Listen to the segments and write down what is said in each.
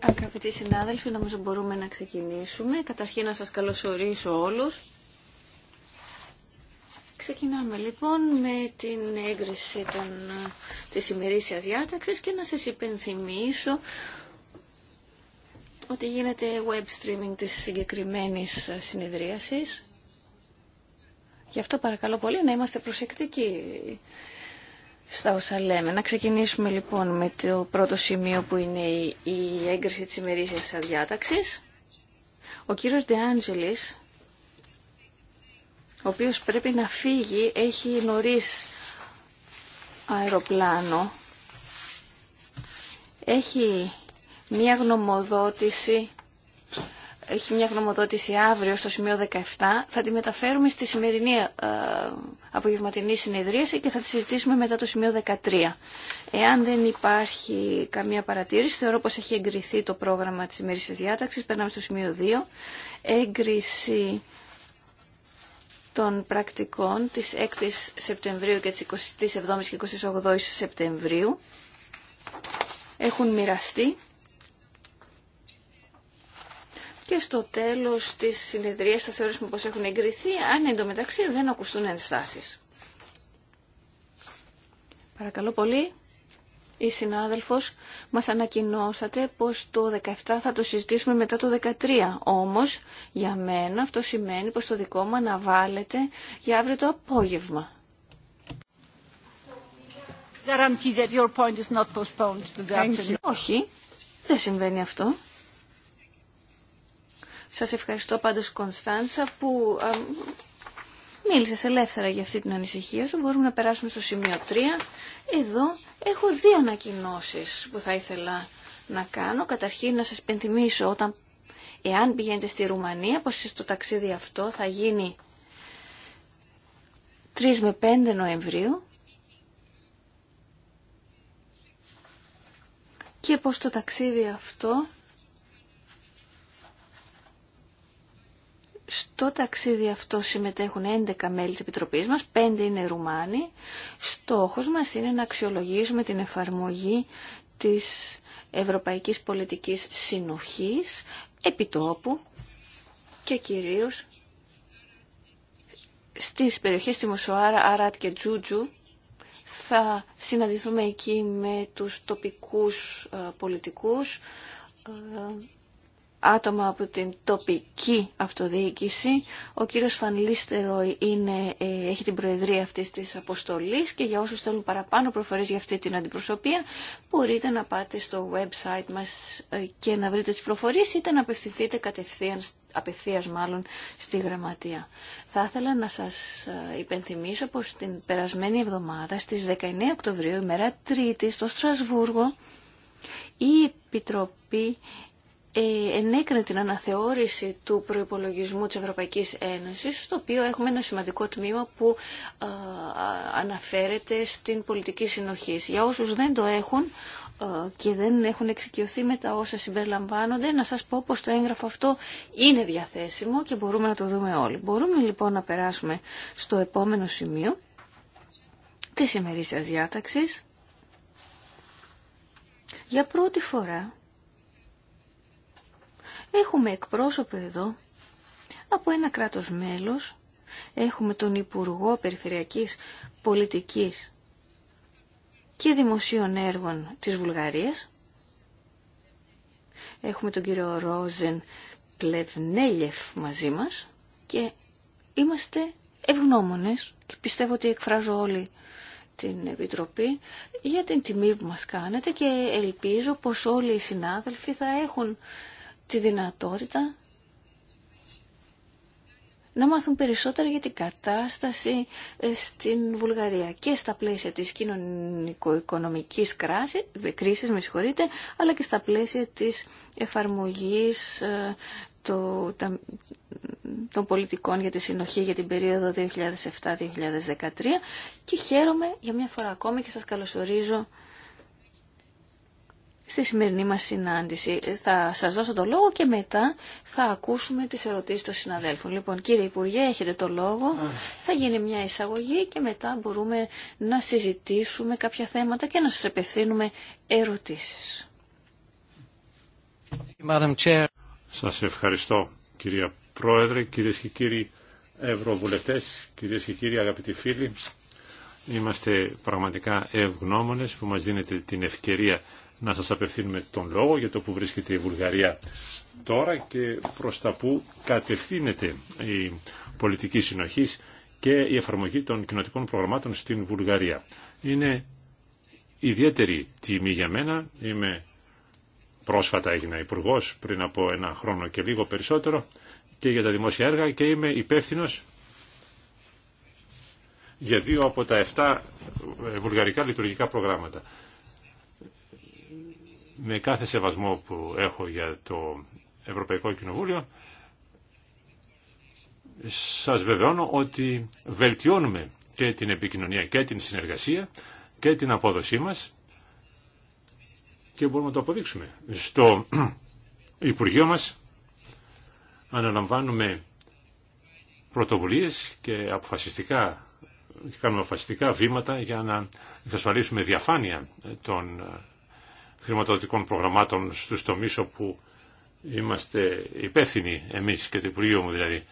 Αγαπητοί συνάδελφοι, νομίζω μπορούμε να ξεκινήσουμε. Καταρχήν να σας καλωσορίσω όλους. Ξεκινάμε λοιπόν με την έγκριση των, της ημερήσιας διάταξης και να σας υπενθυμίσω ότι γίνεται web streaming της συγκεκριμένης συνεδρίασης. Γι' αυτό παρακαλώ πολύ να είμαστε προσεκτικοί στα όσα λέμε. Να ξεκινήσουμε λοιπόν με το πρώτο σημείο που είναι η έγκριση της ημερήσιας αδιάταξης. Ο κύριος Ντεάντζελης, ο οποίος πρέπει να φύγει, έχει νωρίς αεροπλάνο. Έχει μία γνωμοδότηση έχει μια γνωμοδότηση αύριο στο σημείο 17. Θα τη μεταφέρουμε στη σημερινή ε, απογευματινή συνεδρίαση και θα τη συζητήσουμε μετά το σημείο 13. Εάν δεν υπάρχει καμία παρατήρηση, θεωρώ πως έχει εγκριθεί το πρόγραμμα της της διάταξης. Περνάμε στο σημείο 2. Έγκριση των πρακτικών της 6ης Σεπτεμβρίου και της 27ης και 28ης Σεπτεμβρίου. Έχουν μοιραστεί και στο τέλος της συνεδρίας θα θεωρήσουμε πώ έχουν εγκριθεί, αν εντωμεταξύ δεν ακουστούν ενστάσεις. Παρακαλώ πολύ. Η συνάδελφος μας ανακοινώσατε πως το 17 θα το συζητήσουμε μετά το 13. Όμως για μένα αυτό σημαίνει πως το δικό μου αναβάλλεται για αύριο το απόγευμα. Όχι, δεν συμβαίνει αυτό. Σας ευχαριστώ πάντως Κωνσταντσα που α, μίλησες ελεύθερα για αυτή την ανησυχία σου. Μπορούμε να περάσουμε στο σημείο 3. Εδώ έχω δύο ανακοινώσει που θα ήθελα να κάνω. Καταρχήν να σας πενθυμίσω όταν εάν πηγαίνετε στη Ρουμανία πως το ταξίδι αυτό θα γίνει 3 με 5 Νοεμβρίου και πως το ταξίδι αυτό Στο ταξίδι αυτό συμμετέχουν 11 μέλη της Επιτροπής μας, 5 είναι Ρουμάνοι. Στόχος μας είναι να αξιολογήσουμε την εφαρμογή της Ευρωπαϊκής Πολιτικής Συνοχής, επιτόπου και κυρίως στις περιοχές της Μοσοάρα, Άράτ και Τζούτζου. Θα συναντηθούμε εκεί με τους τοπικούς ε, πολιτικούς ε, άτομα από την τοπική αυτοδιοίκηση. Ο κύριος Φανλίστερο είναι, ε, έχει την προεδρία αυτής της αποστολής και για όσους θέλουν παραπάνω προφορές για αυτή την αντιπροσωπεία μπορείτε να πάτε στο website μας ε, και να βρείτε τις προφορίες είτε να απευθυνθείτε κατευθείαν απευθείας μάλλον στη γραμματεία. Θα ήθελα να σας ε, υπενθυμίσω πως την περασμένη εβδομάδα στις 19 Οκτωβρίου, ημέρα Τρίτη, στο Στρασβούργο, η Επιτροπή ε, ενέκρινε την αναθεώρηση του προϋπολογισμού της Ευρωπαϊκής Ένωσης, στο οποίο έχουμε ένα σημαντικό τμήμα που ε, αναφέρεται στην πολιτική συνοχή. Για όσους δεν το έχουν ε, και δεν έχουν εξοικειωθεί με τα όσα συμπεριλαμβάνονται, να σας πω πως το έγγραφο αυτό είναι διαθέσιμο και μπορούμε να το δούμε όλοι. Μπορούμε λοιπόν να περάσουμε στο επόμενο σημείο της ημερήσιας διάταξης. Για πρώτη φορά Έχουμε εκπρόσωπο εδώ από ένα κράτος μέλος, έχουμε τον Υπουργό Περιφερειακής Πολιτικής και Δημοσίων Έργων της Βουλγαρίας, έχουμε τον κύριο Ρόζεν Πλευνέλιεφ μαζί μας και είμαστε ευγνώμονες και πιστεύω ότι εκφράζω όλη την Επιτροπή για την τιμή που μας κάνετε και ελπίζω πως όλοι οι συνάδελφοι θα έχουν τη δυνατότητα να μάθουν περισσότερα για την κατάσταση ε, στην Βουλγαρία και στα πλαίσια της κοινωνικο-οικονομικής κρίσης, με αλλά και στα πλαίσια της εφαρμογής ε, των πολιτικών για τη συνοχή για την περίοδο 2007-2013 και χαίρομαι για μια φορά ακόμη και σας καλωσορίζω στη σημερινή μας συνάντηση. Θα σας δώσω το λόγο και μετά θα ακούσουμε τις ερωτήσεις των συναδέλφων. Λοιπόν, κύριε Υπουργέ, έχετε το λόγο. Θα γίνει μια εισαγωγή και μετά μπορούμε να συζητήσουμε κάποια θέματα και να σας επευθύνουμε ερωτήσεις. Σας ευχαριστώ, κυρία Πρόεδρε, κυρίες και κύριοι Ευρωβουλευτές, κυρίες και κύριοι αγαπητοί φίλοι. Είμαστε πραγματικά ευγνώμονες που μας δίνετε την ευκαιρία να σας απευθύνουμε τον λόγο για το που βρίσκεται η Βουλγαρία τώρα και προς τα που κατευθύνεται η πολιτική συνοχής και η εφαρμογή των κοινοτικών προγραμμάτων στην Βουλγαρία. Είναι ιδιαίτερη τιμή για μένα. Είμαι πρόσφατα έγινα υπουργό πριν από ένα χρόνο και λίγο περισσότερο και για τα δημόσια έργα και είμαι υπεύθυνο για δύο από τα 7 βουλγαρικά λειτουργικά προγράμματα με κάθε σεβασμό που έχω για το Ευρωπαϊκό Κοινοβούλιο, σας βεβαιώνω ότι βελτιώνουμε και την επικοινωνία και την συνεργασία και την απόδοσή μας και μπορούμε να το αποδείξουμε. Στο Υπουργείο μας αναλαμβάνουμε πρωτοβουλίες και αποφασιστικά και κάνουμε αποφασιστικά βήματα για να εξασφαλίσουμε διαφάνεια των χρηματοδοτικών προγραμμάτων στους τομείς όπου είμαστε υπεύθυνοι εμείς και το Υπουργείο μου δηλαδή.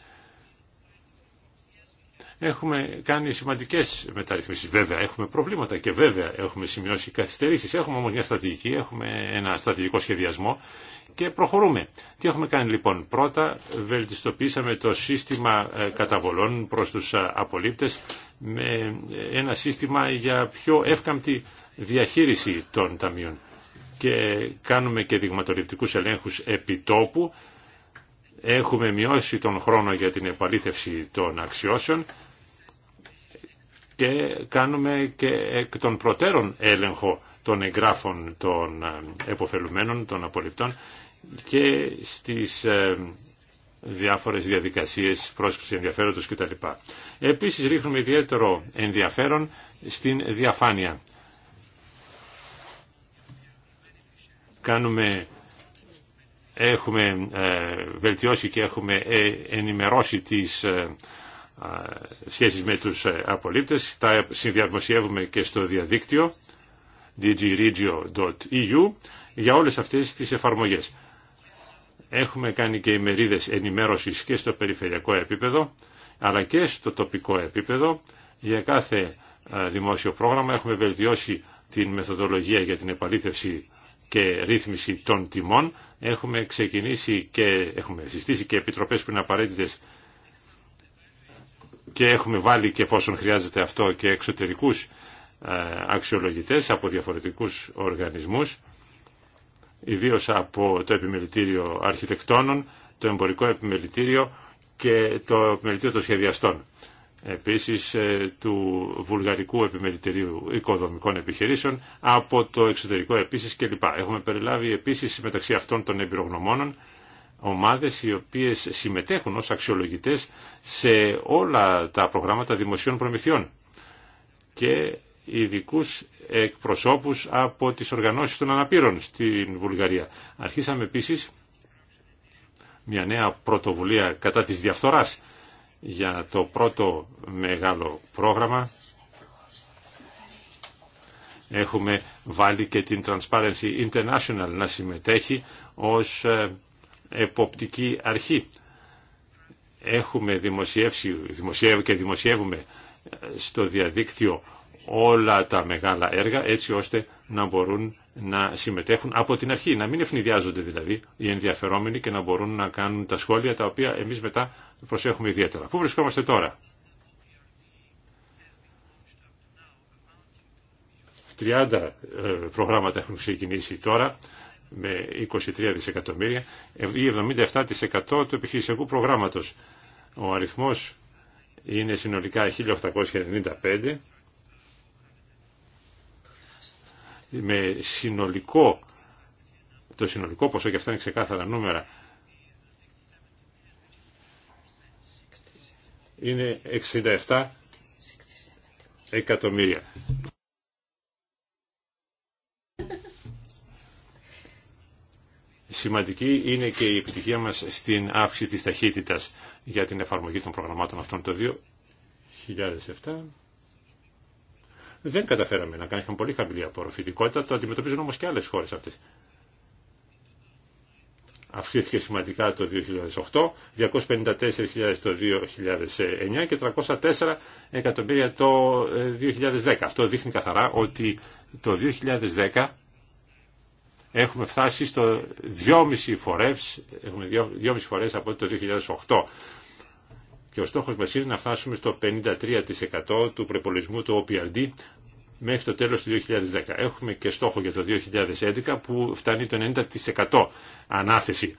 Έχουμε κάνει σημαντικές μεταρρυθμίσεις βέβαια, έχουμε προβλήματα και βέβαια έχουμε σημειώσει καθυστερήσεις, έχουμε όμως μια στρατηγική, έχουμε ένα στρατηγικό σχεδιασμό και προχωρούμε. Τι έχουμε κάνει λοιπόν. Πρώτα βελτιστοποίησαμε το σύστημα ε, καταβολών προς τους ε, απολύπτες με ε, ένα σύστημα για πιο εύκαμπτη διαχείριση των ταμείων και κάνουμε και δειγματοληπτικούς ελέγχους επιτόπου. Έχουμε μειώσει τον χρόνο για την επαλήθευση των αξιώσεων και κάνουμε και εκ των προτέρων έλεγχο των εγγράφων των ε, εποφελουμένων, των απολυπτών και στις ε, διάφορες διαδικασίες πρόσκληση ενδιαφέροντος κτλ. Επίσης ρίχνουμε ιδιαίτερο ενδιαφέρον στην διαφάνεια. Κάνουμε, έχουμε ε, βελτιώσει και έχουμε ε, ενημερώσει τις ε, σχέσεις με τους απολύπτες. Τα συνδιαδημοσιεύουμε και στο διαδίκτυο dgregio.eu για όλες αυτές τις εφαρμογές. Έχουμε κάνει και ημερίδες ενημέρωσης και στο περιφερειακό επίπεδο αλλά και στο τοπικό επίπεδο. Για κάθε δημόσιο πρόγραμμα έχουμε βελτιώσει την μεθοδολογία για την επαλήθευση και ρύθμιση των τιμών. Έχουμε ξεκινήσει και έχουμε συστήσει και επιτροπές που είναι απαραίτητες και έχουμε βάλει και εφόσον χρειάζεται αυτό και εξωτερικούς ε, αξιολογητές από διαφορετικούς οργανισμούς, ιδίως από το Επιμελητήριο Αρχιτεκτόνων, το Εμπορικό Επιμελητήριο και το Επιμελητήριο των Σχεδιαστών επίσης ε, του Βουλγαρικού Επιμελητηρίου Οικοδομικών Επιχειρήσεων, από το εξωτερικό επίσης κλπ. Έχουμε περιλάβει επίσης μεταξύ αυτών των εμπειρογνωμόνων ομάδες οι οποίες συμμετέχουν ως αξιολογητές σε όλα τα προγράμματα δημοσίων προμηθειών και ειδικού εκπροσώπους από τις οργανώσεις των αναπήρων στην Βουλγαρία. Αρχίσαμε επίσης μια νέα πρωτοβουλία κατά της διαφθοράς για το πρώτο μεγάλο πρόγραμμα. Έχουμε βάλει και την Transparency International να συμμετέχει ως ε, εποπτική αρχή. Έχουμε δημοσιεύσει και δημοσιεύουμε ε, στο διαδίκτυο όλα τα μεγάλα έργα έτσι ώστε να μπορούν να συμμετέχουν από την αρχή, να μην ευνηδιάζονται δηλαδή οι ενδιαφερόμενοι και να μπορούν να κάνουν τα σχόλια τα οποία εμείς μετά προσέχουμε ιδιαίτερα. Πού βρισκόμαστε τώρα. 30 ε, προγράμματα έχουν ξεκινήσει τώρα με 23 δισεκατομμύρια ή 77% του επιχειρησιακού προγράμματος. Ο αριθμός είναι συνολικά 1895 με συνολικό, το συνολικό ποσό, και αυτά είναι ξεκάθαρα νούμερα, είναι 67 εκατομμύρια. Σημαντική είναι και η επιτυχία μας στην αύξηση της ταχύτητας για την εφαρμογή των προγραμμάτων αυτών το 2007 δεν καταφέραμε να κάνουμε πολύ χαμηλή απορροφητικότητα, το αντιμετωπίζουν όμω και άλλε χώρε αυτές. Αυξήθηκε σημαντικά το 2008, 254.000 το 2009 και 304 εκατομμύρια το 2010. Ε, Αυτό δείχνει καθαρά ότι το 2010 έχουμε φτάσει στο 2,5 φορές, 2,5 φορές από το 2008. Και ο στόχος μας είναι να φτάσουμε στο 53% του προπολογισμού του OPRD μέχρι το τέλος του 2010. Έχουμε και στόχο για το 2011 που φτάνει το 90% ανάθεση.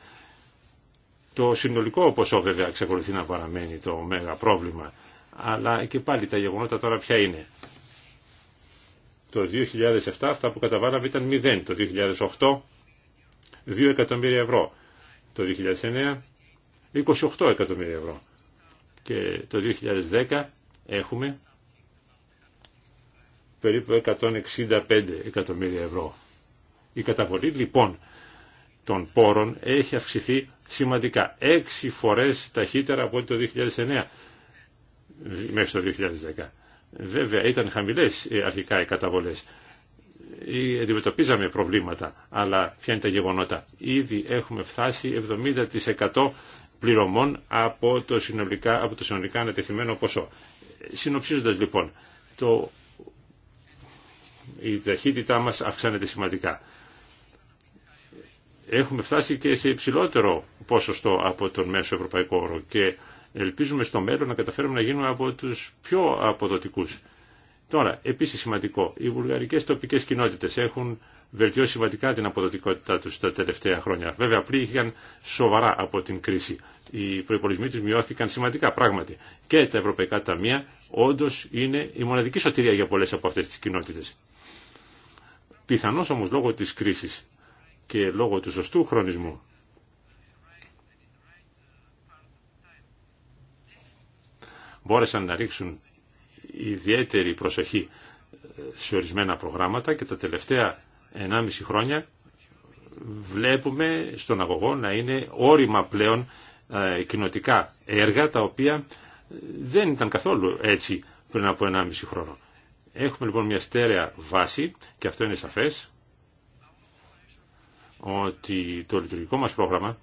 Το συνολικό ποσό βέβαια εξακολουθεί να παραμένει το μέγα πρόβλημα. Αλλά και πάλι τα γεγονότα τώρα ποια είναι. Το 2007 αυτά που καταβάλαμε ήταν 0. Το 2008 2 εκατομμύρια ευρώ. Το 2009 28 εκατομμύρια ευρώ και το 2010 έχουμε περίπου 165 εκατομμύρια ευρώ. Η καταβολή λοιπόν των πόρων έχει αυξηθεί σημαντικά. Έξι φορές ταχύτερα από το 2009 μέχρι το 2010. Βέβαια ήταν χαμηλές ε, αρχικά οι καταβολές. εντιμετωπίζαμε προβλήματα, αλλά ποια είναι τα γεγονότα. Ήδη έχουμε φτάσει 70% πληρωμών από το συνολικά, από το συνολικά ανατεθειμένο ποσό. Συνοψίζοντας λοιπόν, το, η ταχύτητά μας αυξάνεται σημαντικά. Έχουμε φτάσει και σε υψηλότερο ποσοστό από τον μέσο ευρωπαϊκό όρο και ελπίζουμε στο μέλλον να καταφέρουμε να γίνουμε από τους πιο αποδοτικούς. Τώρα, επίσης σημαντικό, οι βουλγαρικές τοπικές κοινότητες έχουν βελτιώσει σημαντικά την αποδοτικότητά του τα τελευταία χρόνια. Βέβαια, πλήγηκαν σοβαρά από την κρίση. Οι προπολογισμοί τους μειώθηκαν σημαντικά πράγματι. Και τα ευρωπαϊκά ταμεία όντω είναι η μοναδική σωτηρία για πολλέ από αυτέ τι κοινότητε. Πιθανώς όμως λόγω της κρίσης και λόγω του σωστού χρονισμού μπόρεσαν να ρίξουν ιδιαίτερη προσοχή ε, σε ορισμένα προγράμματα και τα τελευταία 1,5 χρόνια βλέπουμε στον αγωγό να είναι όριμα πλέον ε, κοινοτικά έργα τα οποία δεν ήταν καθόλου έτσι πριν από 1,5 χρόνο. Έχουμε λοιπόν μια στέρεα βάση και αυτό είναι σαφές ότι το λειτουργικό μας πρόγραμμα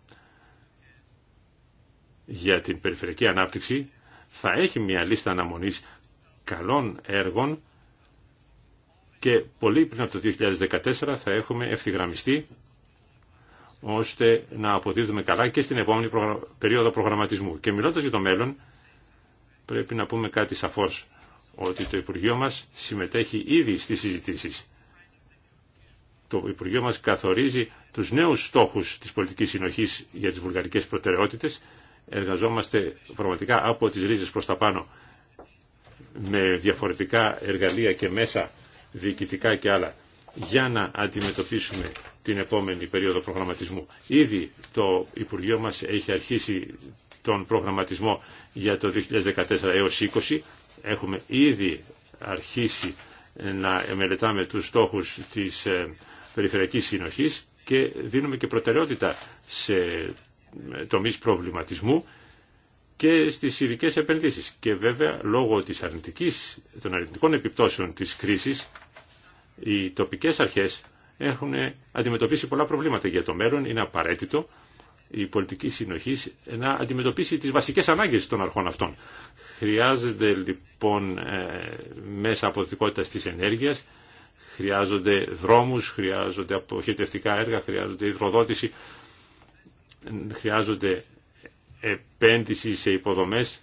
για την περιφερειακή ανάπτυξη θα έχει μια λίστα αναμονής καλών έργων και πολύ πριν από το 2014 θα έχουμε ευθυγραμμιστεί ώστε να αποδίδουμε καλά και στην επόμενη περίοδο προγραμματισμού. Και μιλώντας για το μέλλον, πρέπει να πούμε κάτι σαφώς, ότι το Υπουργείο μας συμμετέχει ήδη στις συζητήσεις. Το Υπουργείο μας καθορίζει τους νέους στόχους της πολιτικής συνοχής για τις βουλγαρικές προτεραιότητες. Εργαζόμαστε πραγματικά από τις ρίζες προς τα πάνω με διαφορετικά εργαλεία και μέσα διοικητικά και άλλα, για να αντιμετωπίσουμε την επόμενη περίοδο προγραμματισμού. Ήδη το Υπουργείο μας έχει αρχίσει τον προγραμματισμό για το 2014 έως 2020. Έχουμε ήδη αρχίσει να μελετάμε τους στόχους της ε, περιφερειακής συνοχής και δίνουμε και προτεραιότητα σε ε, τομείς προβληματισμού και στις ειδικέ επενδύσεις. Και βέβαια λόγω της αρνητικής, των αρνητικών επιπτώσεων της κρίσης οι τοπικές αρχές έχουν αντιμετωπίσει πολλά προβλήματα για το μέλλον. Είναι απαραίτητο η πολιτική συνοχή να αντιμετωπίσει τις βασικές ανάγκες των αρχών αυτών. Χρειάζεται λοιπόν ε, μέσα δικότητα της ενέργειας, χρειάζονται δρόμους, χρειάζονται αποχετευτικά έργα, χρειάζονται υδροδότηση, χρειάζονται επένδυση σε υποδομές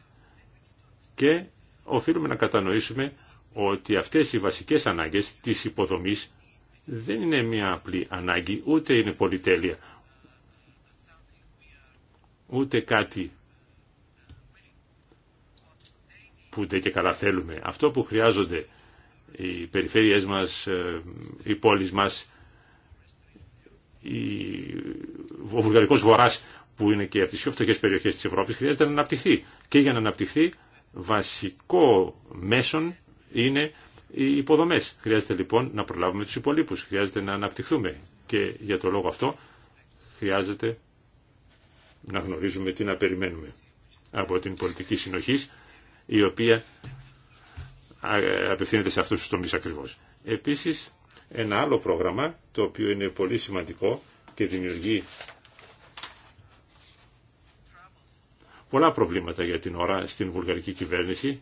και οφείλουμε να κατανοήσουμε ότι αυτές οι βασικές ανάγκες της υποδομής δεν είναι μια απλή ανάγκη, ούτε είναι πολυτέλεια, ούτε κάτι που δεν και καλά θέλουμε. Αυτό που χρειάζονται οι περιφέρειές μας, ε, οι πόλεις μας, ο βουλγαρικός βοράς που είναι και από τις πιο φτωχές περιοχές της Ευρώπης χρειάζεται να αναπτυχθεί. Και για να αναπτυχθεί βασικό μέσον είναι οι υποδομές. Χρειάζεται λοιπόν να προλάβουμε του υπολείπου. χρειάζεται να αναπτυχθούμε και για το λόγο αυτό χρειάζεται να γνωρίζουμε τι να περιμένουμε από την πολιτική συνοχή η οποία απευθύνεται σε αυτούς τους τομείς ακριβώς. Επίσης ένα άλλο πρόγραμμα το οποίο είναι πολύ σημαντικό και δημιουργεί πολλά προβλήματα για την ώρα στην βουλγαρική κυβέρνηση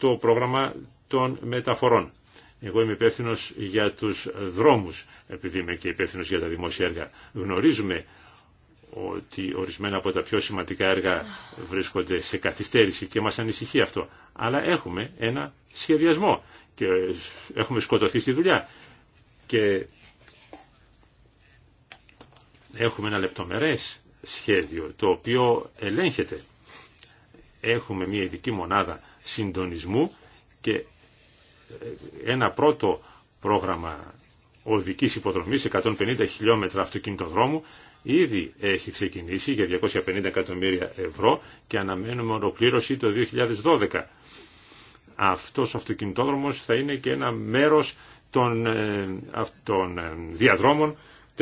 το πρόγραμμα των μεταφορών. Εγώ είμαι υπεύθυνο για τους δρόμους, επειδή είμαι και υπεύθυνο για τα δημόσια έργα. Γνωρίζουμε ότι ορισμένα από τα πιο σημαντικά έργα βρίσκονται σε καθυστέρηση και μας ανησυχεί αυτό. Αλλά έχουμε ένα σχεδιασμό και έχουμε σκοτωθεί στη δουλειά. Και έχουμε ένα λεπτομερές σχέδιο το οποίο ελέγχεται έχουμε μια ειδική μονάδα συντονισμού και ένα πρώτο πρόγραμμα οδικής υποδρομής 150 χιλιόμετρα αυτοκινητοδρόμου ήδη έχει ξεκινήσει για 250 εκατομμύρια ευρώ και αναμένουμε ολοκλήρωση το 2012. Αυτός ο αυτοκινητόδρομος θα είναι και ένα μέρος των, ε, των ε, διαδρόμων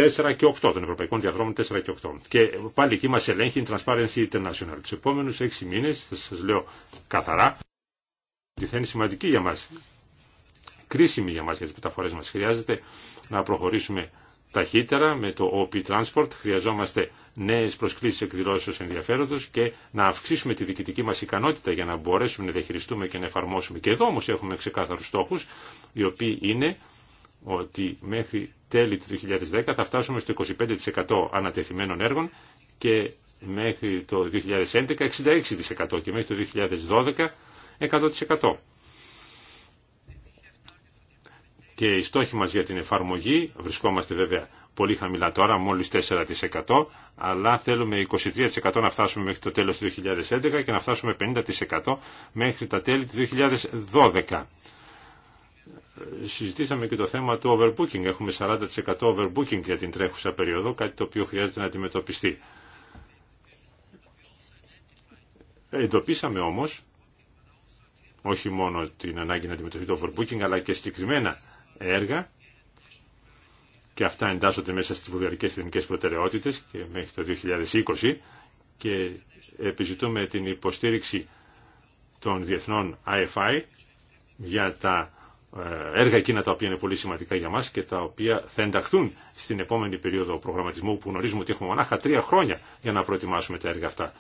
4 και 8, των Ευρωπαϊκών Διαδρόμων 4 και 8. Και πάλι εκεί μας ελέγχει η Transparency International. Τους επόμενους 6 μήνες, θα σας λέω καθαρά, ότι θα είναι σημαντική για μας, κρίσιμη για μας για τις μεταφορές μας. Χρειάζεται να προχωρήσουμε ταχύτερα με το OP Transport. Χρειαζόμαστε νέες προσκλήσεις εκδηλώσεως ενδιαφέροντος και να αυξήσουμε τη διοικητική μας ικανότητα για να μπορέσουμε να διαχειριστούμε και να εφαρμόσουμε. Και εδώ όμως έχουμε ξεκάθαρους στόχους, οι οποίοι είναι ότι μέχρι τέλη του 2010 θα φτάσουμε στο 25% ανατεθειμένων έργων και μέχρι το 2011 66% και μέχρι το 2012 100%. Και οι στόχοι μας για την εφαρμογή, βρισκόμαστε βέβαια πολύ χαμηλά τώρα, μόλις 4%, αλλά θέλουμε 23% να φτάσουμε μέχρι το τέλος του 2011 και να φτάσουμε 50% μέχρι τα τέλη του 2012 συζητήσαμε και το θέμα του overbooking. Έχουμε 40% overbooking για την τρέχουσα περίοδο, κάτι το οποίο χρειάζεται να αντιμετωπιστεί. Εντοπίσαμε όμως όχι μόνο την ανάγκη να αντιμετωπιστεί το overbooking, αλλά και συγκεκριμένα έργα και αυτά εντάσσονται μέσα στις βουλγαρικές εθνικές προτεραιότητες και μέχρι το 2020 και επιζητούμε την υποστήριξη των διεθνών IFI για τα ε, έργα εκείνα τα οποία είναι πολύ σημαντικά για μας και τα οποία θα ενταχθούν στην επόμενη περίοδο προγραμματισμού που γνωρίζουμε ότι έχουμε μονάχα τρία χρόνια για να προετοιμάσουμε τα έργα αυτά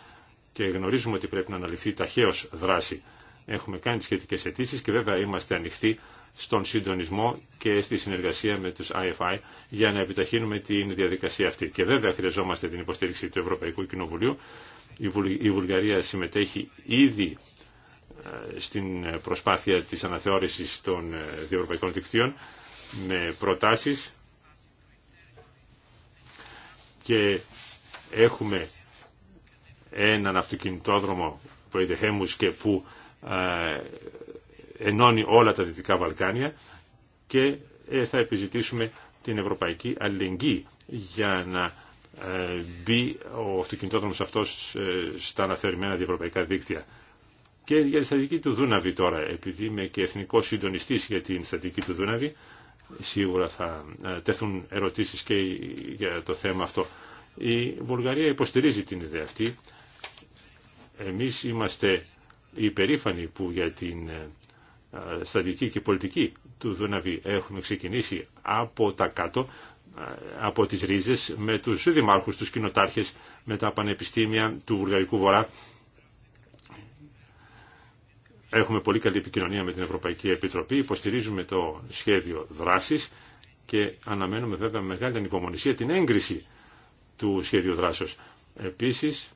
και γνωρίζουμε ότι πρέπει να αναλυθεί ταχαίως δράση. Έχουμε κάνει τις σχετικές αιτήσει και βέβαια είμαστε ανοιχτοί στον συντονισμό και στη συνεργασία με τους IFI για να επιταχύνουμε την διαδικασία αυτή. Και βέβαια χρειαζόμαστε την υποστήριξη του Ευρωπαϊκού Κοινοβουλίου. Η Βουλγαρία συμμετέχει ήδη στην προσπάθεια της αναθεώρησης των ε, διευρωπαϊκών δικτύων με προτάσεις και έχουμε έναν αυτοκινητόδρομο που είναι και που ε, ενώνει όλα τα Δυτικά Βαλκάνια και ε, θα επιζητήσουμε την Ευρωπαϊκή Αλληλεγγύη για να μπει ο αυτοκινητόδρομος αυτός στα αναθεωρημένα διευρωπαϊκά δίκτυα και για τη στατική του Δούναβη τώρα, επειδή είμαι και εθνικό συντονιστή για την στατική του Δούναβη, σίγουρα θα ε, τεθούν ερωτήσεις και για το θέμα αυτό. Η Βουλγαρία υποστηρίζει την ιδέα αυτή. Εμείς είμαστε υπερήφανοι που για την ε, στατική και πολιτική του Δούναβη έχουμε ξεκινήσει από τα κάτω, ε, από τις ρίζες, με τους δημάρχους, τους κοινοτάρχες, με τα πανεπιστήμια του Βουλγαρικού Βορρά Έχουμε πολύ καλή επικοινωνία με την Ευρωπαϊκή Επιτροπή, υποστηρίζουμε το σχέδιο δράσης και αναμένουμε βέβαια με μεγάλη ανυπομονησία την έγκριση του σχέδιου δράσεως. Επίσης,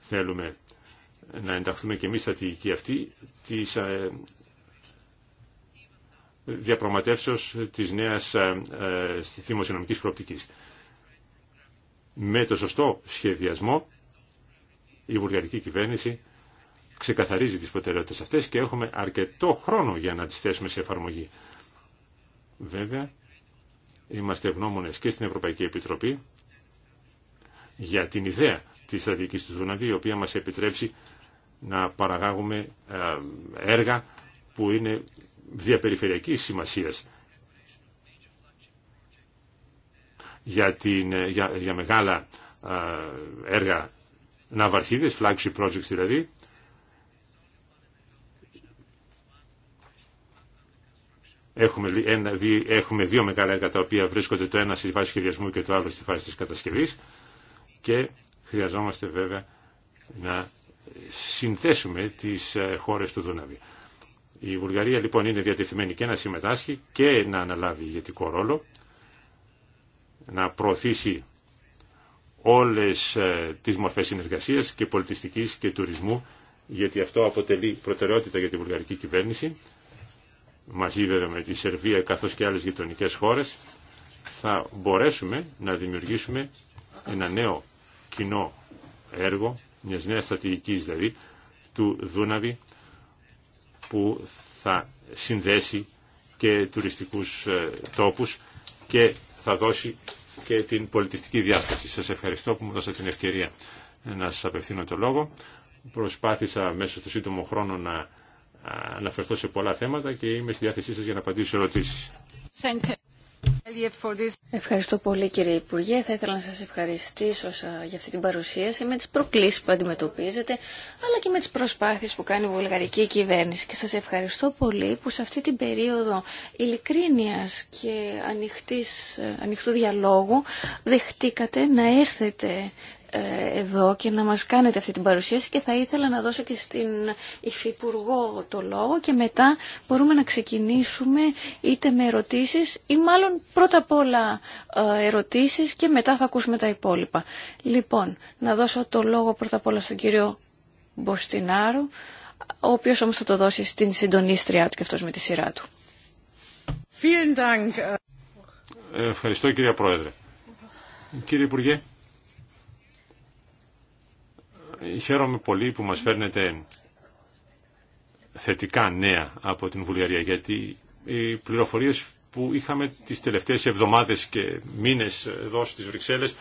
θέλουμε να ενταχθούμε και εμείς στρατηγική αυτή τη ε, διαπραγματεύσεως της νέας ε, ε, δημοσιονομικής προοπτικής. Με το σωστό σχεδιασμό η βουλγαρική κυβέρνηση ξεκαθαρίζει τις προτεραιότητες αυτές και έχουμε αρκετό χρόνο για να τις θέσουμε σε εφαρμογή. Βέβαια, είμαστε ευγνώμονες και στην Ευρωπαϊκή Επιτροπή για την ιδέα της στρατηγικής του Δουναβή, η οποία μας επιτρέψει να παραγάγουμε ε, έργα που είναι διαπεριφερειακής σημασίας για, την, ε, για, για μεγάλα ε, έργα ναυαρχίδες, flagship projects δηλαδή, Έχουμε, ένα, έχουμε δύο μεγάλα έργα τα οποία βρίσκονται το ένα στη φάση σχεδιασμού και το άλλο στη φάση της κατασκευής και χρειαζόμαστε βέβαια να συνθέσουμε τις ε, χώρες του Δούναβη. Η Βουλγαρία λοιπόν είναι διατεθειμένη και να συμμετάσχει και να αναλάβει ηγετικό ρόλο, να προωθήσει όλες ε, τις μορφές συνεργασίας και πολιτιστικής και τουρισμού, γιατί αυτό αποτελεί προτεραιότητα για τη βουλγαρική κυβέρνηση, μαζί βέβαια με τη Σερβία καθώς και άλλες γειτονικέ χώρες, θα μπορέσουμε να δημιουργήσουμε ένα νέο κοινό έργο, μια νέα στρατηγική δηλαδή, του Δούναβη, που θα συνδέσει και τουριστικούς ε, τόπους και θα δώσει και την πολιτιστική διάσταση. Σας ευχαριστώ που μου δώσατε την ευκαιρία να σας απευθύνω το λόγο. Προσπάθησα μέσα στο σύντομο χρόνο να αναφερθώ σε πολλά θέματα και είμαι στη διάθεσή σας για να απαντήσω σε ερωτήσεις. Ευχαριστώ πολύ κύριε Υπουργέ. Θα ήθελα να σας ευχαριστήσω για αυτή την παρουσίαση με τις προκλήσεις που αντιμετωπίζετε αλλά και με τις προσπάθειες που κάνει η βουλγαρική κυβέρνηση. Και σας ευχαριστώ πολύ που σε αυτή την περίοδο ειλικρίνειας και ανοιχτού διαλόγου δεχτήκατε να έρθετε ε, εδώ και να μας κάνετε αυτή την παρουσίαση και θα ήθελα να δώσω και στην Υφυπουργό το λόγο και μετά μπορούμε να ξεκινήσουμε είτε με ερωτήσεις ή μάλλον πρώτα απ' όλα ε, ερωτήσεις και μετά θα ακούσουμε τα υπόλοιπα. Λοιπόν, να δώσω το λόγο πρώτα απ' όλα στον κύριο Μποστινάρου, ο οποίος όμως θα το δώσει στην συντονίστρια του και αυτός με τη σειρά του. Ευχαριστώ κύριε Πρόεδρε. Κύριε Υπουργέ. Χαίρομαι πολύ που μας φέρνετε θετικά νέα από την Βουλγαρία, γιατί οι πληροφορίες που είχαμε τις τελευταίες εβδομάδες και μήνες εδώ στις Βρυξέλλες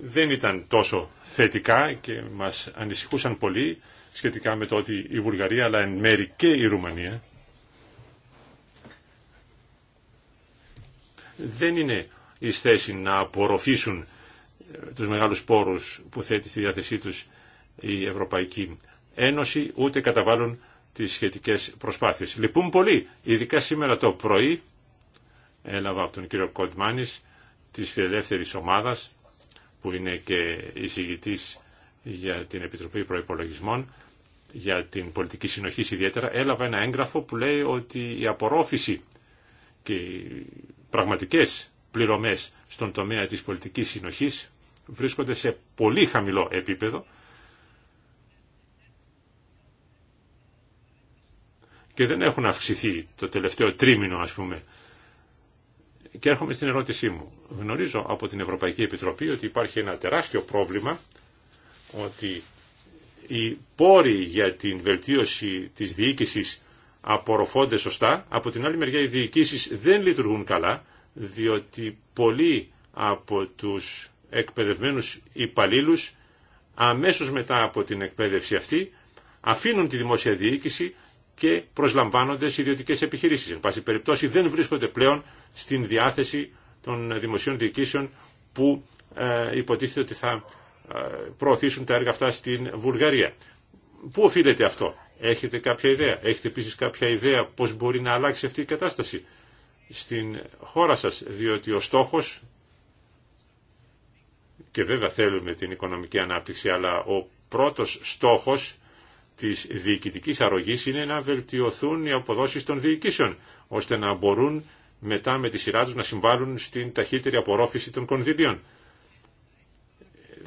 δεν ήταν τόσο θετικά και μας ανησυχούσαν πολύ σχετικά με το ότι η Βουλγαρία αλλά εν μέρη και η Ρουμανία δεν είναι η θέση να απορροφήσουν τους μεγάλους πόρους που θέτει στη διάθεσή τους η Ευρωπαϊκή Ένωση ούτε καταβάλουν τις σχετικές προσπάθειες. Λυπούν πολύ, ειδικά σήμερα το πρωί έλαβα από τον κύριο Κοντμάνης της φιλελεύθερης ομάδας που είναι και εισηγητής για την Επιτροπή Προϋπολογισμών για την πολιτική συνοχή ιδιαίτερα έλαβα ένα έγγραφο που λέει ότι η απορρόφηση και οι πραγματικές πληρωμές στον τομέα της πολιτικής συνοχής βρίσκονται σε πολύ χαμηλό επίπεδο και δεν έχουν αυξηθεί το τελευταίο τρίμηνο ας πούμε. Και έρχομαι στην ερώτησή μου. Γνωρίζω από την Ευρωπαϊκή Επιτροπή ότι υπάρχει ένα τεράστιο πρόβλημα ότι οι πόροι για την βελτίωση της διοίκησης απορροφώνται σωστά, από την άλλη μεριά οι διοικήσεις δεν λειτουργούν καλά, διότι πολλοί από τους εκπαιδευμένους υπαλλήλους αμέσως μετά από την εκπαίδευση αυτή αφήνουν τη δημόσια διοίκηση και προσλαμβάνονται σε ιδιωτικέ επιχειρήσει. Εν πάση περιπτώσει δεν βρίσκονται πλέον στην διάθεση των δημοσίων διοικήσεων που ε, υποτίθεται ότι θα ε, προωθήσουν τα έργα αυτά στην Βουλγαρία. Πού οφείλεται αυτό, έχετε κάποια ιδέα, έχετε επίση κάποια ιδέα πώ μπορεί να αλλάξει αυτή η κατάσταση στην χώρα σα διότι ο στόχο και βέβαια θέλουμε την οικονομική ανάπτυξη, αλλά ο πρώτος στόχος της διοικητικής αρρωγής είναι να βελτιωθούν οι αποδόσεις των διοικήσεων, ώστε να μπορούν μετά με τη σειρά τους να συμβάλλουν στην ταχύτερη απορρόφηση των κονδυλίων.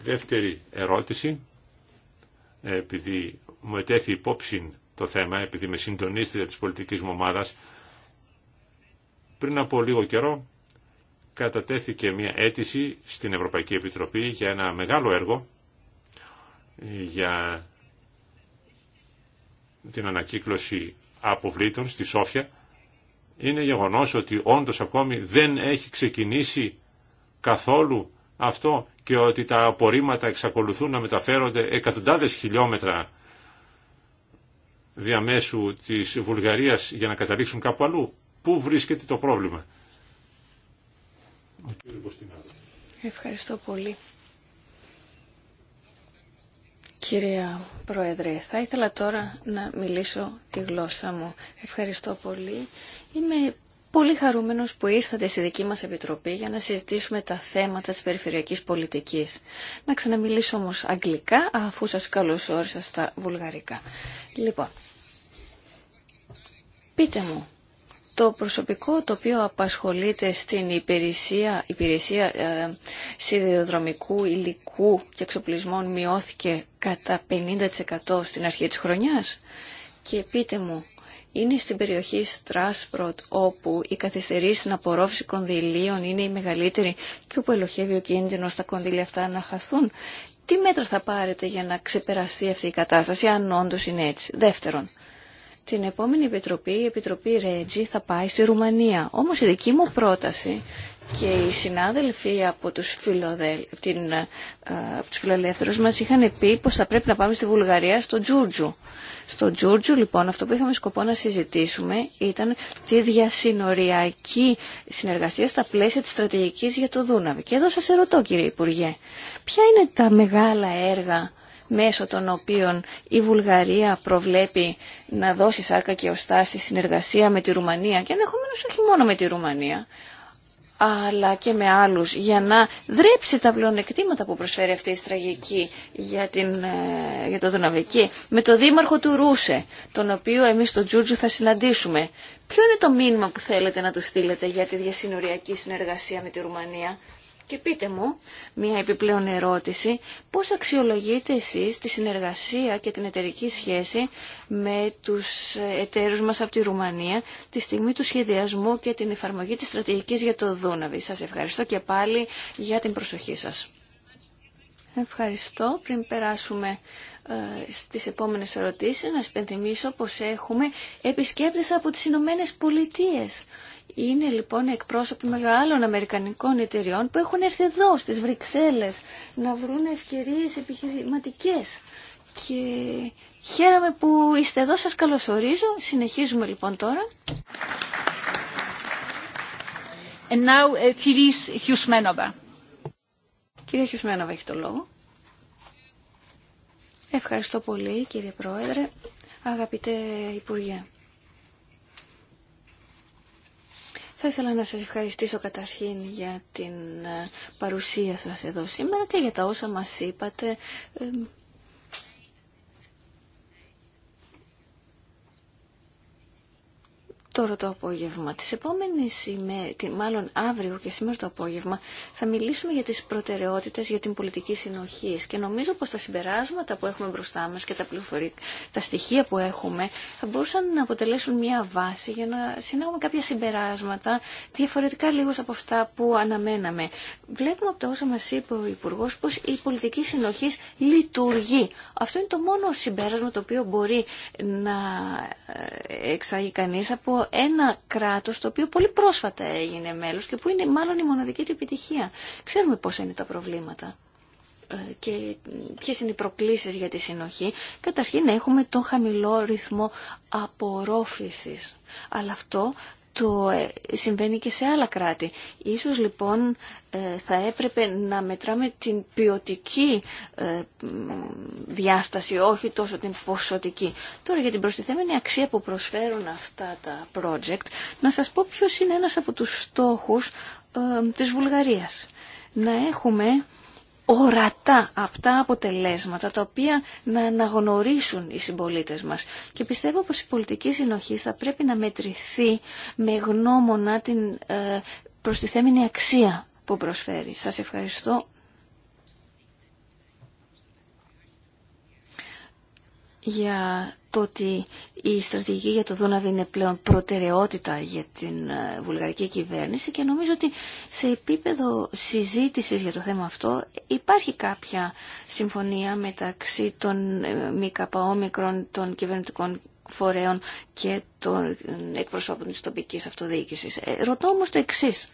Δεύτερη ερώτηση, επειδή μου ετέθη υπόψη το θέμα, επειδή με συντονίστηκε της πολιτικής μου πριν από λίγο καιρό κατατέθηκε μια αίτηση στην Ευρωπαϊκή Επιτροπή για ένα μεγάλο έργο για την ανακύκλωση αποβλήτων στη Σόφια, είναι γεγονός ότι όντως ακόμη δεν έχει ξεκινήσει καθόλου αυτό και ότι τα απορρίμματα εξακολουθούν να μεταφέρονται εκατοντάδες χιλιόμετρα διαμέσου της Βουλγαρίας για να καταλήξουν κάπου αλλού. Πού βρίσκεται το πρόβλημα. Ευχαριστώ πολύ. Κυρία Πρόεδρε, θα ήθελα τώρα να μιλήσω τη γλώσσα μου. Ευχαριστώ πολύ. Είμαι πολύ χαρούμενος που ήρθατε στη δική μας Επιτροπή για να συζητήσουμε τα θέματα της περιφερειακής πολιτικής. Να ξαναμιλήσω όμως αγγλικά, αφού σας καλωσόρισα στα βουλγαρικά. Λοιπόν, πείτε μου, το προσωπικό το οποίο απασχολείται στην υπηρεσία, υπηρεσία ε, σιδηροδρομικού υλικού και εξοπλισμών μειώθηκε κατά 50% στην αρχή της χρονιάς. Και πείτε μου, είναι στην περιοχή Στράσπροτ όπου η καθυστερήση στην απορρόφηση κονδυλίων είναι η μεγαλύτερη και όπου ελοχεύει ο κίνδυνος τα κονδύλια αυτά να χαθούν. Τι μέτρα θα πάρετε για να ξεπεραστεί αυτή η κατάσταση, αν όντω είναι έτσι. Δεύτερον, την επόμενη επιτροπή, η Επιτροπή Ρέτζι, θα πάει στη Ρουμανία. Όμως η δική μου πρόταση και οι συνάδελφοι από τους, φιλοδελ... την... Ε, μας είχαν πει πω θα πρέπει να πάμε στη Βουλγαρία στο Τζούρτζου. Στο Τζούρτζου λοιπόν αυτό που είχαμε σκοπό να συζητήσουμε ήταν τη διασυνοριακή συνεργασία στα πλαίσια τη στρατηγική για το Δούναβη. Και εδώ σα ερωτώ κύριε Υπουργέ, ποια είναι τα μεγάλα έργα μέσω των οποίων η Βουλγαρία προβλέπει να δώσει σάρκα και οστά στη συνεργασία με τη Ρουμανία και ενδεχομένω όχι μόνο με τη Ρουμανία αλλά και με άλλους για να δρέψει τα πλεονεκτήματα που προσφέρει αυτή η στραγική για, την, ε, για το Δουναβική με το δήμαρχο του Ρούσε, τον οποίο εμείς στο Τζούτζου θα συναντήσουμε. Ποιο είναι το μήνυμα που θέλετε να του στείλετε για τη διασυνοριακή συνεργασία με τη Ρουμανία. Και πείτε μου, μια επιπλέον ερώτηση, πώς αξιολογείτε εσείς τη συνεργασία και την εταιρική σχέση με τους εταίρους μας από τη Ρουμανία τη στιγμή του σχεδιασμού και την εφαρμογή της στρατηγικής για το Δούναβη. Σας ευχαριστώ και πάλι για την προσοχή σας. Ευχαριστώ. Πριν περάσουμε ε, στις επόμενες ερωτήσεις να σας υπενθυμίσω πως έχουμε επισκέπτες από τις Ηνωμένε Πολιτείες είναι λοιπόν εκπρόσωποι μεγάλων αμερικανικών εταιριών που έχουν έρθει εδώ στις Βρυξέλλες να βρουν ευκαιρίες επιχειρηματικές. Και χαίρομαι που είστε εδώ, σας καλωσορίζω. Συνεχίζουμε λοιπόν τώρα. And now, uh, Κυρία Χιουσμένοβα έχει το λόγο. Ευχαριστώ πολύ κύριε Πρόεδρε, αγαπητέ Υπουργέ. Θα ήθελα να σας ευχαριστήσω καταρχήν για την ε, παρουσία σας εδώ σήμερα και για τα όσα μας είπατε ε, τώρα το απόγευμα. Τις επόμενες ημέρες, μάλλον αύριο και σήμερα το απόγευμα, θα μιλήσουμε για τις προτεραιότητες για την πολιτική συνοχή. Και νομίζω πως τα συμπεράσματα που έχουμε μπροστά μας και τα, τα στοιχεία που έχουμε θα μπορούσαν να αποτελέσουν μια βάση για να συνάγουμε κάποια συμπεράσματα διαφορετικά λίγο από αυτά που αναμέναμε. Βλέπουμε από τα όσα μας είπε ο Υπουργό πως η πολιτική συνοχή λειτουργεί. Αυτό είναι το μόνο συμπέρασμα το οποίο μπορεί να ε, εξάγει κανείς από ένα κράτος το οποίο πολύ πρόσφατα έγινε μέλος και που είναι μάλλον η μοναδική του επιτυχία. Ξέρουμε πώς είναι τα προβλήματα ε, και ποιε είναι οι προκλήσεις για τη συνοχή. Καταρχήν έχουμε τον χαμηλό ρυθμό απορρόφησης. Αλλά αυτό το ε, συμβαίνει και σε άλλα κράτη. Ίσως λοιπόν ε, θα έπρεπε να μετράμε την ποιοτική ε, διάσταση, όχι τόσο την ποσοτική. Τώρα για την προστιθέμενη αξία που προσφέρουν αυτά τα project, να σας πω ποιος είναι ένας από τους στόχους της Βουλγαρίας. Να έχουμε ορατά αυτά αποτελέσματα τα οποία να αναγνωρίσουν οι συμπολίτες μας. Και πιστεύω πως η πολιτική συνοχή θα πρέπει να μετρηθεί με γνώμονα την ε, προστιθέμενη αξία που προσφέρει. Σας ευχαριστώ. για το ότι η στρατηγική για το Δούναβι είναι πλέον προτεραιότητα για την ε, βουλγαρική κυβέρνηση και νομίζω ότι σε επίπεδο συζήτησης για το θέμα αυτό υπάρχει κάποια συμφωνία μεταξύ των ε, μικρών των κυβερνητικών φορέων και των ε, εκπροσώπων της τοπικής αυτοδιοίκησης. ρωτώ όμως το εξής.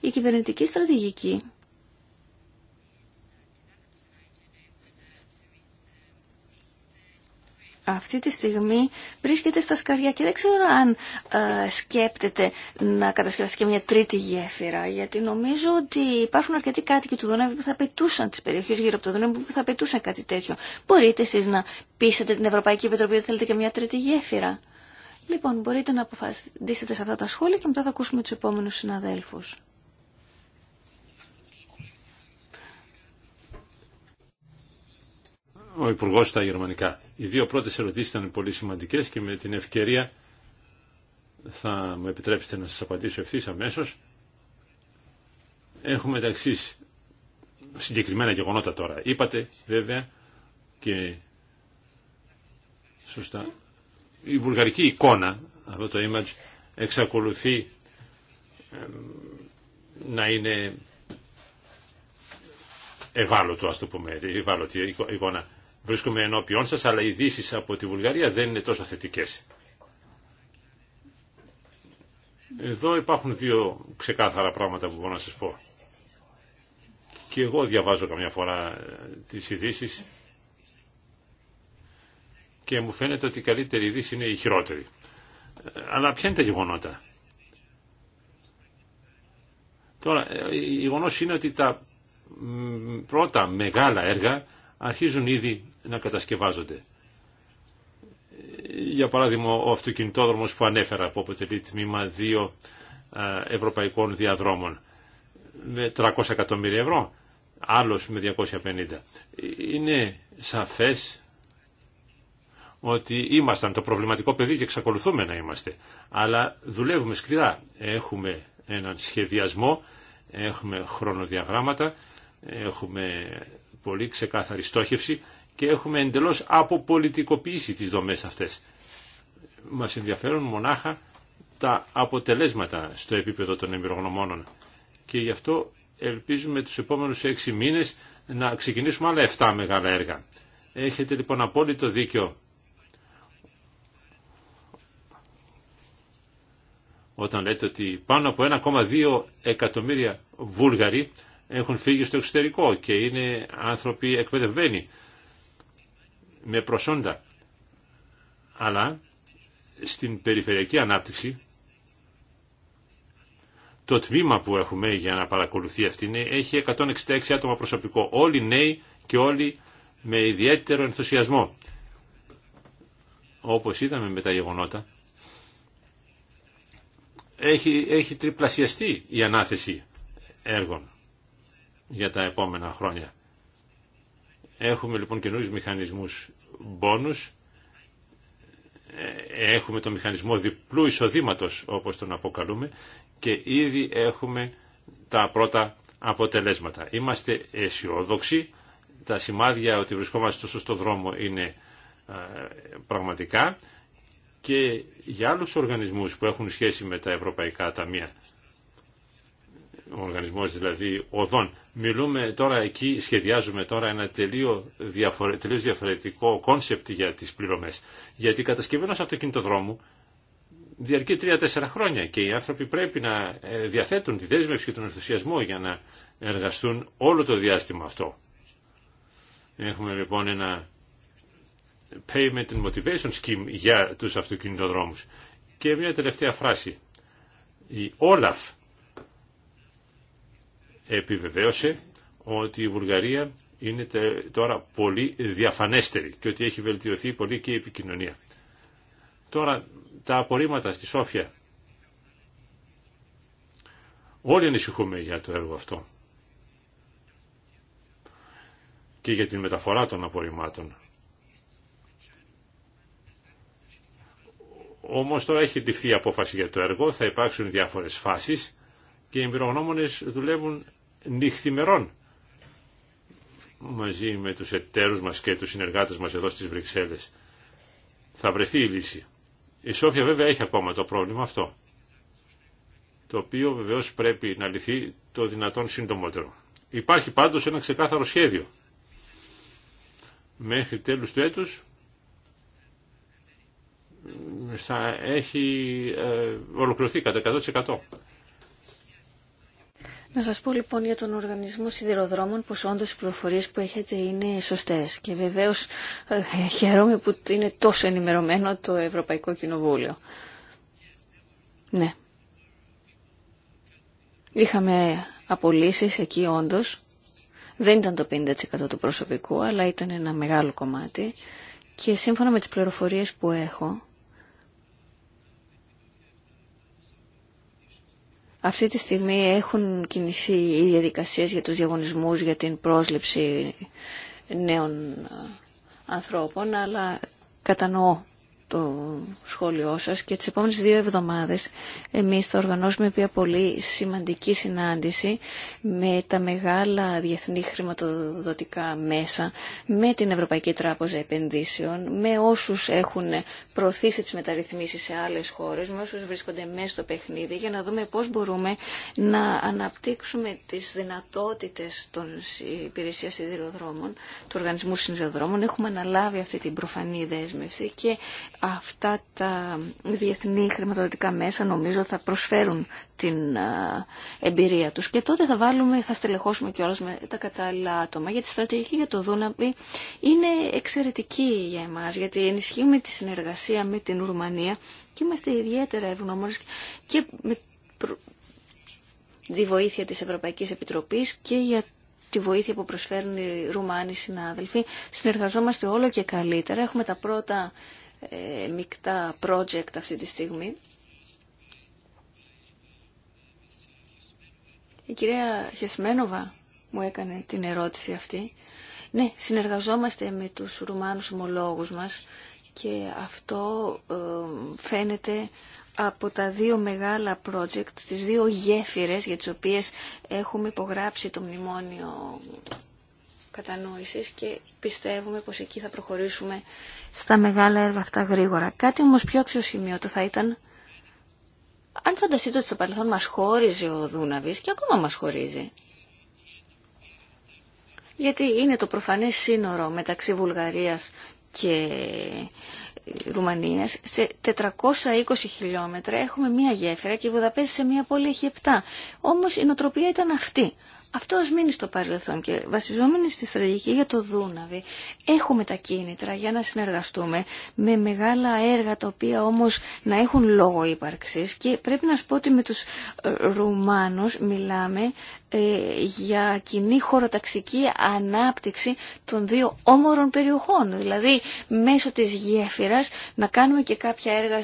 Η κυβερνητική στρατηγική αυτή τη στιγμή βρίσκεται στα σκαριά και δεν ξέρω αν ε, σκέπτεται να κατασκευαστεί και μια τρίτη γέφυρα γιατί νομίζω ότι υπάρχουν αρκετοί κάτοικοι του Δούναβη που θα πετούσαν τις περιοχές γύρω από το Δούναβη που θα πετούσαν κάτι τέτοιο. Μπορείτε εσείς να πείσετε την Ευρωπαϊκή Επιτροπή ότι θέλετε και μια τρίτη γέφυρα. Λοιπόν, μπορείτε να αποφασίσετε σε αυτά τα σχόλια και μετά θα ακούσουμε τους επόμενους συναδέλφους. Ο Υπουργός στα Γερμανικά. Οι δύο πρώτες ερωτήσεις ήταν πολύ σημαντικές και με την ευκαιρία θα μου επιτρέψετε να σας απαντήσω ευθύς αμέσως. Έχουμε τα συγκεκριμένα γεγονότα τώρα. Είπατε βέβαια και σωστά η βουλγαρική εικόνα, αυτό το image, εξακολουθεί να είναι ευάλωτο, ας το πούμε, ευάλωτη εικόνα βρίσκομαι ενώπιόν σας, αλλά οι ειδήσει από τη Βουλγαρία δεν είναι τόσο θετικές. Εδώ υπάρχουν δύο ξεκάθαρα πράγματα που μπορώ να σας πω. Και εγώ διαβάζω καμιά φορά ε, τις ειδήσει και μου φαίνεται ότι η καλύτερη ειδήση είναι η χειρότερη. Ε, αλλά ποια είναι τα γεγονότα. Τώρα, ε, η γεγονό είναι ότι τα πρώτα μεγάλα έργα αρχίζουν ήδη να κατασκευάζονται. Για παράδειγμα, ο αυτοκινητόδρομος που ανέφερα, που αποτελεί τμήμα δύο ευρωπαϊκών διαδρόμων, με 300 εκατομμύρια ευρώ, άλλος με 250. Είναι σαφές ότι ήμασταν το προβληματικό παιδί και εξακολουθούμε να είμαστε. Αλλά δουλεύουμε σκληρά. Έχουμε έναν σχεδιασμό, έχουμε χρονοδιαγράμματα, έχουμε πολύ ξεκάθαρη στόχευση και έχουμε εντελώς αποπολιτικοποιήσει τις δομές αυτές. Μας ενδιαφέρουν μονάχα τα αποτελέσματα στο επίπεδο των εμπειρογνωμόνων και γι' αυτό ελπίζουμε τους επόμενους έξι μήνες να ξεκινήσουμε άλλα 7 μεγάλα έργα. Έχετε λοιπόν απόλυτο δίκιο όταν λέτε ότι πάνω από 1,2 εκατομμύρια Βούλγαροι έχουν φύγει στο εξωτερικό και είναι άνθρωποι εκπαιδευμένοι με προσόντα. Αλλά στην περιφερειακή ανάπτυξη το τμήμα που έχουμε για να παρακολουθεί αυτήν έχει 166 άτομα προσωπικό. Όλοι νέοι και όλοι με ιδιαίτερο ενθουσιασμό. Όπως είδαμε με τα γεγονότα, έχει, έχει τριπλασιαστεί η ανάθεση έργων για τα επόμενα χρόνια. Έχουμε λοιπόν καινούριου μηχανισμούς μπόνους. Ε, έχουμε το μηχανισμό διπλού εισοδήματος όπως τον αποκαλούμε και ήδη έχουμε τα πρώτα αποτελέσματα. Είμαστε αισιόδοξοι. Τα σημάδια ότι βρισκόμαστε στο σωστό δρόμο είναι ε, πραγματικά και για άλλους οργανισμούς που έχουν σχέση με τα ευρωπαϊκά ταμεία οργανισμός δηλαδή οδών. Μιλούμε τώρα εκεί, σχεδιάζουμε τώρα ένα τελείω τελείως διαφορετικό κόνσεπτ για τις πληρωμές. Γιατί η κατασκευή ενός αυτοκινητοδρόμου διαρκεί 3-4 χρόνια και οι άνθρωποι πρέπει να ε, διαθέτουν τη δέσμευση και τον ενθουσιασμό για να εργαστούν όλο το διάστημα αυτό. Έχουμε λοιπόν ένα payment and motivation scheme για τους αυτοκινητοδρόμους. Και μια τελευταία φράση. Η Όλαφ επιβεβαίωσε ότι η Βουλγαρία είναι τώρα πολύ διαφανέστερη και ότι έχει βελτιωθεί πολύ και η επικοινωνία. Τώρα τα απορρίμματα στη Σόφια. Όλοι ανησυχούμε για το έργο αυτό και για την μεταφορά των απορριμμάτων. Όμως τώρα έχει ληφθεί η απόφαση για το έργο, θα υπάρξουν διάφορες φάσεις και οι εμπειρογνώμονες δουλεύουν νυχθημερών μαζί με τους εταίρους μας και τους συνεργάτες μας εδώ στις Βρυξέλλες. Θα βρεθεί η λύση. Η Σόφια βέβαια έχει ακόμα το πρόβλημα αυτό, το οποίο βεβαίως πρέπει να λυθεί το δυνατόν σύντομότερο. Υπάρχει πάντως ένα ξεκάθαρο σχέδιο. Μέχρι τέλους του έτους θα έχει ε, ολοκληρωθεί κατά 100%. Να σας πω λοιπόν για τον οργανισμό σιδηροδρόμων πως όντως οι πληροφορίες που έχετε είναι σωστές και βεβαίως ε, χαίρομαι που είναι τόσο ενημερωμένο το Ευρωπαϊκό Κοινοβούλιο. Ναι. Είχαμε απολύσεις εκεί όντως. Δεν ήταν το 50% του προσωπικού αλλά ήταν ένα μεγάλο κομμάτι και σύμφωνα με τις πληροφορίες που έχω Αυτή τη στιγμή έχουν κινηθεί οι διαδικασίες για τους διαγωνισμούς, για την πρόσληψη νέων ε, ανθρώπων, αλλά κατανοώ το σχόλιο σας και τις επόμενες δύο εβδομάδες εμείς θα οργανώσουμε μια πολύ σημαντική συνάντηση με τα μεγάλα διεθνή χρηματοδοτικά μέσα, με την Ευρωπαϊκή Τράπεζα Επενδύσεων, με όσους έχουν προωθήσει τις μεταρρυθμίσεις σε άλλες χώρες, με όσους βρίσκονται μέσα στο παιχνίδι για να δούμε πώς μπορούμε να αναπτύξουμε τις δυνατότητες των υπηρεσίας σιδηροδρόμων, του οργανισμού σιδηροδρόμων. Έχουμε αναλάβει αυτή την προφανή δέσμευση και αυτά τα διεθνή χρηματοδοτικά μέσα νομίζω θα προσφέρουν την εμπειρία τους. Και τότε θα βάλουμε, θα στελεχώσουμε κιόλας με τα κατάλληλα άτομα. Γιατί η στρατηγική για το Δούναμπι είναι εξαιρετική για εμάς, γιατί ενισχύουμε τη συνεργασία με την Ρουμανία. και είμαστε ιδιαίτερα ευγνώμονες και με τη βοήθεια της Ευρωπαϊκής Επιτροπής και για τη βοήθεια που προσφέρουν οι Ρουμάνοι συνάδελφοι. Συνεργαζόμαστε όλο και καλύτερα. Έχουμε τα πρώτα ε, μεικτά project αυτή τη στιγμή. Η κυρία Χεσμένοβα μου έκανε την ερώτηση αυτή. Ναι, συνεργαζόμαστε με τους Ρουμάνους ομολόγους μας και αυτό ε, φαίνεται από τα δύο μεγάλα project, τις δύο γέφυρες για τις οποίες έχουμε υπογράψει το μνημόνιο κατανόησης και πιστεύουμε πως εκεί θα προχωρήσουμε στα μεγάλα έργα αυτά γρήγορα. Κάτι όμως πιο αξιοσημείωτο θα ήταν αν φανταστείτε ότι στο παρελθόν μας χώριζε ο Δούναβης και ακόμα μας χωρίζει. Γιατί είναι το προφανές σύνορο μεταξύ Βουλγαρίας και Ρουμανίας. Σε 420 χιλιόμετρα έχουμε μία γέφυρα και η Βουδαπέστη σε μία πόλη έχει 7. Όμως η νοτροπία ήταν αυτή. Αυτό μείνει στο παρελθόν και βασιζόμενοι στη στρατηγική για το Δούναβι έχουμε τα κίνητρα για να συνεργαστούμε με μεγάλα έργα τα οποία όμως να έχουν λόγο ύπαρξης και πρέπει να σου πω ότι με τους ε, Ρουμάνους μιλάμε ε, για κοινή χωροταξική ανάπτυξη των δύο όμορων περιοχών δηλαδή μέσω της γέφυρας να κάνουμε και κάποια έργα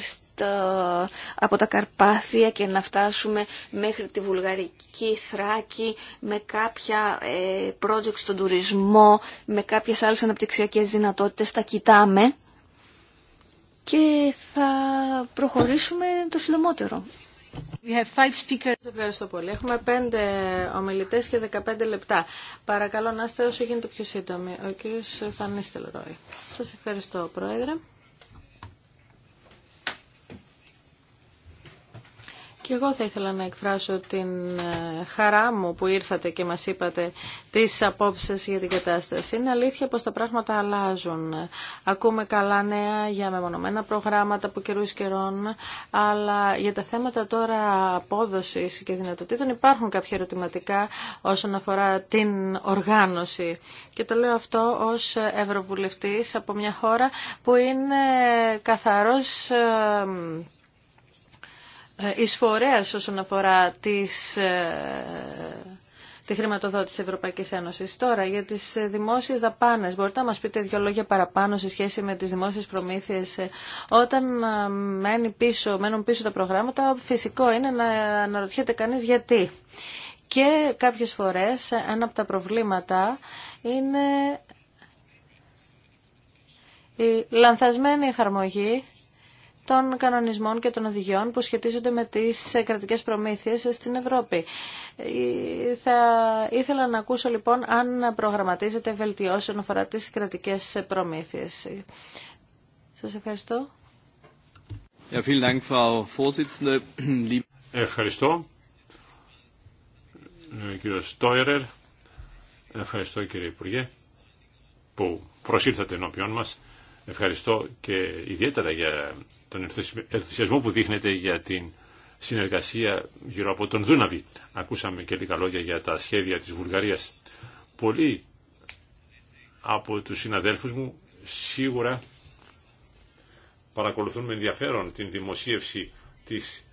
από τα Καρπάθια και να φτάσουμε μέχρι τη Βουλγαρική Θράκη με κάποια ε, project στον τουρισμό, με κάποιες άλλες αναπτυξιακές δυνατότητες. Τα κοιτάμε και θα προχωρήσουμε το συντομότερο. We have five speakers. Ευχαριστώ πολύ. Έχουμε πέντε ομιλητές και 15 λεπτά. Παρακαλώ να είστε όσο γίνεται πιο σύντομοι. Ο κύριος Φανίστελ Ρόι. Σας ευχαριστώ, Πρόεδρε. Και εγώ θα ήθελα να εκφράσω την ε, χαρά μου που ήρθατε και μας είπατε τις απόψεις για την κατάσταση. Είναι αλήθεια πως τα πράγματα αλλάζουν. Ακούμε καλά νέα για μεμονωμένα προγράμματα που καιρούς καιρών, αλλά για τα θέματα τώρα απόδοσης και δυνατοτήτων υπάρχουν κάποια ερωτηματικά όσον αφορά την οργάνωση. Και το λέω αυτό ως Ευρωβουλευτής από μια χώρα που είναι καθαρός ε, ε, εισφορέας όσον αφορά τις ε, τη χρηματοδότηση της Ευρωπαϊκής Ένωσης. Τώρα, για τις ε, δημόσιες δαπάνες, μπορείτε να μας πείτε δύο λόγια παραπάνω σε σχέση με τις δημόσιες προμήθειες. Όταν μένει πίσω, μένουν πίσω τα προγράμματα, φυσικό είναι να αναρωτιέται κανείς γιατί. Και κάποιες φορές ένα από τα προβλήματα είναι η λανθασμένη εφαρμογή των κανονισμών και των οδηγιών που σχετίζονται με τις κρατικές προμήθειες στην Ευρώπη. Ε, θα ήθελα να ακούσω λοιπόν αν προγραμματίζεται βελτιώσει όσον αφορά τις κρατικές προμήθειες. Σας ευχαριστώ. Ευχαριστώ. Ε, κύριε Στόιρερ, ευχαριστώ κύριε Υπουργέ που προσήλθατε ενώπιον μας Ευχαριστώ και ιδιαίτερα για τον ενθουσιασμό που δείχνετε για την συνεργασία γύρω από τον Δούναβη. Ακούσαμε και λίγα λόγια για τα σχέδια της Βουλγαρίας. Πολλοί από τους συναδέλφους μου σίγουρα παρακολουθούν με ενδιαφέρον την δημοσίευση της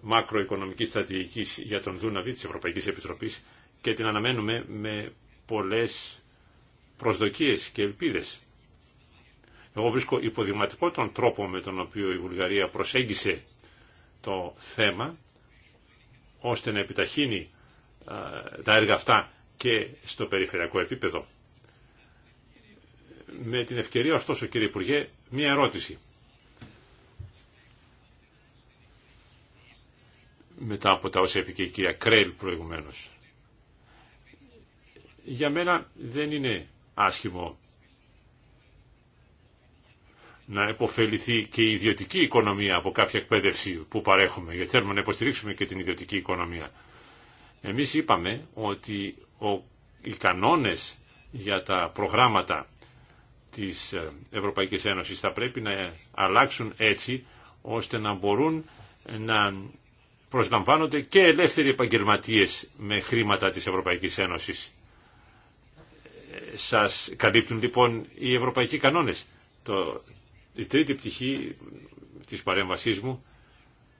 μακροοικονομικής στρατηγικής για τον Δούναβη της Ευρωπαϊκής Επιτροπής και την αναμένουμε με πολλές προσδοκίες και ελπίδες. Εγώ βρίσκω υποδηματικό τον τρόπο με τον οποίο η Βουλγαρία προσέγγισε το θέμα ώστε να επιταχύνει τα έργα αυτά και στο περιφερειακό επίπεδο. Με την ευκαιρία ωστόσο κύριε Υπουργέ, μία ερώτηση. Μετά από τα όσα είπε και η κυρία Κρέλ προηγουμένως. Για μένα δεν είναι άσχημο να επωφεληθεί και η ιδιωτική οικονομία από κάποια εκπαίδευση που παρέχουμε, γιατί θέλουμε να υποστηρίξουμε και την ιδιωτική οικονομία. Εμείς είπαμε ότι ο, οι κανόνες για τα προγράμματα της ε, Ευρωπαϊκής Ένωσης θα πρέπει να αλλάξουν έτσι ώστε να μπορούν να προσλαμβάνονται και ελεύθεροι επαγγελματίες με χρήματα της Ευρωπαϊκής Ένωσης. Ε, σας καλύπτουν λοιπόν οι ευρωπαϊκοί κανόνες. Το η τρίτη πτυχή της παρέμβασής μου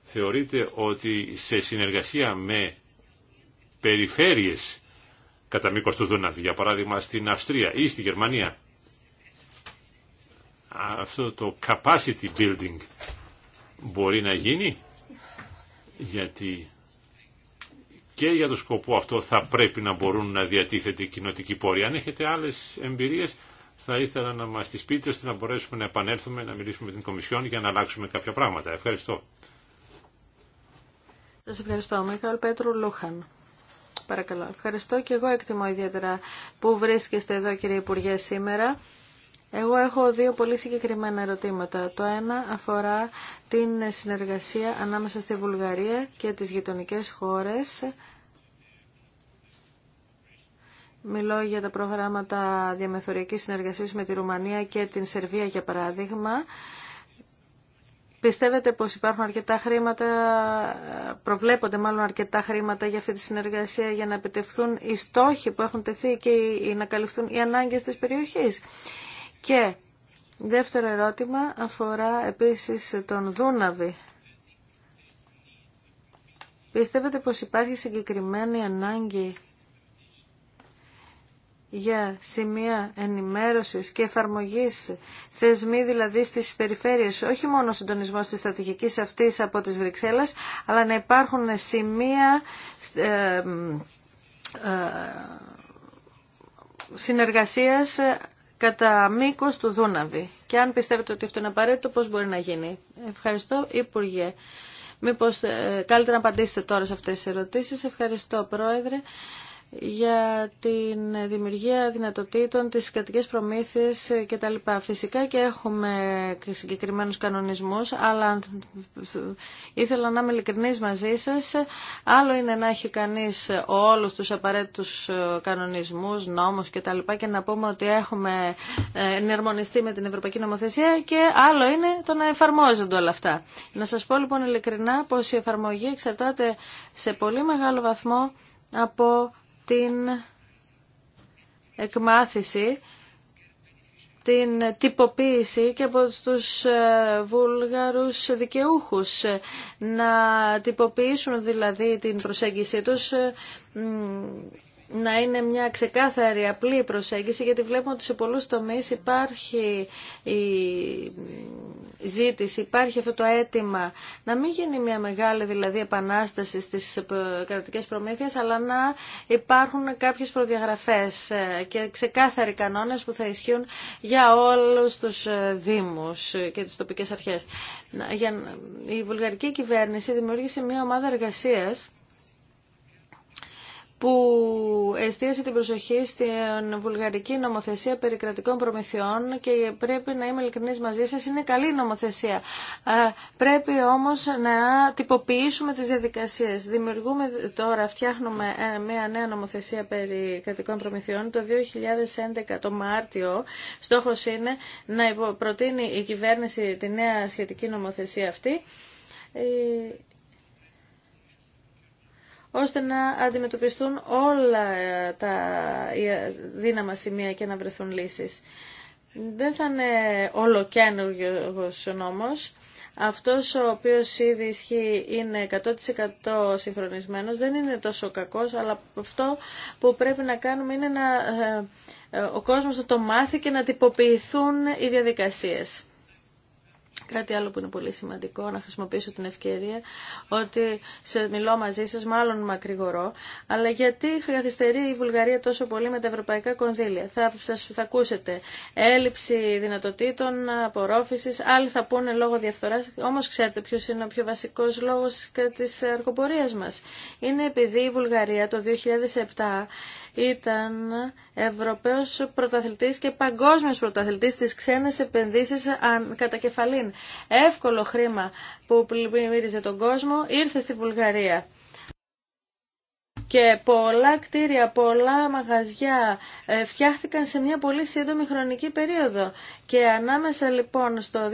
θεωρείται ότι σε συνεργασία με περιφέρειες κατά μήκο του Δούναβη, για παράδειγμα στην Αυστρία ή στη Γερμανία, αυτό το capacity building μπορεί να γίνει γιατί και για το σκοπό αυτό θα πρέπει να μπορούν να διατίθεται κοινοτικοί πόροι. Αν έχετε άλλες εμπειρίες θα ήθελα να μας τις πείτε ώστε να μπορέσουμε να επανέλθουμε, να μιλήσουμε με την Κομισιόν για να αλλάξουμε κάποια πράγματα. Ευχαριστώ. Σας ευχαριστώ. Μιχαλ Πέτρου Λούχαν. Παρακαλώ. Ευχαριστώ και εγώ εκτιμώ ιδιαίτερα που βρίσκεστε εδώ κύριε Υπουργέ σήμερα. Εγώ έχω δύο πολύ συγκεκριμένα ερωτήματα. Το ένα αφορά την συνεργασία ανάμεσα στη Βουλγαρία και τις γειτονικές χώρες Μιλώ για τα προγράμματα διαμεθοριακής συνεργασίας με τη Ρουμανία και την Σερβία, για παράδειγμα. Πιστεύετε πως υπάρχουν αρκετά χρήματα, προβλέπονται μάλλον αρκετά χρήματα για αυτή τη συνεργασία για να επιτευχθούν οι στόχοι που έχουν τεθεί και να καλυφθούν οι ανάγκες της περιοχής. Και δεύτερο ερώτημα αφορά επίσης τον Δούναβη. Πιστεύετε πως υπάρχει συγκεκριμένη ανάγκη για σημεία ενημέρωσης και εφαρμογής θεσμοί δηλαδή στις περιφέρειες, όχι μόνο συντονισμό της στρατηγικής αυτής από τις Βρυξέλλες, αλλά να υπάρχουν σημεία ε, ε συνεργασίας κατά μήκο του Δούναβη. Και αν πιστεύετε ότι αυτό είναι απαραίτητο, πώς μπορεί να γίνει. Ευχαριστώ, Υπουργέ. Μήπως ε, καλύτερα να απαντήσετε τώρα σε αυτές τις ερωτήσεις. Ευχαριστώ, Πρόεδρε για την δημιουργία δυνατοτήτων, τις και προμήθειες λοιπά. Φυσικά και έχουμε συγκεκριμένους κανονισμούς, αλλά ήθελα να είμαι ειλικρινής μαζί σας. Άλλο είναι να έχει κανείς όλους τους απαραίτητους κανονισμούς, νόμους τα Και, και να πούμε ότι έχουμε ενερμονιστεί με την Ευρωπαϊκή Νομοθεσία και άλλο είναι το να εφαρμόζονται όλα αυτά. Να σας πω λοιπόν ειλικρινά πως η εφαρμογή εξαρτάται σε πολύ μεγάλο βαθμό από την εκμάθηση, την τυποποίηση και από τους ε, βούλγαρους δικαιούχους. Να τυποποιήσουν δηλαδή την προσέγγιση τους ε, να είναι μια ξεκάθαρη απλή προσέγγιση γιατί βλέπουμε ότι σε πολλούς τομείς υπάρχει ζήτηση, υπάρχει αυτό το αίτημα να μην γίνει μια μεγάλη δηλαδή επανάσταση στις ε, κρατικές προμήθειες, αλλά να υπάρχουν κάποιες προδιαγραφές ε, και ξεκάθαροι κανόνες που θα ισχύουν για όλους τους ε, δήμους και τις τοπικές αρχές. Η βουλγαρική κυβέρνηση δημιούργησε μια ομάδα εργασίας που εστίασε την προσοχή στην βουλγαρική νομοθεσία περί κρατικών προμηθειών και πρέπει να είμαι ειλικρινής μαζί σας, είναι καλή νομοθεσία. Ε, πρέπει όμως να τυποποιήσουμε τις διαδικασίες. Δημιουργούμε τώρα, φτιάχνουμε ε, μια νέα νομοθεσία περί κρατικών προμηθειών το 2011 το Μάρτιο. Στόχος είναι να προτείνει η κυβέρνηση τη νέα σχετική νομοθεσία αυτή ε, ώστε να αντιμετωπιστούν όλα ε, τα ε, δύναμα σημεία και να βρεθούν λύσεις. Δεν θα είναι ολοκένουργος ο νόμος. Αυτός ο οποίος ήδη ισχύει είναι 100% συγχρονισμένος, δεν είναι τόσο κακός, αλλά αυτό που πρέπει να κάνουμε είναι να, ε, ο κόσμος να το μάθει και να τυποποιηθούν οι διαδικασίες. Κάτι άλλο που είναι πολύ σημαντικό, να χρησιμοποιήσω την ευκαιρία, ότι σε μιλώ μαζί σας, μάλλον μακρηγορώ, αλλά γιατί καθυστερεί η Βουλγαρία τόσο πολύ με τα ευρωπαϊκά κονδύλια. Θα, σας, θα ακούσετε έλλειψη δυνατοτήτων, απορρόφησης, άλλοι θα πούνε λόγω διαφθοράς, όμως ξέρετε ποιος είναι ο πιο βασικός λόγος της αρκοπορίας μας. Είναι επειδή η Βουλγαρία το 2007 ήταν Ευρωπαίος πρωταθλητής και παγκόσμιος πρωταθλητής στις ξένες επενδύσεις κατά κεφαλή εύκολο χρήμα που πλημμύριζε τον κόσμο ήρθε στη Βουλγαρία και πολλά κτίρια, πολλά μαγαζιά ε, φτιάχτηκαν σε μια πολύ σύντομη χρονική περίοδο. Και ανάμεσα λοιπόν στο 2006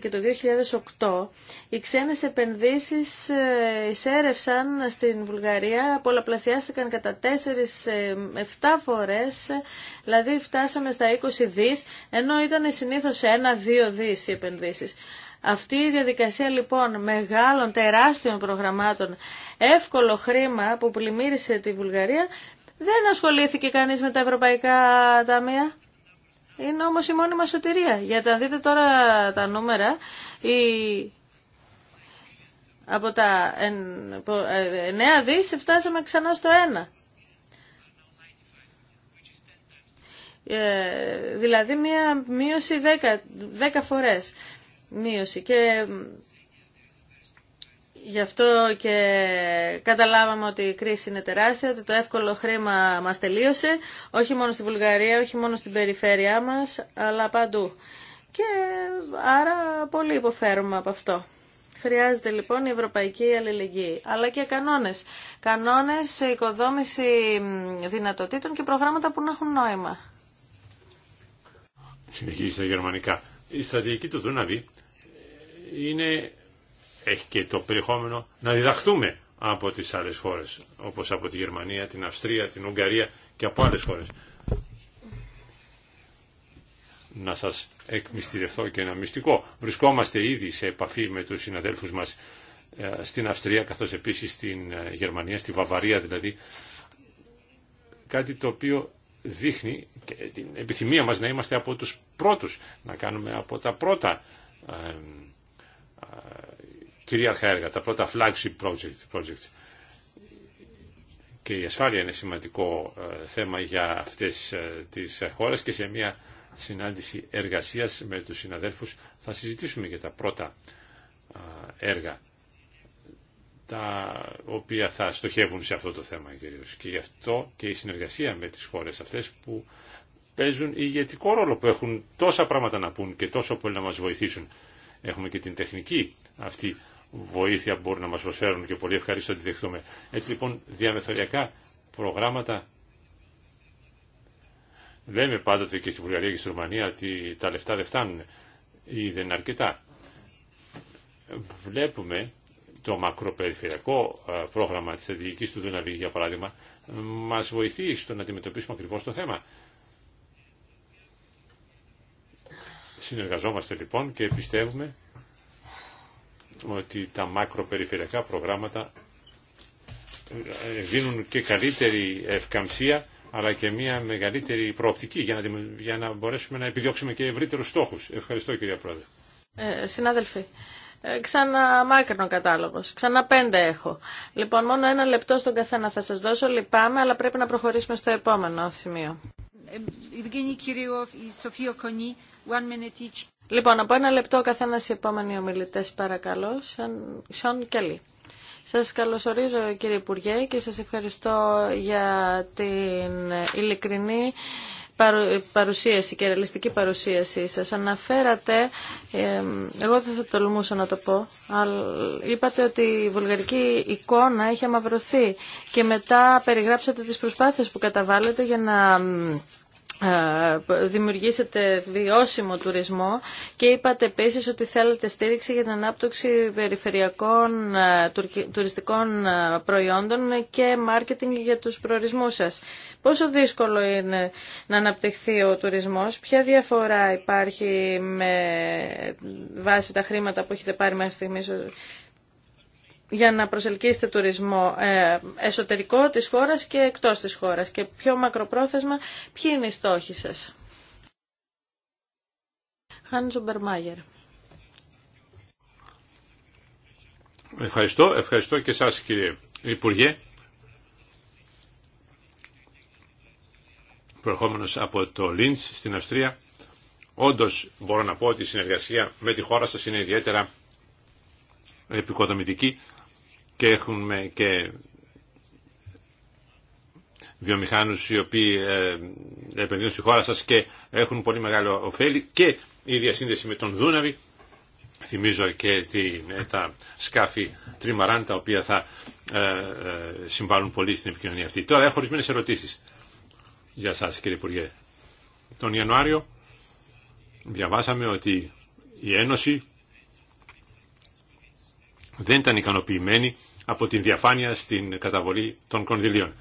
και το 2008 οι ξένες επενδύσεις ε, εισέρευσαν στην Βουλγαρία, πολλαπλασιάστηκαν κατά 4-7 ε, φορές, δηλαδή φτάσαμε στα 20 δις, ενώ ήταν συνήθως 1-2 δις οι επενδύσεις. Αυτή η διαδικασία λοιπόν μεγάλων τεράστιων προγραμμάτων, εύκολο χρήμα που πλημμύρισε τη Βουλγαρία, δεν ασχολήθηκε κανείς με τα ευρωπαϊκά ταμεία. Είναι όμως η μόνη μας σωτηρία. Γιατί αν δείτε τώρα τα νούμερα, η... από τα 9 ε, δις φτάσαμε ξανά στο 1. Ε, δηλαδή μία μείωση 10, 10 φορές μείωση και Γι' αυτό και καταλάβαμε ότι η κρίση είναι τεράστια, ότι το εύκολο χρήμα μας τελείωσε, όχι μόνο στη Βουλγαρία, όχι μόνο στην περιφέρειά μας, αλλά παντού. Και άρα πολύ υποφέρουμε από αυτό. Χρειάζεται λοιπόν η ευρωπαϊκή αλληλεγγύη, αλλά και κανόνες. Κανόνες, οικοδόμηση δυνατοτήτων και προγράμματα που να έχουν νόημα. Συνεχίζει στα γερμανικά η στρατηγική του Δούναβη είναι, έχει και το περιεχόμενο να διδαχτούμε από τις άλλες χώρες, όπως από τη Γερμανία, την Αυστρία, την Ουγγαρία και από άλλες χώρες. Να σας εκμυστηρευτώ και ένα μυστικό. Βρισκόμαστε ήδη σε επαφή με τους συναδέλφους μας ε, στην Αυστρία, καθώς επίσης στην ε, Γερμανία, στη Βαβαρία δηλαδή, κάτι το οποίο δείχνει την επιθυμία μας να είμαστε από τους πρώτους, να κάνουμε από τα πρώτα ε, κυρίαρχα έργα, τα πρώτα flagship project, Και η ασφάλεια είναι σημαντικό ε, θέμα για αυτές ε, τις χώρες και σε μια συνάντηση εργασίας με τους συναδέλφους θα συζητήσουμε για τα πρώτα έργα τα οποία θα στοχεύουν σε αυτό το θέμα κυρίως. Και γι' αυτό και η συνεργασία με τις χώρες αυτές που παίζουν ηγετικό ρόλο, που έχουν τόσα πράγματα να πούν και τόσο πολύ να μας βοηθήσουν. Έχουμε και την τεχνική αυτή βοήθεια που μπορούν να μας προσφέρουν και πολύ ευχαριστώ ότι δεχτούμε. Έτσι λοιπόν διαμεθοριακά προγράμματα λέμε πάντοτε και στη Βουλγαρία και στη Ρουμανία ότι τα λεφτά δεν φτάνουν ή δεν είναι αρκετά. Βλέπουμε το μακροπεριφερειακό πρόγραμμα της Αντιγικής του Δουναβή για παράδειγμα μας βοηθεί στο να αντιμετωπίσουμε ακριβώς το θέμα. Συνεργαζόμαστε λοιπόν και πιστεύουμε ότι τα μακροπεριφερειακά προγράμματα ε, δίνουν και καλύτερη ευκαμψία αλλά και μια μεγαλύτερη προοπτική για να, για να μπορέσουμε να επιδιώξουμε και ευρύτερους στόχους. Ευχαριστώ κυρία Πρόεδρε. Ε, συνάδελφοι, ε, ξανά μάκρυνο κατάλογος, ξανά πέντε έχω. Λοιπόν, μόνο ένα λεπτό στον καθένα θα σας δώσω, λυπάμαι, αλλά πρέπει να προχωρήσουμε στο επόμενο σημείο. Ε, η Σοφία Κονή Λοιπόν, από ένα λεπτό ο καθένας οι επόμενοι ομιλητέ, παρακαλώ. Σαν, κελί. Σα καλωσορίζω κύριε Υπουργέ και σα ευχαριστώ για την ειλικρινή παρουσίαση και ρεαλιστική παρουσίαση σας αναφέρατε εγώ δεν θα τολμούσα να το πω αλλά είπατε ότι η βουλγαρική εικόνα έχει αμαυρωθεί και μετά περιγράψατε τις προσπάθειες που καταβάλλετε για να ε, δημιουργήσετε βιώσιμο τουρισμό και είπατε επίσης ότι θέλετε στήριξη για την ανάπτυξη περιφερειακών ε, τουριστικών ε, προϊόντων και μάρκετινγκ για τους προορισμούς σας. Πόσο δύσκολο είναι να αναπτυχθεί ο τουρισμός, ποια διαφορά υπάρχει με βάση τα χρήματα που έχετε πάρει μέχρι στιγμής για να προσελκύσετε τουρισμό ε, εσωτερικό της χώρας και εκτός της χώρας και πιο μακροπρόθεσμα ποιοι είναι οι στόχοι σας. Ευχαριστώ, ευχαριστώ και εσάς κύριε Υπουργέ. Προερχόμενος από το Λίντς στην Αυστρία, όντως μπορώ να πω ότι η συνεργασία με τη χώρα σας είναι ιδιαίτερα επικοδομητική και έχουμε και βιομηχάνους οι οποίοι ε, επενδύουν στη χώρα σας και έχουν πολύ μεγάλο ωφέλη και η διασύνδεση με τον Δούναβη. Θυμίζω και τη, ε, τα σκάφη Τριμαράντα, τα οποία θα ε, ε, συμβάλλουν πολύ στην επικοινωνία αυτή. Τώρα έχω ορισμένε ερωτήσεις για σας κύριε Υπουργέ. Τον Ιανουάριο διαβάσαμε ότι η Ένωση δεν ήταν ικανοποιημένη από την διαφάνεια στην καταβολή των κονδυλίων.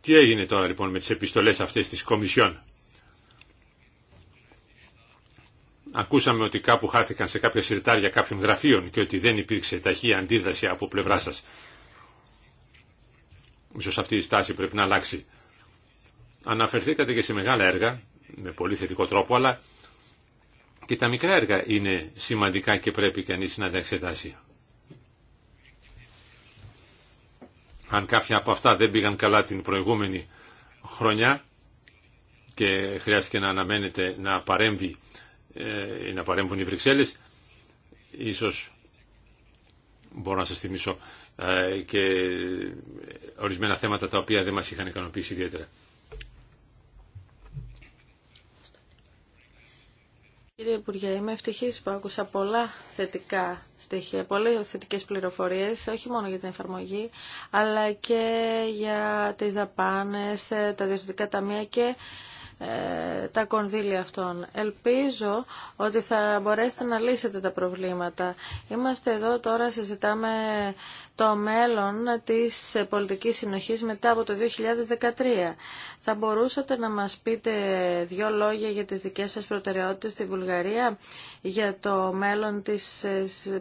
Τι έγινε τώρα λοιπόν με τις επιστολές αυτές της Κομισιόν. Ακούσαμε ότι κάπου χάθηκαν σε κάποια συρτάρια κάποιων γραφείων και ότι δεν υπήρξε ταχεία αντίδραση από πλευρά σας. Ίσως αυτή η στάση πρέπει να αλλάξει. Αναφερθήκατε και σε μεγάλα έργα, με πολύ θετικό τρόπο, αλλά και τα μικρά έργα είναι σημαντικά και πρέπει κανείς να τα εξετάσει. αν κάποια από αυτά δεν πήγαν καλά την προηγούμενη χρονιά και χρειάστηκε να αναμένεται να παρέμβει ε, να παρέμβουν οι Βρυξέλλες ίσως μπορώ να σας θυμίσω ε, και ορισμένα θέματα τα οποία δεν μας είχαν ικανοποιήσει ιδιαίτερα. Κύριε Υπουργέ, είμαι ευτυχής που άκουσα πολλά θετικά στοιχεία, πολλές θετικές πληροφορίες, όχι μόνο για την εφαρμογή, αλλά και για τι δαπάνε, ε, τα διευθυντικά ταμεία και ε, τα κονδύλια αυτών. Ελπίζω ότι θα μπορέσετε να λύσετε τα προβλήματα. Είμαστε εδώ τώρα, συζητάμε το μέλλον της πολιτικής συνοχής μετά από το 2013. Θα μπορούσατε να μας πείτε δύο λόγια για τις δικές σας προτεραιότητες στη Βουλγαρία για το μέλλον της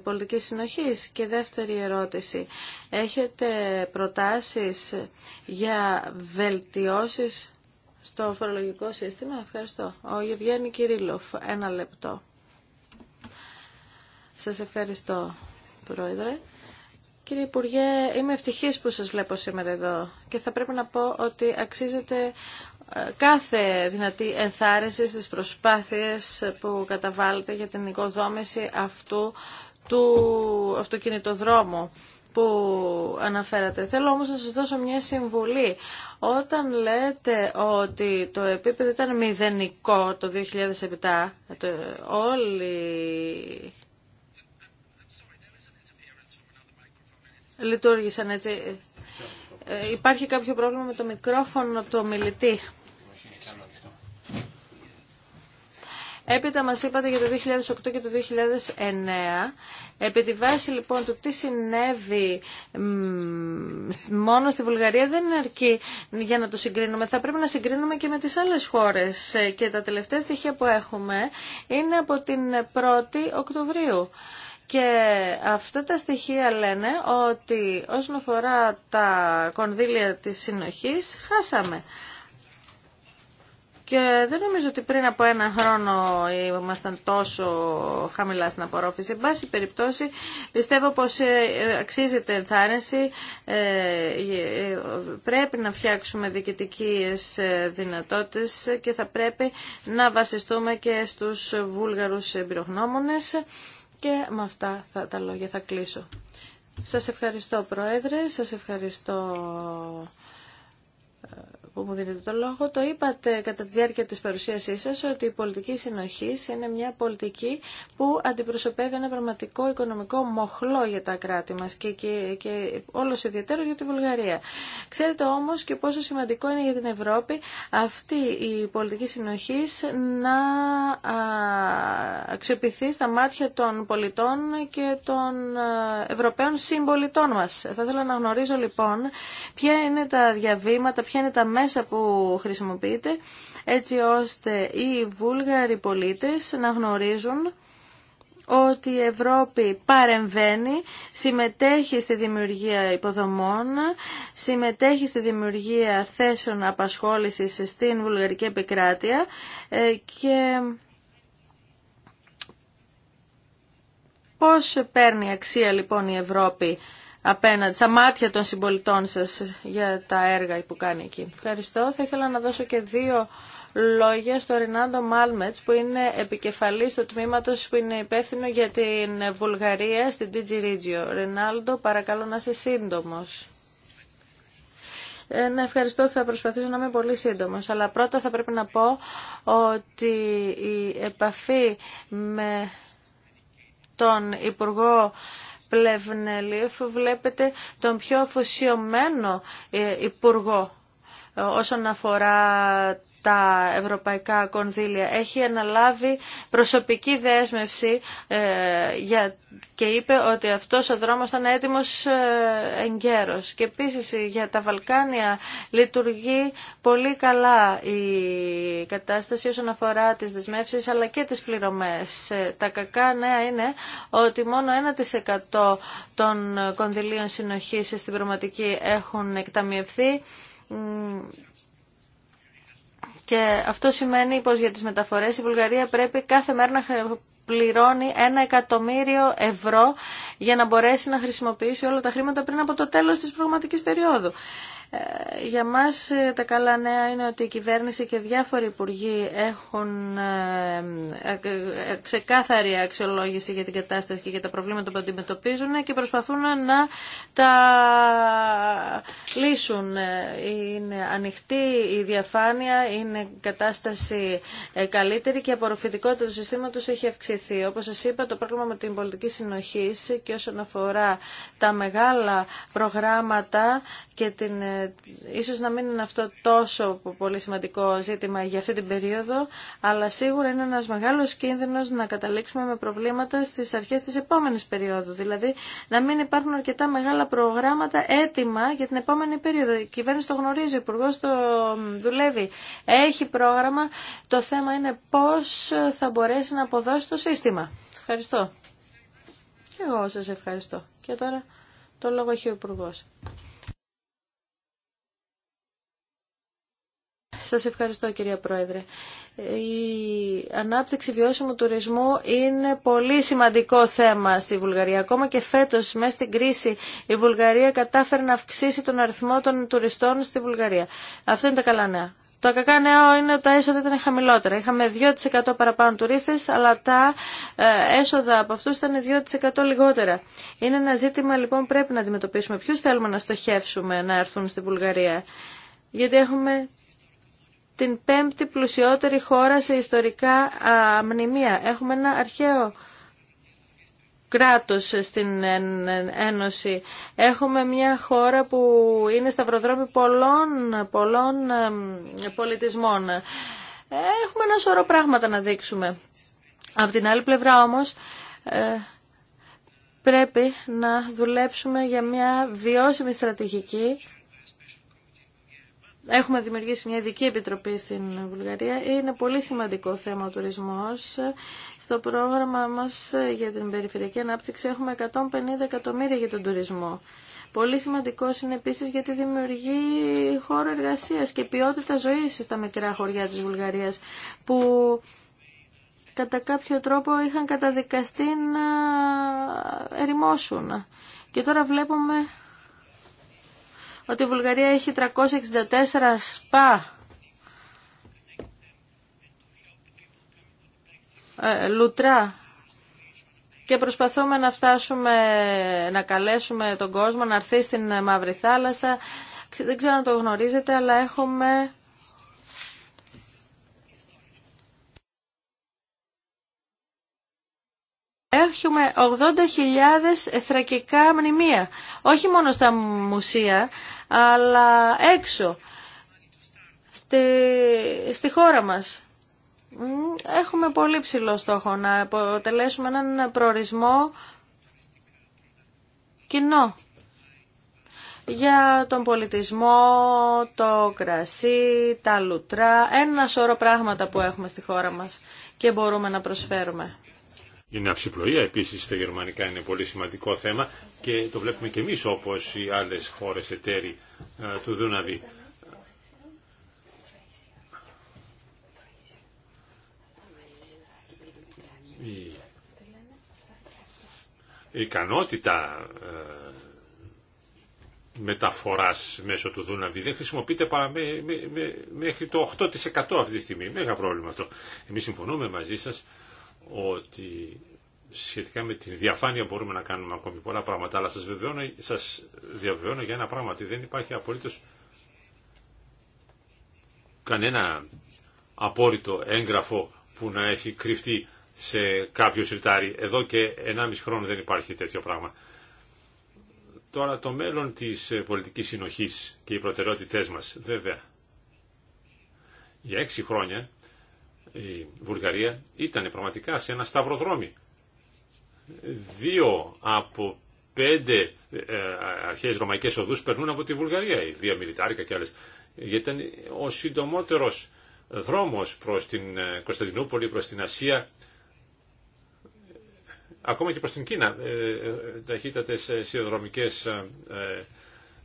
πολιτικής συνοχής. Και δεύτερη ερώτηση. Έχετε προτάσεις για βελτιώσεις στο φορολογικό σύστημα. Ευχαριστώ. Ο Γευγένη Κυρίλοφ, ένα λεπτό. Σας ευχαριστώ, Πρόεδρε. Κύριε Υπουργέ, είμαι ευτυχής που σας βλέπω σήμερα εδώ και θα πρέπει να πω ότι αξίζεται ε, κάθε δυνατή ενθάρρυνση στις προσπάθειες που καταβάλλετε για την οικοδόμηση αυτού του αυτοκινητοδρόμου που αναφέρατε. Θέλω όμως να σας δώσω μια συμβουλή. Όταν λέτε ότι το επίπεδο ήταν μηδενικό το 2007, όλοι λειτουργήσαν έτσι. Ε, υπάρχει κάποιο πρόβλημα με το μικρόφωνο του ομιλητή. Έπειτα μας είπατε για το 2008 και το 2009. Επί τη βάση λοιπόν του τι συνέβη μόνο στη Βουλγαρία δεν είναι αρκεί για να το συγκρίνουμε. Θα πρέπει να συγκρίνουμε και με τις άλλες χώρες. Και τα τελευταία στοιχεία που έχουμε είναι από την 1η Οκτωβρίου. Και αυτά τα στοιχεία λένε ότι όσον αφορά τα κονδύλια της συνοχής χάσαμε. Και δεν νομίζω ότι πριν από ένα χρόνο ήμασταν τόσο χαμηλά στην απορρόφηση. Εν πάση περιπτώσει, πιστεύω πως ε, αξίζεται ενθάρρυνση. Ε, ε, πρέπει να φτιάξουμε διοικητικές δυνατότητες και θα πρέπει να βασιστούμε και στους βούλγαρους εμπειρογνώμονε Και με αυτά θα, τα λόγια θα κλείσω. Σας ευχαριστώ Πρόεδρε, σας ευχαριστώ που μου δίνετε το λόγο. Το είπατε κατά τη διάρκεια της παρουσίασής σας ότι η πολιτική συνοχή είναι μια πολιτική που αντιπροσωπεύει ένα πραγματικό οικονομικό μοχλό για τα κράτη μας και, και, και όλος ιδιαίτερο για τη Βουλγαρία. Ξέρετε όμως και πόσο σημαντικό είναι για την Ευρώπη αυτή η πολιτική συνοχή να αξιοποιηθεί στα μάτια των πολιτών και των Ευρωπαίων συμπολιτών μας. Θα ήθελα να γνωρίζω λοιπόν ποια είναι τα διαβήματα, ποια είναι τα μέσα μέσα που χρησιμοποιείται έτσι ώστε οι Βούλγαροι πολίτες να γνωρίζουν ότι η Ευρώπη παρεμβαίνει, συμμετέχει στη δημιουργία υποδομών, συμμετέχει στη δημιουργία θέσεων απασχόλησης στην βουλγαρική επικράτεια ε, και πώς παίρνει αξία λοιπόν η Ευρώπη απέναντι στα μάτια των συμπολιτών σας για τα έργα που κάνει εκεί. Ευχαριστώ. Θα ήθελα να δώσω και δύο λόγια στο Ρινάντο Μάλμετς που είναι επικεφαλής του τμήματος που είναι υπεύθυνο για την Βουλγαρία στην DG Regio. Ρινάλντο, παρακαλώ να είσαι σύντομος. Ε, ναι, ευχαριστώ, θα προσπαθήσω να είμαι πολύ σύντομο. Αλλά πρώτα θα πρέπει να πω ότι η επαφή με τον Υπουργό βλέπετε τον πιο αφοσιωμένο ε, υπουργό ε, όσον αφορά τα ευρωπαϊκά κονδύλια. Έχει αναλάβει προσωπική δέσμευση ε, για, και είπε ότι αυτός ο δρόμος ήταν έτοιμος ε, εγκαίρος. Και επίσης ε, για τα Βαλκάνια λειτουργεί πολύ καλά η κατάσταση όσον αφορά τις δεσμεύσεις αλλά και τις πληρωμές. Τα κακά νέα είναι ότι μόνο 1% των κονδυλίων συνοχής στην πραγματική έχουν εκταμιευθεί και αυτό σημαίνει πως για τις μεταφορές η Βουλγαρία πρέπει κάθε μέρα να πληρώνει ένα εκατομμύριο ευρώ για να μπορέσει να χρησιμοποιήσει όλα τα χρήματα πριν από το τέλος της πραγματικής περίοδου. Ε, για μας ε, τα καλά νέα είναι ότι η κυβέρνηση και διάφοροι υπουργοί έχουν ε, ξεκάθαρη αξιολόγηση για την κατάσταση και για τα προβλήματα που αντιμετωπίζουν και προσπαθούν να τα λύσουν. Είναι ανοιχτή η διαφάνεια, είναι κατάσταση καλύτερη και η απορροφητικότητα του συστήματος έχει αυξηθεί. Όπως σας είπα, το πρόβλημα με την πολιτική συνοχή και όσον αφορά τα μεγάλα προγράμματα και την ίσως να μην είναι αυτό τόσο πολύ σημαντικό ζήτημα για αυτή την περίοδο, αλλά σίγουρα είναι ένας μεγάλος κίνδυνος να καταλήξουμε με προβλήματα στις αρχές της επόμενης περίοδου. Δηλαδή να μην υπάρχουν αρκετά μεγάλα προγράμματα έτοιμα για την επόμενη περίοδο. Η κυβέρνηση το γνωρίζει, ο υπουργό το δουλεύει, έχει πρόγραμμα. Το θέμα είναι πώς θα μπορέσει να αποδώσει το σύστημα. Ευχαριστώ. εγώ σας ευχαριστώ. Και τώρα το λόγο έχει ο υπουργό. Σας ευχαριστώ κυρία Πρόεδρε. Η ανάπτυξη βιώσιμου τουρισμού είναι πολύ σημαντικό θέμα στη Βουλγαρία. Ακόμα και φέτος, μέσα στην κρίση, η Βουλγαρία κατάφερε να αυξήσει τον αριθμό των τουριστών στη Βουλγαρία. Αυτό είναι τα καλά νέα. Το κακά νέο είναι ότι τα έσοδα ήταν χαμηλότερα. Είχαμε 2% παραπάνω τουρίστε, αλλά τα ε, έσοδα από αυτού ήταν 2% λιγότερα. Είναι ένα ζήτημα λοιπόν πρέπει να αντιμετωπίσουμε. Ποιου θέλουμε να στοχεύσουμε να έρθουν στη Βουλγαρία. Γιατί έχουμε την πέμπτη πλουσιότερη χώρα σε ιστορικά μνημεία. Έχουμε ένα αρχαίο κράτος στην Ένωση. Έχουμε μια χώρα που είναι σταυροδρόμι πολλών, πολλών πολιτισμών. Έχουμε ένα σωρό πράγματα να δείξουμε. Από την άλλη πλευρά όμως ε, πρέπει να δουλέψουμε για μια βιώσιμη στρατηγική Έχουμε δημιουργήσει μια ειδική επιτροπή στην Βουλγαρία. Είναι πολύ σημαντικό θέμα ο τουρισμός. Στο πρόγραμμα μας για την περιφερειακή ανάπτυξη έχουμε 150 εκατομμύρια για τον τουρισμό. Πολύ σημαντικό είναι επίσης γιατί δημιουργεί χώρο εργασίας και ποιότητα ζωής στα μικρά χωριά της Βουλγαρίας που κατά κάποιο τρόπο είχαν καταδικαστεί να ερημώσουν. Και τώρα βλέπουμε ότι η Βουλγαρία έχει 364 σπα ε, λουτρά και προσπαθούμε να φτάσουμε να καλέσουμε τον κόσμο να έρθει στην Μαύρη Θάλασσα. Δεν ξέρω αν το γνωρίζετε, αλλά έχουμε Έχουμε 80.000 εθρακικά μνημεία, όχι μόνο στα μουσεία, αλλά έξω, στη, στη χώρα μας. Έχουμε πολύ ψηλό στόχο να αποτελέσουμε έναν προορισμό κοινό για τον πολιτισμό, το κρασί, τα λουτρά, ένα σώρο πράγματα που έχουμε στη χώρα μας και μπορούμε να προσφέρουμε. Είναι ναυσιπλοεία επίση στα γερμανικά είναι πολύ σημαντικό θέμα και το βλέπουμε και εμείς όπως οι άλλες χώρες εταίροι ε, του Δούναβη. Η ικανότητα ε, μεταφοράς μέσω του Δούναβη δεν χρησιμοποιείται παρά με, μέχρι το 8% αυτή τη στιγμή. Μέγα πρόβλημα αυτό. Εμείς συμφωνούμε μαζί σας ότι σχετικά με τη διαφάνεια μπορούμε να κάνουμε ακόμη πολλά πράγματα, αλλά σας, βεβαιώνω, σας διαβεβαιώνω για ένα πράγμα, ότι δεν υπάρχει απολύτως κανένα απόρριτο έγγραφο που να έχει κρυφτεί σε κάποιο σιρτάρι. Εδώ και 1,5 χρόνο δεν υπάρχει τέτοιο πράγμα. Τώρα το μέλλον της πολιτικής συνοχής και οι προτεραιότητές μας, βέβαια. Για 6 χρόνια η Βουλγαρία ήταν πραγματικά σε ένα σταυροδρόμι. Δύο από πέντε ε, αρχαίες ρωμαϊκές οδούς περνούν από τη Βουλγαρία, οι δύο Μιλιτάρικα και άλλες. Γιατί ήταν ο συντομότερος δρόμος προς την ε, Κωνσταντινούπολη, προς την Ασία, ακόμα και προς την Κίνα, ε, ταχύτατες σιδηροδρομικές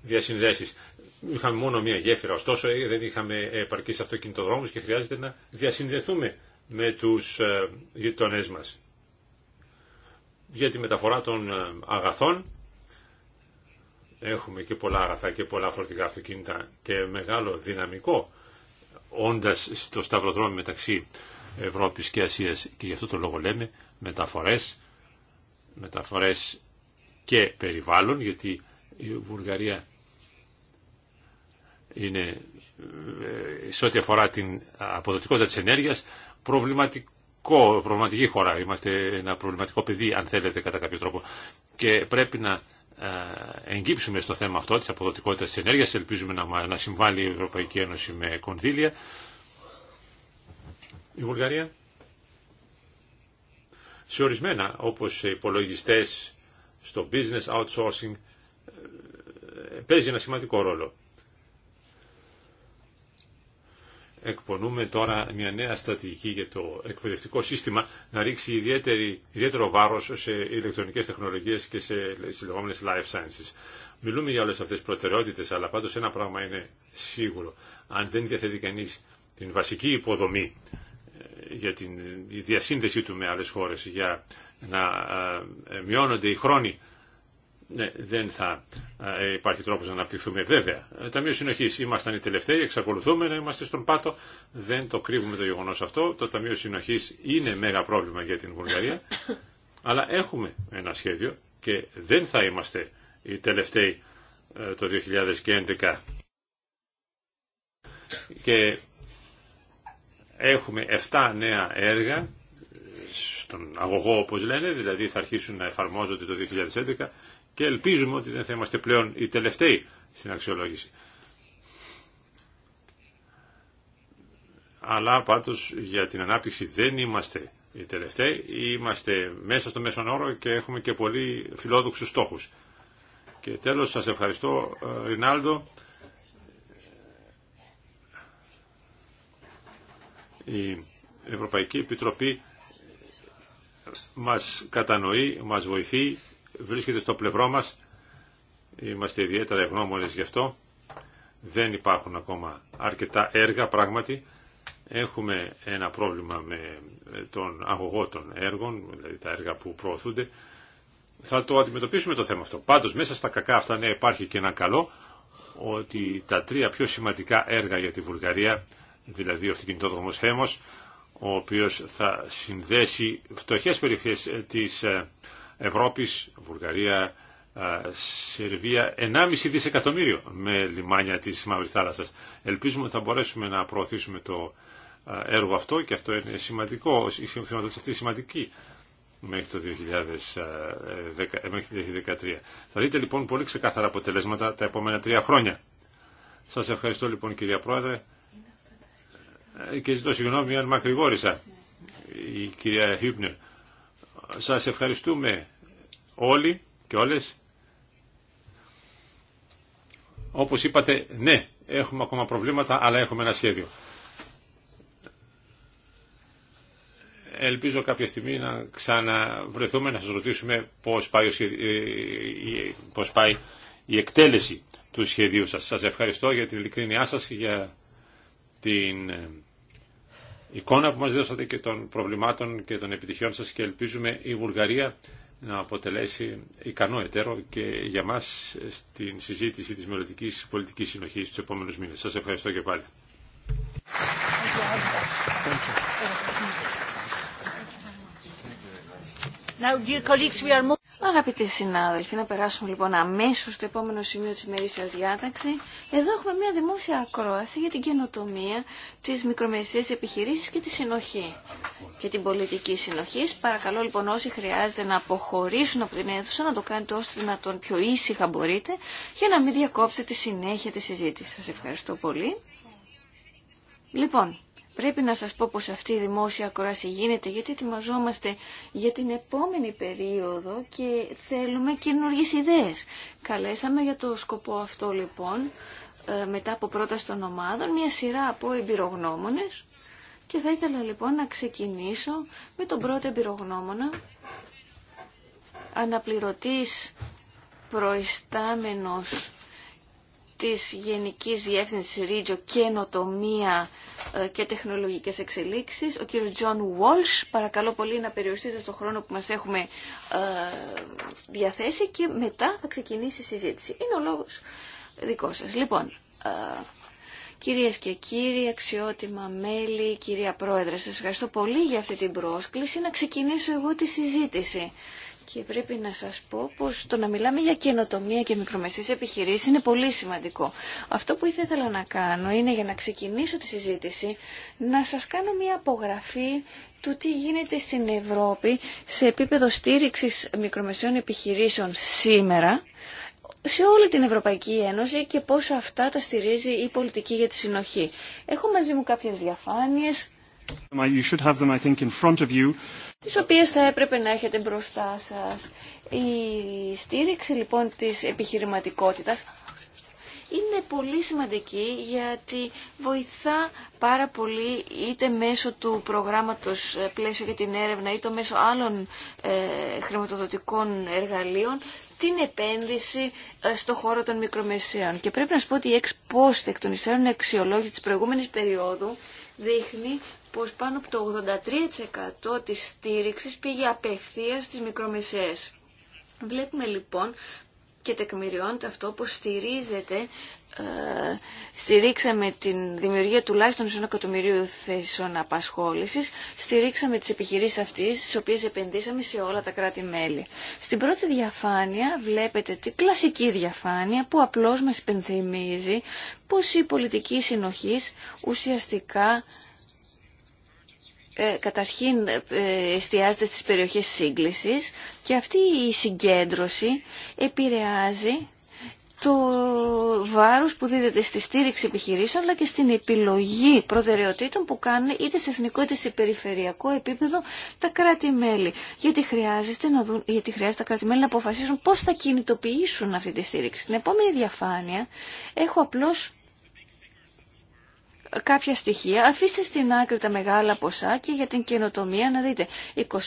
διασυνδέσεις. Είχαμε μόνο μία γέφυρα, ωστόσο ε, δεν είχαμε επαρκείς αυτοκινητοδρόμους και χρειάζεται να διασυνδεθούμε με τους ε, γειτονέ μας. Για τη μεταφορά των ε, αγαθών έχουμε και πολλά αγαθά και πολλά φορτικά αυτοκίνητα και μεγάλο δυναμικό όντας στο σταυροδρόμι μεταξύ Ευρώπης και Ασίας και γι' αυτό το λόγο λέμε μεταφορές, μεταφορές και περιβάλλον γιατί η Βουλγαρία είναι ε, σε ό,τι αφορά την αποδοτικότητα της ενέργειας προβληματικό, προβληματική χώρα. Είμαστε ένα προβληματικό παιδί αν θέλετε κατά κάποιο τρόπο και πρέπει να ε, εγγύψουμε στο θέμα αυτό της αποδοτικότητας της ενέργειας. Ελπίζουμε να, να συμβάλλει η Ευρωπαϊκή Ένωση με κονδύλια. Η Βουλγαρία σε ορισμένα όπως υπολογιστές στο business outsourcing ε, παίζει ένα σημαντικό ρόλο. εκπονούμε τώρα μια νέα στρατηγική για το εκπαιδευτικό σύστημα να ρίξει ιδιαίτερη, ιδιαίτερο βάρος σε ηλεκτρονικές τεχνολογίες και σε λεγόμενες life sciences. Μιλούμε για όλες αυτές τις προτεραιότητες, αλλά πάντως ένα πράγμα είναι σίγουρο. Αν δεν διαθέτει κανείς την βασική υποδομή ε, για τη διασύνδεσή του με άλλες χώρες, για να ε, μειώνονται οι χρόνοι ναι, δεν θα ε, υπάρχει τρόπο να αναπτυχθούμε. Βέβαια, ε, Ταμείο Συνοχή ήμασταν οι τελευταίοι, εξακολουθούμε να είμαστε στον πάτο. Δεν το κρύβουμε το γεγονό αυτό. Το Ταμείο Συνοχή είναι μέγα πρόβλημα για την Βουλγαρία. Αλλά έχουμε ένα σχέδιο και δεν θα είμαστε οι τελευταίοι ε, το 2011. Και έχουμε 7 νέα έργα στον αγωγό όπως λένε, δηλαδή θα αρχίσουν να εφαρμόζονται το 2011 και ελπίζουμε ότι δεν θα είμαστε πλέον οι τελευταίοι στην αξιολόγηση. Αλλά πάντως για την ανάπτυξη δεν είμαστε οι τελευταίοι, είμαστε μέσα στο μέσον όρο και έχουμε και πολύ φιλόδοξους στόχους. Και τέλος σας ευχαριστώ ε, Ρινάλντο. Η Ευρωπαϊκή Επιτροπή μας κατανοεί, μας βοηθεί βρίσκεται στο πλευρό μας. Είμαστε ιδιαίτερα ευγνώμονες γι' αυτό. Δεν υπάρχουν ακόμα αρκετά έργα πράγματι. Έχουμε ένα πρόβλημα με ε, τον αγωγό των έργων, δηλαδή τα έργα που προωθούνται. Θα το αντιμετωπίσουμε το θέμα αυτό. Πάντως μέσα στα κακά αυτά ναι, υπάρχει και ένα καλό ότι τα τρία πιο σημαντικά έργα για τη Βουλγαρία, δηλαδή ο αυτοκινητόδρομος Χέμος, ο οποίος θα συνδέσει φτωχές περιοχές της ε, Ευρώπης, Βουλγαρία, Σερβία 1,5 δισεκατομμύριο με λιμάνια της Μαύρης Θάλασσας. Ελπίζουμε ότι θα μπορέσουμε να προωθήσουμε το έργο αυτό και αυτό είναι σημαντικό, η χρηματοδότηση αυτή είναι σημαντική μέχρι το 2013. Ε, θα δείτε λοιπόν πολύ ξεκάθαρα αποτελέσματα τα επόμενα τρία χρόνια. Σας ευχαριστώ λοιπόν κυρία Πρόεδρε ε, και ζητώ συγγνώμη αν μακρηγόρησα η κυρία Χίπνερ. Σας ευχαριστούμε όλοι και όλες. Όπως είπατε, ναι, έχουμε ακόμα προβλήματα, αλλά έχουμε ένα σχέδιο. Ελπίζω κάποια στιγμή να ξαναβρεθούμε να σας ρωτήσουμε πώς πάει, ε, η εκτέλεση του σχεδίου σας. Σας ευχαριστώ για την ειλικρίνειά σας, για την ε, εικόνα που μας δώσατε και των προβλημάτων και των επιτυχιών σας και ελπίζουμε η Βουλγαρία να αποτελέσει ικανό εταίρο και για μας στην συζήτηση της μελλοντική πολιτικής συνοχής του επόμενους μήνες. Σας ευχαριστώ και πάλι. Αγαπητοί συνάδελφοι, να περάσουμε λοιπόν αμέσως στο επόμενο σημείο της ημερήσιας διάταξη. Εδώ έχουμε μια δημόσια ακρόαση για την καινοτομία, της μικρομεσαίες επιχειρήσης και τη συνοχή και την πολιτική συνοχή. Παρακαλώ λοιπόν όσοι χρειάζεται να αποχωρήσουν από την αίθουσα να το κάνετε όσο δυνατόν πιο ήσυχα μπορείτε για να μην διακόψετε τη συνέχεια τη συζήτηση. Σας ευχαριστώ πολύ. Λοιπόν, Πρέπει να σας πω πως αυτή η δημόσια κοράση γίνεται γιατί ετοιμαζόμαστε για την επόμενη περίοδο και θέλουμε καινούργιε ιδέες. Καλέσαμε για το σκοπό αυτό λοιπόν, ε, μετά από πρόταση των ομάδων, μια σειρά από εμπειρογνώμονες και θα ήθελα λοιπόν να ξεκινήσω με τον πρώτο εμπειρογνώμονα, αναπληρωτής προϊστάμενος της Γενικής Διεύθυνσης Ρίτζο Καινοτομία ε, και Τεχνολογικές Εξελίξεις, ο κύριος Τζον Walsh. Παρακαλώ πολύ να περιοριστείτε στον χρόνο που μας έχουμε ε, διαθέσει και μετά θα ξεκινήσει η συζήτηση. Είναι ο λόγος δικός σας. Λοιπόν, ε, Κυρίες και κύριοι, αξιότιμα μέλη, κυρία Πρόεδρε, σας ευχαριστώ πολύ για αυτή την πρόσκληση να ξεκινήσω εγώ τη συζήτηση. Και πρέπει να σας πω πως το να μιλάμε για καινοτομία και μικρομεσαίες επιχειρήσεις είναι πολύ σημαντικό. Αυτό που ήθελα να κάνω είναι για να ξεκινήσω τη συζήτηση να σας κάνω μια απογραφή του τι γίνεται στην Ευρώπη σε επίπεδο στήριξης μικρομεσαίων επιχειρήσεων σήμερα σε όλη την Ευρωπαϊκή Ένωση και πώς αυτά τα στηρίζει η πολιτική για τη συνοχή. Έχω μαζί μου κάποιες διαφάνειες τις οποίες θα έπρεπε να έχετε μπροστά σας. Η στήριξη λοιπόν της επιχειρηματικότητας είναι πολύ σημαντική γιατί βοηθά πάρα πολύ είτε μέσω του προγράμματος ε, πλαίσιο για την έρευνα είτε μέσω άλλων ε, χρηματοδοτικών εργαλείων την επένδυση ε, στο χώρο των μικρομεσαίων. Και πρέπει να σου πω ότι η εξπόστη εκ των υστέρων αξιολόγηση της προηγούμενης περίοδου δείχνει πως πάνω από το 83% της στήριξης πήγε απευθείας στις μικρομεσαίες. Βλέπουμε λοιπόν και τεκμηριώνεται αυτό που στηρίζεται, ε, στηρίξαμε την δημιουργία τουλάχιστον 1 εκατομμυρίου θέσεων απασχόλησης, στηρίξαμε τις επιχειρήσεις αυτές, τις οποίες επενδύσαμε σε όλα τα κράτη-μέλη. Στην πρώτη διαφάνεια βλέπετε την κλασική διαφάνεια που απλώς μας υπενθυμίζει πως η πολιτική συνοχής ουσιαστικά ε, καταρχήν ε, εστιάζεται στις περιοχές σύγκλησης και αυτή η συγκέντρωση επηρεάζει το βάρος που δίδεται στη στήριξη επιχειρήσεων αλλά και στην επιλογή προτεραιοτήτων που κάνουν είτε σε εθνικό είτε σε περιφερειακό επίπεδο τα κράτη-μέλη. Γιατί, χρειάζεται γιατί χρειάζεται τα κράτη-μέλη να αποφασίσουν πώς θα κινητοποιήσουν αυτή τη στήριξη. Στην επόμενη διαφάνεια έχω απλώς κάποια στοιχεία. Αφήστε στην άκρη τα μεγάλα ποσά και για την καινοτομία να δείτε.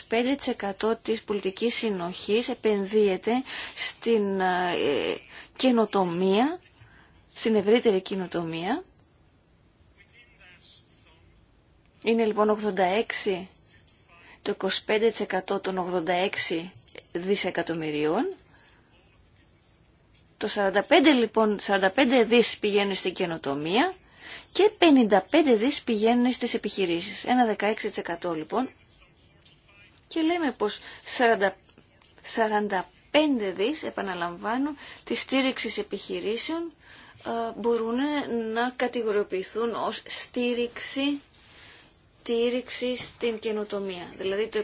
25% της πολιτικής συνοχής επενδύεται στην ε, καινοτομία, στην ευρύτερη καινοτομία. Είναι λοιπόν 86, το 25% των 86 δισεκατομμυρίων. Το 45, λοιπόν, 45 δις πηγαίνει στην καινοτομία και 55 δις πηγαίνουν στις επιχειρήσεις. Ένα 16% λοιπόν. Και λέμε πως 40, 45 δις, επαναλαμβάνω, τη στήριξη επιχειρήσεων ε, μπορούν να κατηγοριοποιηθούν ως στήριξη στην καινοτομία. Δηλαδή το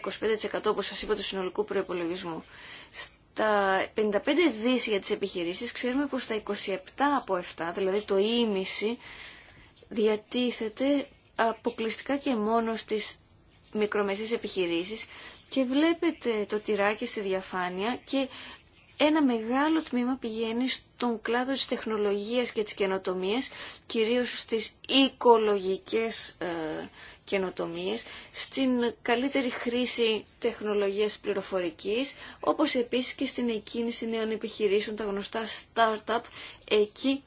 25% όπως σας είπα του συνολικού προϋπολογισμού. Στα 55 δις για τις επιχειρήσεις ξέρουμε πως τα 27 από 7, δηλαδή το ίμιση, διατίθεται αποκλειστικά και μόνο στις μικρομεσαίες επιχειρήσεις και βλέπετε το τυράκι στη διαφάνεια και ένα μεγάλο τμήμα πηγαίνει στον κλάδο της τεχνολογίας και της καινοτομίας, κυρίως στις οικολογικές ε, καινοτομίες, στην καλύτερη χρήση τεχνολογίας πληροφορικής, όπως επίσης και στην εκκίνηση νέων επιχειρήσεων, τα γνωστά startup, εκεί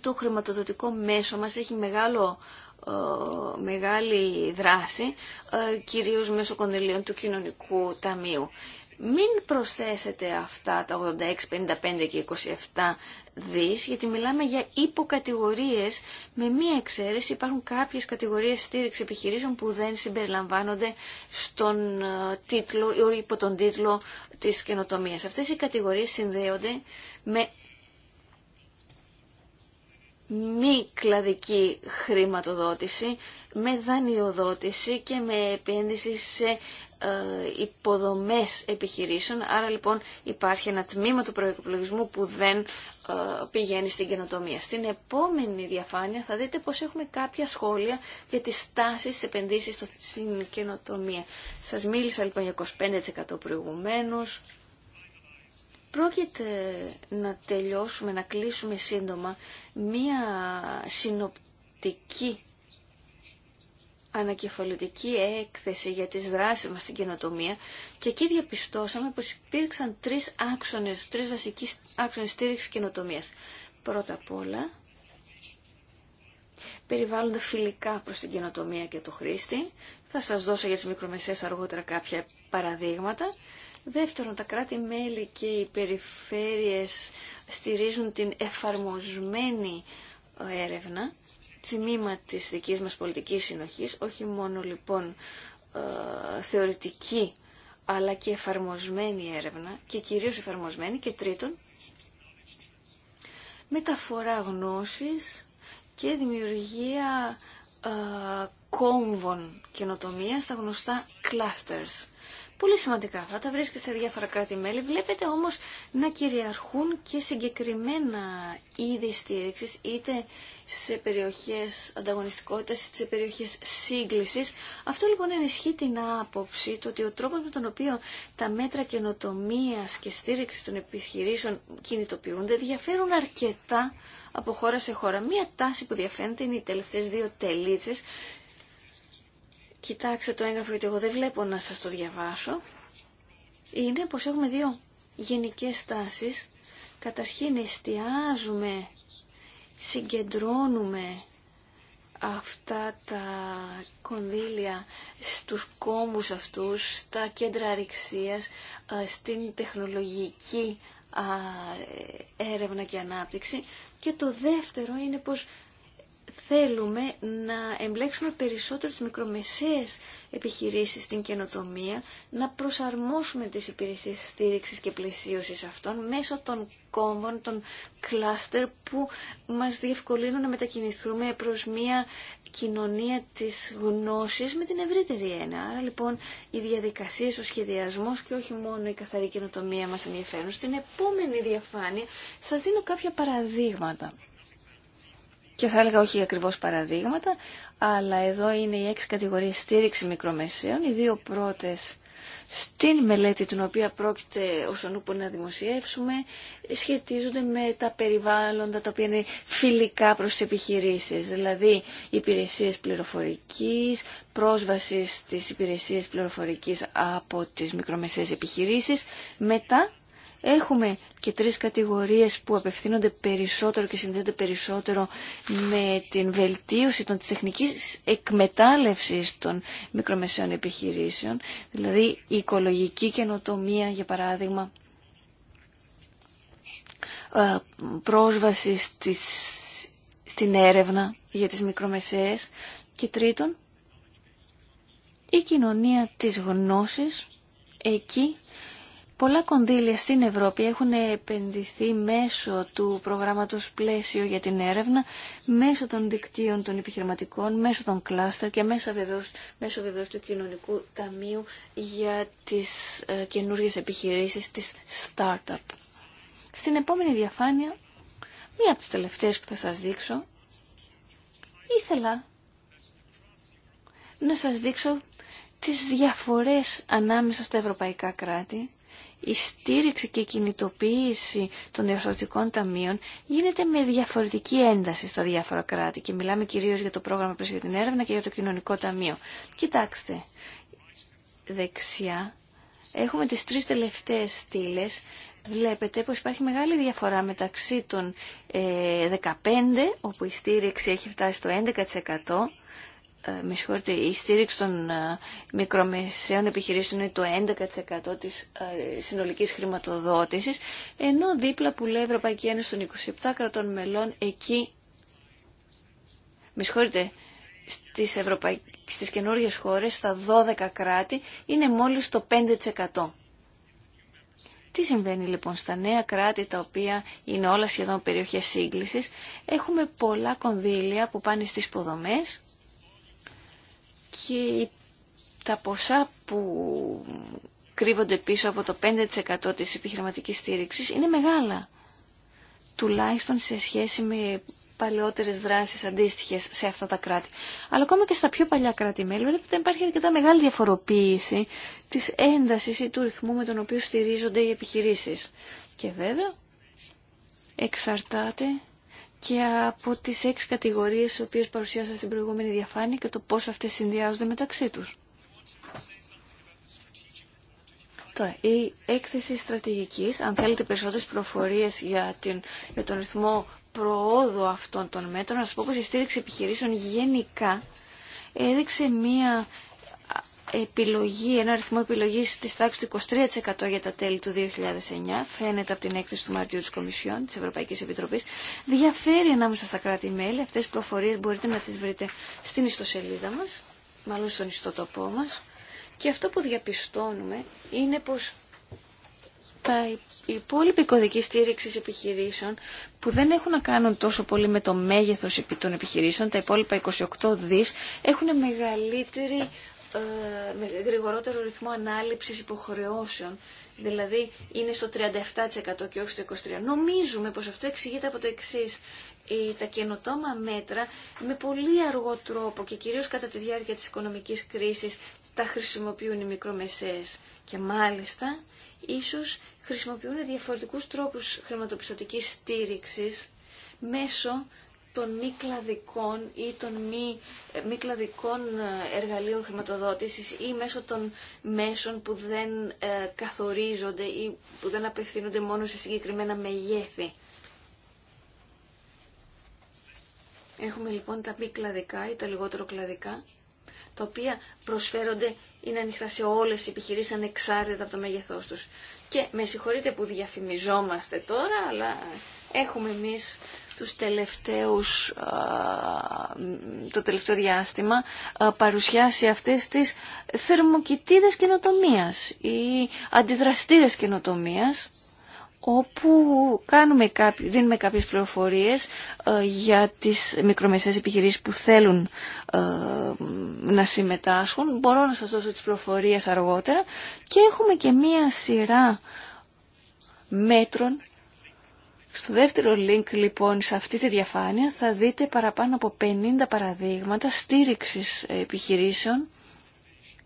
το χρηματοδοτικό μέσο μας έχει μεγάλο ε, μεγάλη δράση, ε, κυρίως μέσω κονδυλίων του Κοινωνικού Ταμείου. Μην προσθέσετε αυτά τα 86, 55 και 27 δις, γιατί μιλάμε για υποκατηγορίες. Με μία εξαίρεση υπάρχουν κάποιες κατηγορίες στήριξη επιχειρήσεων που δεν συμπεριλαμβάνονται στον ε, τίτλο ή υπό τον τίτλο της καινοτομίας. Αυτές οι κατηγορίες συνδέονται με μη κλαδική χρηματοδότηση, με δανειοδότηση και με επένδυση σε ε, υποδομές επιχειρήσεων. Άρα λοιπόν υπάρχει ένα τμήμα του προεκπλογισμού που δεν ε, πηγαίνει στην καινοτομία. Στην επόμενη διαφάνεια θα δείτε πως έχουμε κάποια σχόλια για τις στάσεις της επενδύσεις στην καινοτομία. Σας μίλησα λοιπόν για 25% προηγουμένως πρόκειται να τελειώσουμε, να κλείσουμε σύντομα μία συνοπτική ανακεφαλωτική έκθεση για τις δράσεις μας στην καινοτομία και εκεί διαπιστώσαμε πως υπήρξαν τρεις άξονες, τρεις βασικοί άξονες στήριξης καινοτομίας. Πρώτα απ' όλα, περιβάλλονται φιλικά προς την καινοτομία και το χρήστη. Θα σας δώσω για τις μικρομεσαίες αργότερα κάποια παραδείγματα Δεύτερον, τα κράτη-μέλη και οι περιφέρειες στηρίζουν την εφαρμοσμένη ε, έρευνα, τμήμα της δικής μας πολιτικής συνοχής, όχι μόνο λοιπόν ε, θεωρητική αλλά και εφαρμοσμένη έρευνα και κυρίως εφαρμοσμένη και τρίτον μεταφορά γνώσης και δημιουργία ε, κόμβων καινοτομία τα γνωστά clusters. Πολύ σημαντικά αυτά, τα βρίσκεται σε διάφορα κράτη-μέλη. Βλέπετε όμως να κυριαρχούν και συγκεκριμένα είδη στήριξη, είτε σε περιοχές ανταγωνιστικότητας, είτε σε περιοχές σύγκλησης. Αυτό λοιπόν ενισχύει την άποψη το ότι ο τρόπος με τον οποίο τα μέτρα καινοτομία και στήριξης των επιχειρήσεων κινητοποιούνται διαφέρουν αρκετά από χώρα σε χώρα. Μία τάση που διαφαίνεται είναι οι τελευταίες δύο τελίτσες. Κοιτάξτε το έγγραφο γιατί εγώ δεν βλέπω να σας το διαβάσω. Είναι πως έχουμε δύο γενικές τάσεις. Καταρχήν εστιάζουμε, συγκεντρώνουμε αυτά τα κονδύλια στους κόμβους αυτούς, στα κέντρα αριξίας, ε, στην τεχνολογική έρευνα και ανάπτυξη και το δεύτερο είναι πως θέλουμε να εμπλέξουμε περισσότερο τις μικρομεσαίες επιχειρήσεις στην καινοτομία, να προσαρμόσουμε τις υπηρεσίες στήριξης και πλαισίωσης αυτών μέσω των κόμβων, των κλάστερ που μας διευκολύνουν να μετακινηθούμε προς μια κοινωνία της γνώσης με την ευρύτερη έννοια. Άρα λοιπόν οι διαδικασίες, ο σχεδιασμός και όχι μόνο η καθαρή καινοτομία μας ενδιαφέρουν. Στην επόμενη διαφάνεια σας δίνω κάποια παραδείγματα. Και θα έλεγα όχι ακριβώς παραδείγματα, αλλά εδώ είναι οι έξι κατηγορίες στήριξη μικρομεσαίων. Οι δύο πρώτες στην μελέτη την οποία πρόκειται όσον ούπο να δημοσιεύσουμε σχετίζονται με τα περιβάλλοντα τα οποία είναι φιλικά προς τις επιχειρήσεις, δηλαδή υπηρεσίες πληροφορικής, πρόσβαση στις υπηρεσίες πληροφορικής από τις μικρομεσαίες επιχειρήσεις, μετά Έχουμε και τρεις κατηγορίες που απευθύνονται περισσότερο και συνδέονται περισσότερο με την βελτίωση των τεχνικής εκμετάλλευσης των μικρομεσαίων επιχειρήσεων, δηλαδή η οικολογική καινοτομία για παράδειγμα, ε, πρόσβαση στην έρευνα για τις μικρομεσαίες και τρίτον η κοινωνία της γνώσης εκεί Πολλά κονδύλια στην Ευρώπη έχουν επενδυθεί μέσω του προγράμματος πλαίσιο για την έρευνα, μέσω των δικτύων των επιχειρηματικών, μέσω των κλάστερ και μέσα βεβαίως, μέσω βεβαίως του κοινωνικού ταμείου για τις ε, καινούργιες επιχειρήσεις, τις startup. Στην επόμενη διαφάνεια, μία από τις τελευταίες που θα σας δείξω, ήθελα να σας δείξω τις διαφορές ανάμεσα στα ευρωπαϊκά κράτη η στήριξη και η κινητοποίηση των διαφορετικών ταμείων γίνεται με διαφορετική ένταση στα διάφορα κράτη και μιλάμε κυρίως για το πρόγραμμα πλαίσιο για την έρευνα και για το κοινωνικό ταμείο. Κοιτάξτε, δεξιά έχουμε τις τρεις τελευταίες στήλε. Βλέπετε πως υπάρχει μεγάλη διαφορά μεταξύ των 15, ε, όπου η στήριξη έχει φτάσει στο 11%, ε, με συγχωρείτε, η στήριξη των ε, μικρομεσαίων επιχειρήσεων είναι το 11% της ε, συνολικής χρηματοδότησης, ενώ δίπλα που λέει η Ευρωπαϊκή Ένωση των 27 κρατών μελών, εκεί, με συγχωρείτε, στις, Ευρωπαϊ... στις καινούργιες χώρες, στα 12 κράτη, είναι μόλις το 5%. Τι συμβαίνει λοιπόν στα νέα κράτη τα οποία είναι όλα σχεδόν περιοχές σύγκλησης. Έχουμε πολλά κονδύλια που πάνε στις υποδομές, και τα ποσά που κρύβονται πίσω από το 5% της επιχειρηματικής στήριξης είναι μεγάλα. Τουλάχιστον σε σχέση με παλαιότερες δράσεις αντίστοιχες σε αυτά τα κράτη. Αλλά ακόμα και στα πιο παλιά κράτη-μέλη βλέπετε υπάρχει αρκετά μεγάλη διαφοροποίηση της έντασης ή του ρυθμού με τον οποίο στηρίζονται οι επιχειρήσεις. Και βέβαια εξαρτάται και από τις έξι κατηγορίες τις οποίες παρουσιάσα στην προηγούμενη διαφάνεια και το πώς αυτές συνδυάζονται μεταξύ τους. Τώρα, η έκθεση στρατηγικής, αν θέλετε περισσότερες προφορίες για, την, για τον ρυθμό προόδου αυτών των μέτρων, να σας πω πως η στήριξη επιχειρήσεων γενικά έδειξε μία επιλογή, ένα αριθμό επιλογή τη τάξη του 23% για τα τέλη του 2009, φαίνεται από την έκθεση του Μαρτίου τη Κομισιόν, της Ευρωπαϊκής Επιτροπής, διαφέρει ανάμεσα στα κράτη-μέλη. Αυτέ τι προφορίε μπορείτε να τι βρείτε στην ιστοσελίδα μα, μάλλον στον ιστοτοπό μα. Και αυτό που διαπιστώνουμε είναι πω τα υπόλοιπη κωδική στήριξη επιχειρήσεων που δεν έχουν να κάνουν τόσο πολύ με το μέγεθος των επιχειρήσεων, τα υπόλοιπα 28 δις, έχουν μεγαλύτερη ε, με γρηγορότερο ρυθμό ανάληψης υποχρεώσεων. Δηλαδή είναι στο 37% και όχι στο 23%. Νομίζουμε πως αυτό εξηγείται από το εξή. Ε, τα καινοτόμα μέτρα με πολύ αργό τρόπο και κυρίως κατά τη διάρκεια της οικονομικής κρίσης τα χρησιμοποιούν οι μικρομεσαίες. Και μάλιστα ίσως χρησιμοποιούν διαφορετικούς τρόπους χρηματοπιστωτικής στήριξης μέσω των μη κλαδικών ή των μη, ε, μη κλαδικών ε, εργαλείων χρηματοδότησης ή μέσω των μέσων που δεν ε, καθορίζονται ή που δεν απευθύνονται μόνο σε συγκεκριμένα μεγέθη. Έχουμε λοιπόν τα μη κλαδικά ή τα λιγότερο κλαδικά, τα οποία προσφέρονται, είναι ανοιχτά σε όλες οι επιχειρήσεις ανεξάρτητα από το μέγεθός τους. Και με συγχωρείτε που διαφημιζόμαστε τώρα, αλλά έχουμε εμείς τους τελευταίους, το τελευταίο διάστημα παρουσιάσει αυτές τις θερμοκοιτίδες καινοτομία ή αντιδραστήρες καινοτομία, όπου κάνουμε κάποι, δίνουμε κάποιες πληροφορίες για τις μικρομεσαίες επιχειρήσεις που θέλουν να συμμετάσχουν. Μπορώ να σας δώσω τις πληροφορίες αργότερα και έχουμε και μία σειρά μέτρων στο δεύτερο link λοιπόν σε αυτή τη διαφάνεια θα δείτε παραπάνω από 50 παραδείγματα στήριξης επιχειρήσεων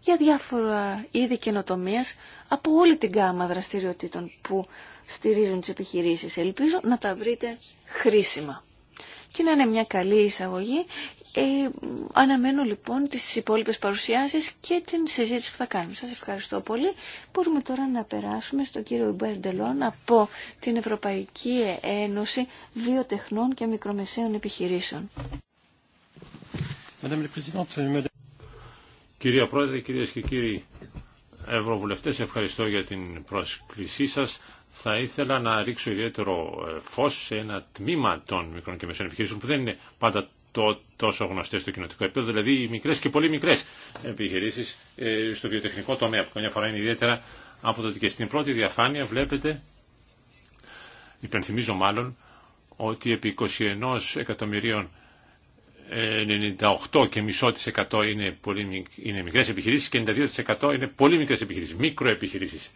για διάφορα είδη καινοτομίας από όλη την γάμα δραστηριοτήτων που στηρίζουν τις επιχειρήσεις. Ελπίζω να τα βρείτε χρήσιμα. Και να είναι μια καλή εισαγωγή ε, αναμένω λοιπόν τις υπόλοιπες παρουσιάσεις και την συζήτηση που θα κάνουμε. Σας ευχαριστώ πολύ. Μπορούμε τώρα να περάσουμε στον κύριο Μπερντελόν από την Ευρωπαϊκή Ένωση Βιοτεχνών και Μικρομεσαίων Επιχειρήσεων. Κυρία Πρόεδρε, κυρίες και κύριοι Ευρωβουλευτές, ευχαριστώ για την πρόσκλησή σας. Θα ήθελα να ρίξω ιδιαίτερο ε, φως σε ένα τμήμα των μικρών και μεσαίων επιχειρήσεων που δεν είναι πάντα το, τόσο γνωστέ στο κοινοτικό επίπεδο, δηλαδή οι μικρέ και πολύ μικρέ επιχειρήσει ε, στο βιοτεχνικό τομέα, που καμιά φορά είναι ιδιαίτερα και Στην πρώτη διαφάνεια βλέπετε, υπενθυμίζω μάλλον, ότι επί 21 εκατομμυρίων 98,5% ε, είναι, πολύ, είναι μικρές επιχειρήσεις και 92% είναι πολύ μικρές επιχειρήσεις, μικροεπιχειρήσεις.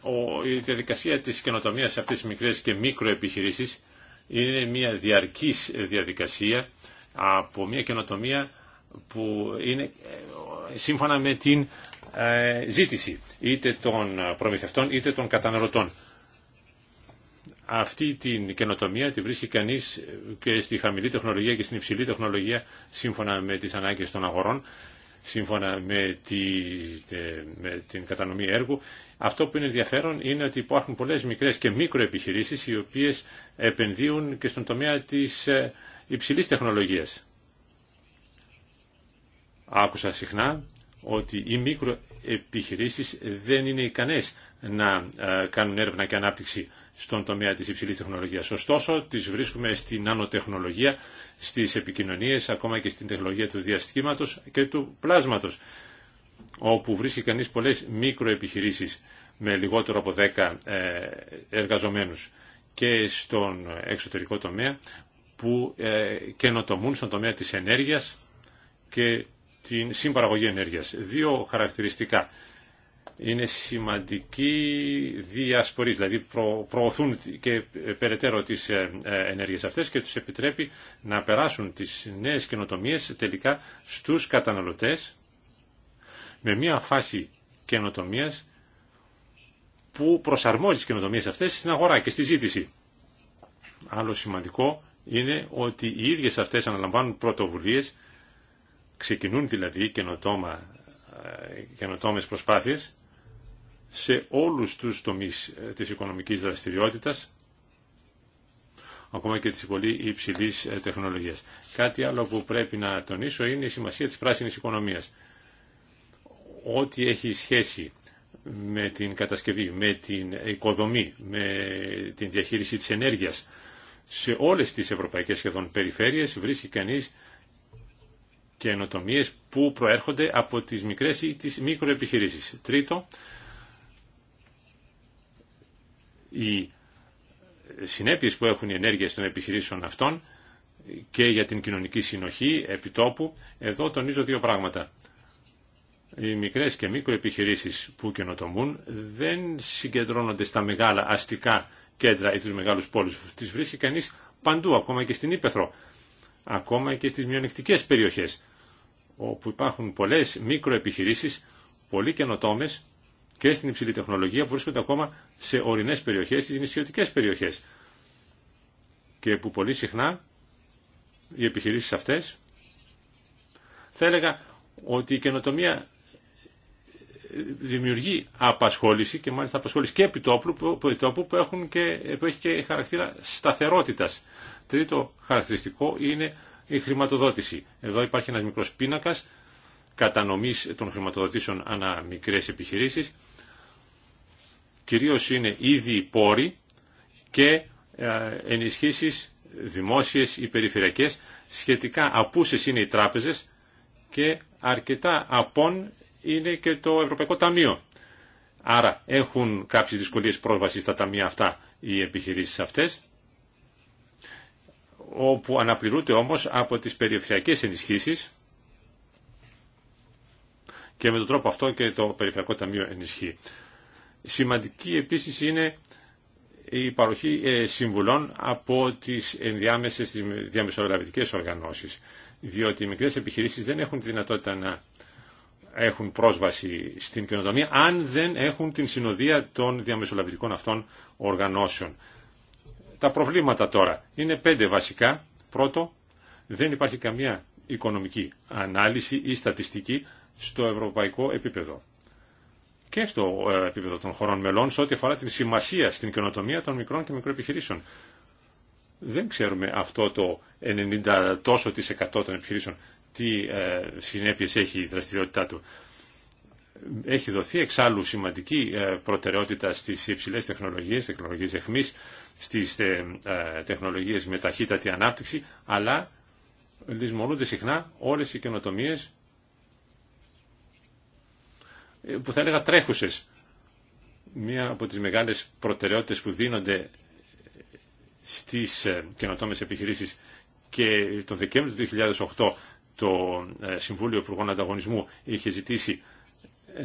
Ο, η διαδικασία της καινοτομίας σε αυτές τις μικρές και μικροεπιχειρήσεις είναι μια διαρκής διαδικασία από μια καινοτομία που είναι ε, σύμφωνα με την ε, ζήτηση είτε των προμηθευτών είτε των καταναλωτών. Αυτή την καινοτομία τη βρίσκει κανείς και στη χαμηλή τεχνολογία και στην υψηλή τεχνολογία σύμφωνα με τις ανάγκες των αγορών, σύμφωνα με, ε, με την κατανομή έργου αυτό που είναι ενδιαφέρον είναι ότι υπάρχουν πολλές μικρές και μικροεπιχειρήσεις οι οποίες επενδύουν και στον τομέα της ε, υψηλής τεχνολογίας. Άκουσα συχνά ότι οι μικροεπιχειρήσεις δεν είναι ικανές να ε, κάνουν έρευνα και ανάπτυξη στον τομέα της υψηλής τεχνολογίας. Ωστόσο, τις βρίσκουμε στην νανοτεχνολογία, στις επικοινωνίες, ακόμα και στην τεχνολογία του διαστήματος και του πλάσματος όπου βρίσκει κανείς πολλές μικροεπιχειρήσεις με λιγότερο από 10 ε, εργαζομένους και στον εξωτερικό τομέα που ε, καινοτομούν στον τομέα της ενέργειας και την συμπαραγωγή ενέργειας. Δύο χαρακτηριστικά. Είναι σημαντική διασπορή, δηλαδή προ, προωθούν και περαιτέρω τις ε, ενέργειες αυτές και τους επιτρέπει να περάσουν τις νέες καινοτομίες τελικά στους καταναλωτές με μια φάση καινοτομία που προσαρμόζει τι καινοτομίες αυτές στην αγορά και στη ζήτηση. Άλλο σημαντικό είναι ότι οι ίδιες αυτές αναλαμβάνουν πρωτοβουλίες, ξεκινούν δηλαδή καινοτόμε καινοτόμες σε όλους τους τομείς ε, της οικονομικής δραστηριότητας, ακόμα και της πολύ υψηλής ε, τεχνολογίας. Κάτι άλλο που πρέπει να τονίσω είναι η σημασία της πράσινης οικονομίας ό,τι έχει σχέση με την κατασκευή, με την οικοδομή, με την διαχείριση της ενέργειας σε όλες τις ευρωπαϊκές σχεδόν περιφέρειες βρίσκει κανείς καινοτομίες που προέρχονται από τις μικρές ή τις μικροεπιχειρήσεις. Τρίτο, οι συνέπειες που έχουν οι ενέργειες των επιχειρήσεων αυτών και για την κοινωνική συνοχή επιτόπου, εδώ τονίζω δύο πράγματα οι μικρές και μικροεπιχειρήσεις που καινοτομούν δεν συγκεντρώνονται στα μεγάλα αστικά κέντρα ή τους μεγάλους πόλους. Τις βρίσκει κανείς παντού, ακόμα και στην Ήπεθρο, ακόμα και στις μειονεκτικές περιοχές, όπου υπάρχουν πολλές μικροεπιχειρήσεις, πολύ καινοτόμε και στην υψηλή τεχνολογία που βρίσκονται ακόμα σε ορεινές περιοχές, στις νησιωτικές περιοχές και που πολύ συχνά οι επιχειρήσεις αυτές θα έλεγα ότι η καινοτομία δημιουργεί απασχόληση και μάλιστα απασχόληση και επιτόπου που, έχουν και, που έχει και χαρακτήρα σταθερότητας. Τρίτο χαρακτηριστικό είναι η χρηματοδότηση. Εδώ υπάρχει ένας μικρός πίνακας κατανομής των χρηματοδοτήσεων ανά μικρές επιχειρήσεις. Κυρίως είναι ήδη πόροι και ε, ενισχύσεις δημόσιες ή περιφερειακές σχετικά απούσες είναι οι τράπεζες και αρκετά απόν είναι και το Ευρωπαϊκό Ταμείο. Άρα έχουν κάποιες δυσκολίες πρόσβαση στα ταμεία αυτά οι επιχειρήσεις αυτές, όπου αναπληρούνται όμως από τις περιφερειακές ενισχύσεις και με τον τρόπο αυτό και το Περιφερειακό Ταμείο ενισχύει. Σημαντική επίσης είναι η παροχή ε, συμβουλών από τις ενδιάμεσες τις διαμεσολαβητικές οργανώσεις, διότι οι μικρές επιχειρήσεις δεν έχουν τη δυνατότητα να έχουν πρόσβαση στην καινοτομία αν δεν έχουν την συνοδεία των διαμεσολαβητικών αυτών οργανώσεων. Τα προβλήματα τώρα είναι πέντε βασικά. Πρώτο, δεν υπάρχει καμία οικονομική ανάλυση ή στατιστική στο ευρωπαϊκό επίπεδο και στο ε, επίπεδο των χωρών μελών σε ό,τι αφορά την σημασία στην καινοτομία των μικρών και μικροεπιχειρήσεων. Δεν ξέρουμε αυτό το 90 των επιχειρήσεων τι ε, συνέπειες έχει η δραστηριότητά του. Έχει δοθεί εξάλλου σημαντική ε, προτεραιότητα στις υψηλές τεχνολογίες, τεχνολογίες εχμής, στις ε, τεχνολογίες με ταχύτατη ανάπτυξη, αλλά λησμονούνται συχνά όλες οι καινοτομίες που θα έλεγα τρέχουσες. Μία από τις μεγάλες προτεραιότητες που δίνονται στις καινοτόμες επιχειρήσεις και τον Δεκέμβριο του 2008 το ε, Συμβούλιο Υπουργών Ανταγωνισμού είχε ζητήσει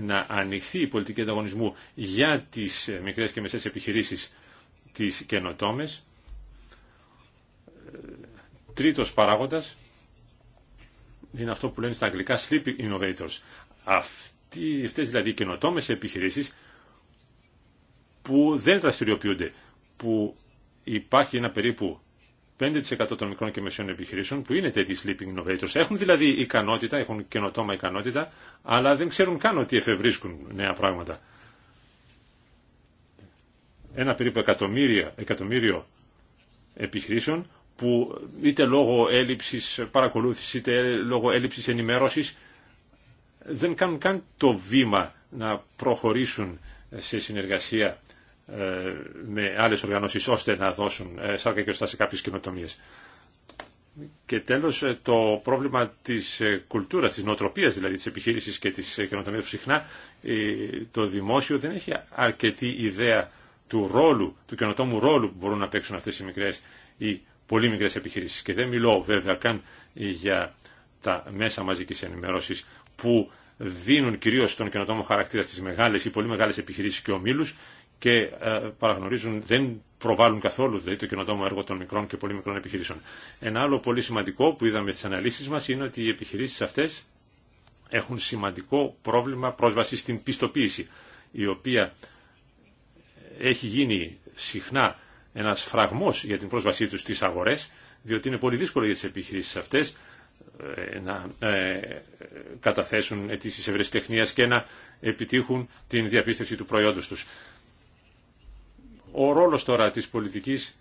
να ανοιχθεί η πολιτική ανταγωνισμού για τις ε, μικρές και μεσές επιχειρήσεις τις καινοτόμες. Ε, τρίτος παράγοντας είναι αυτό που λένε στα αγγλικά sleeping innovators. Αυτοί, αυτές δηλαδή οι καινοτόμες επιχειρήσεις που δεν δραστηριοποιούνται, που υπάρχει ένα περίπου 5% των μικρών και μεσαίων επιχειρήσεων που είναι τέτοιοι sleeping innovators. Έχουν δηλαδή ικανότητα, έχουν καινοτόμα ικανότητα, αλλά δεν ξέρουν καν ότι εφευρίσκουν νέα πράγματα. Ένα περίπου εκατομμύριο, εκατομμύριο επιχειρήσεων που είτε λόγω έλλειψης παρακολούθησης είτε λόγω έλλειψης ενημέρωσης δεν κάνουν καν το βήμα να προχωρήσουν σε συνεργασία ε, με άλλες οργανώσεις ώστε να δώσουν ε, σάρκα και οστά σε κάποιες καινοτομίες. Και τέλος ε, το πρόβλημα της κουλτούρας, της νοοτροπίας δηλαδή της επιχείρησης και της καινοτομίας που συχνά το δημόσιο δεν έχει αρκετή ιδέα του ρόλου, του καινοτόμου ρόλου που μπορούν να παίξουν αυτές οι μικρές ή πολύ μικρές επιχειρήσεις. Και δεν μιλώ βέβαια καν για τα μέσα μαζικής ενημέρωσης που δίνουν κυρίως τον καινοτόμο χαρακτήρα στις μεγάλες ή πολύ μεγάλες επιχειρήσεις και ομίλους και ε, παραγνωρίζουν, δεν προβάλλουν καθόλου δηλαδή, το καινοτόμο έργο των μικρών και πολύ μικρών επιχειρήσεων. Ένα άλλο πολύ σημαντικό που είδαμε στι αναλύσει μα είναι ότι οι επιχειρήσει αυτέ έχουν σημαντικό πρόβλημα πρόσβαση στην πιστοποίηση, η οποία έχει γίνει συχνά ένα φραγμό για την πρόσβασή του στις αγορέ, διότι είναι πολύ δύσκολο για τι επιχειρήσει αυτέ ε, να ε, καταθέσουν αιτήσει ευρεσιτεχνία και να επιτύχουν την διαπίστευση του προϊόντος τους. Ο ρόλος τώρα της πολιτικής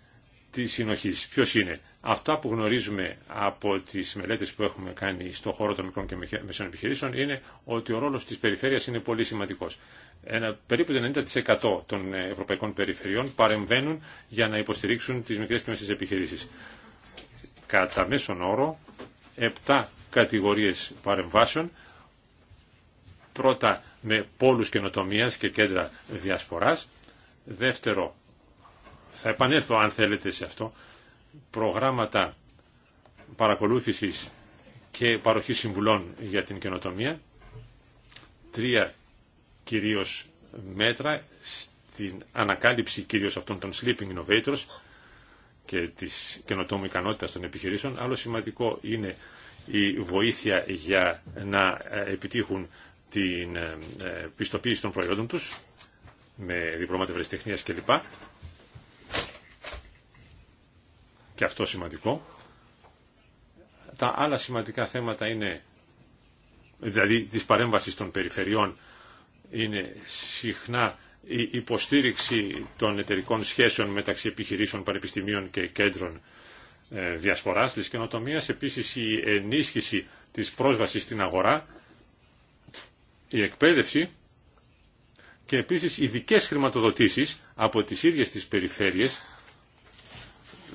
της συνοχής, ποιος είναι. Αυτά που γνωρίζουμε από τις μελέτες που έχουμε κάνει στον χώρο των μικρών και μεσών επιχειρήσεων είναι ότι ο ρόλος της περιφέρειας είναι πολύ σημαντικός. Ένα, περίπου το 90% των ε, ευρωπαϊκών περιφερειών παρεμβαίνουν για να υποστηρίξουν τις μικρές και μεσές επιχειρήσεις. Κατά μέσον όρο, 7 κατηγορίες παρεμβάσεων, πρώτα με πόλους καινοτομίας και κέντρα διασποράς, Δεύτερο, θα επανέλθω αν θέλετε σε αυτό, προγράμματα παρακολούθησης και παροχή συμβουλών για την καινοτομία. Τρία κυρίως μέτρα στην ανακάλυψη κυρίως αυτών των sleeping innovators και της καινοτόμου ικανότητας των επιχειρήσεων. Άλλο σημαντικό είναι η βοήθεια για να επιτύχουν την ε, ε, πιστοποίηση των προϊόντων τους με διπλώματα ευρεσιτεχνίας κλπ. Και αυτό σημαντικό. Τα άλλα σημαντικά θέματα είναι, δηλαδή της παρέμβασης των περιφερειών, είναι συχνά η υποστήριξη των εταιρικών σχέσεων μεταξύ επιχειρήσεων, πανεπιστημίων και κέντρων ε, διασποράς της καινοτομίας, επίσης η ενίσχυση της πρόσβασης στην αγορά, η εκπαίδευση και επίσης ειδικέ χρηματοδοτήσεις από τις ίδιες τις περιφέρειες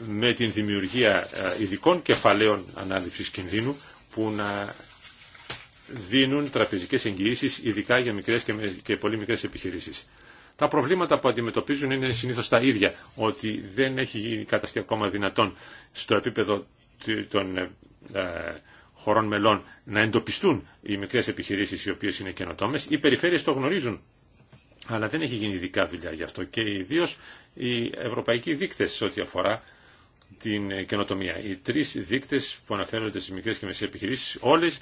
με την δημιουργία ε, ειδικών κεφαλαίων ανάληψης κινδύνου που να δίνουν τραπεζικές εγγυήσεις ειδικά για μικρές και πολύ μικρές επιχειρήσεις. Τα προβλήματα που αντιμετωπίζουν είναι συνήθως τα ίδια, ότι δεν έχει γίνει καταστεί ακόμα δυνατόν στο επίπεδο των ε, ε, χωρών μελών να εντοπιστούν οι μικρές επιχειρήσεις οι οποίες είναι καινοτόμες. Οι περιφέρειες το γνωρίζουν αλλά δεν έχει γίνει ειδικά δουλειά γι' αυτό και ιδίω οι ευρωπαϊκοί δείκτε σε ό,τι αφορά την καινοτομία. Οι τρει δείκτε που αναφέρονται στι μικρέ και μεσαίε επιχειρήσεις, όλοι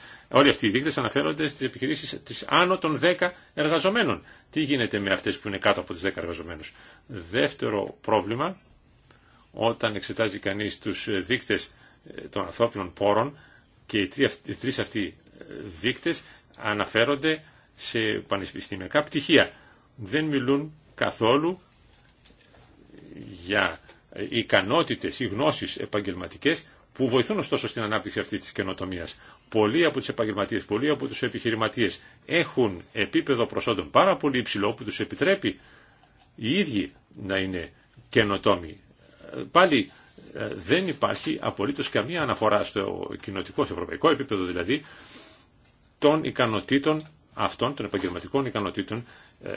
αυτοί οι δείκτε αναφέρονται στι επιχειρήσει τη άνω των 10 εργαζομένων. Τι γίνεται με αυτέ που είναι κάτω από του 10 εργαζομένου. Δεύτερο πρόβλημα, όταν εξετάζει κανεί του δείκτε ε, των ανθρώπινων πόρων και οι τρει αυτοί ε, δείκτε αναφέρονται σε πανεπιστημιακά πτυχία δεν μιλούν καθόλου για ικανότητες ή γνώσεις επαγγελματικές που βοηθούν ωστόσο στην ανάπτυξη αυτής της καινοτομίας. Πολλοί από τους επαγγελματίες, πολλοί από τους επιχειρηματίες έχουν επίπεδο προσόντων πάρα πολύ υψηλό που τους επιτρέπει οι ίδιοι να είναι καινοτόμοι. Πάλι ε, δεν υπάρχει απολύτως καμία αναφορά στο κοινοτικό, στο ευρωπαϊκό επίπεδο δηλαδή, των ικανοτήτων αυτών, των επαγγελματικών ικανοτήτων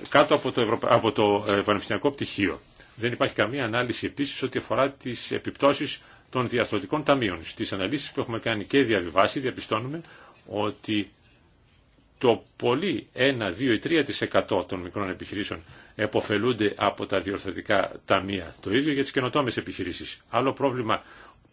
κάτω από το, Ευρωπα... από το ε, Πανεπιστημιακό Πτυχίο. Δεν υπάρχει καμία ανάλυση επίσης ότι αφορά τις επιπτώσεις των διαθροτικών ταμείων. Στις αναλύσεις που έχουμε κάνει και διαβιβάσει διαπιστώνουμε ότι το πολύ 1, 2 ή 3% των μικρών επιχειρήσεων εποφελούνται από τα διορθωτικά ταμεία. Το ίδιο για τις καινοτόμες επιχειρήσεις. Άλλο πρόβλημα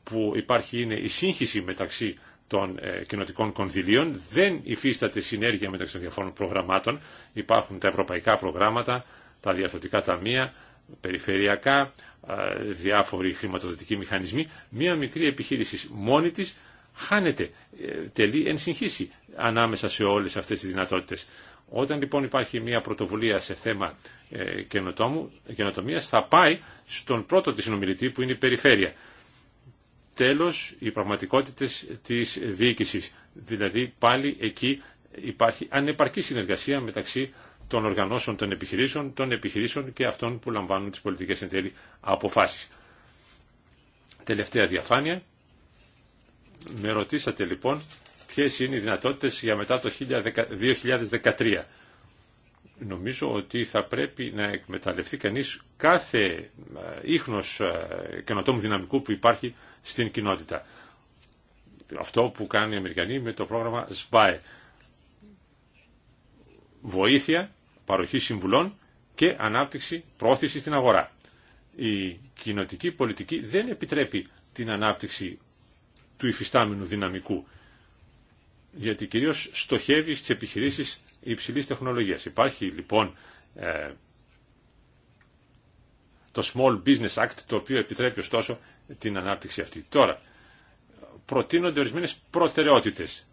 που υπάρχει είναι η σύγχυση μεταξύ των ε, κοινοτικών κονδυλίων. Δεν υφίσταται συνέργεια μεταξύ των διαφόρων προγραμμάτων. Υπάρχουν τα ευρωπαϊκά προγράμματα, τα διαθωτικά ταμεία, περιφερειακά, ε, διάφοροι χρηματοδοτικοί μηχανισμοί. Μία μικρή επιχείρηση μόνη της χάνεται, ε, τελεί εν συγχύση ανάμεσα σε όλες αυτές τις δυνατότητες. Όταν λοιπόν υπάρχει μια πρωτοβουλία σε θέμα καινοτομίας θα πάει στον πρώτο της χανεται τελει εν συγχυση αναμεσα σε ολες αυτες τις δυνατοτητες οταν λοιπον υπαρχει μια πρωτοβουλια σε θεμα καινοτομία, θα παει στον πρωτο τη συνομιλητη που είναι η περιφέρεια. Τέλος, οι πραγματικότητες της διοίκησης. Δηλαδή πάλι εκεί υπάρχει ανεπαρκή συνεργασία μεταξύ των οργανώσεων των επιχειρήσεων, των επιχειρήσεων και αυτών που λαμβάνουν τις πολιτικές εν τέλει αποφάσεις. Τελευταία διαφάνεια. Με ρωτήσατε λοιπόν ποιες είναι οι δυνατότητες για μετά το 2013 νομίζω ότι θα πρέπει να εκμεταλλευτεί κανείς κάθε ε, ίχνος ε, καινοτόμου δυναμικού που υπάρχει στην κοινότητα. Αυτό που κάνει οι Αμερικανοί με το πρόγραμμα σπάε, Βοήθεια, παροχή συμβουλών και ανάπτυξη, πρόθεση στην αγορά. Η κοινοτική πολιτική δεν επιτρέπει την ανάπτυξη του υφιστάμενου δυναμικού, γιατί κυρίως στοχεύει στις επιχειρήσεις υψηλής τεχνολογίας. Υπάρχει λοιπόν ε, το Small Business Act, το οποίο επιτρέπει ωστόσο την ανάπτυξη αυτή. Τώρα, προτείνονται ορισμένες προτεραιότητες.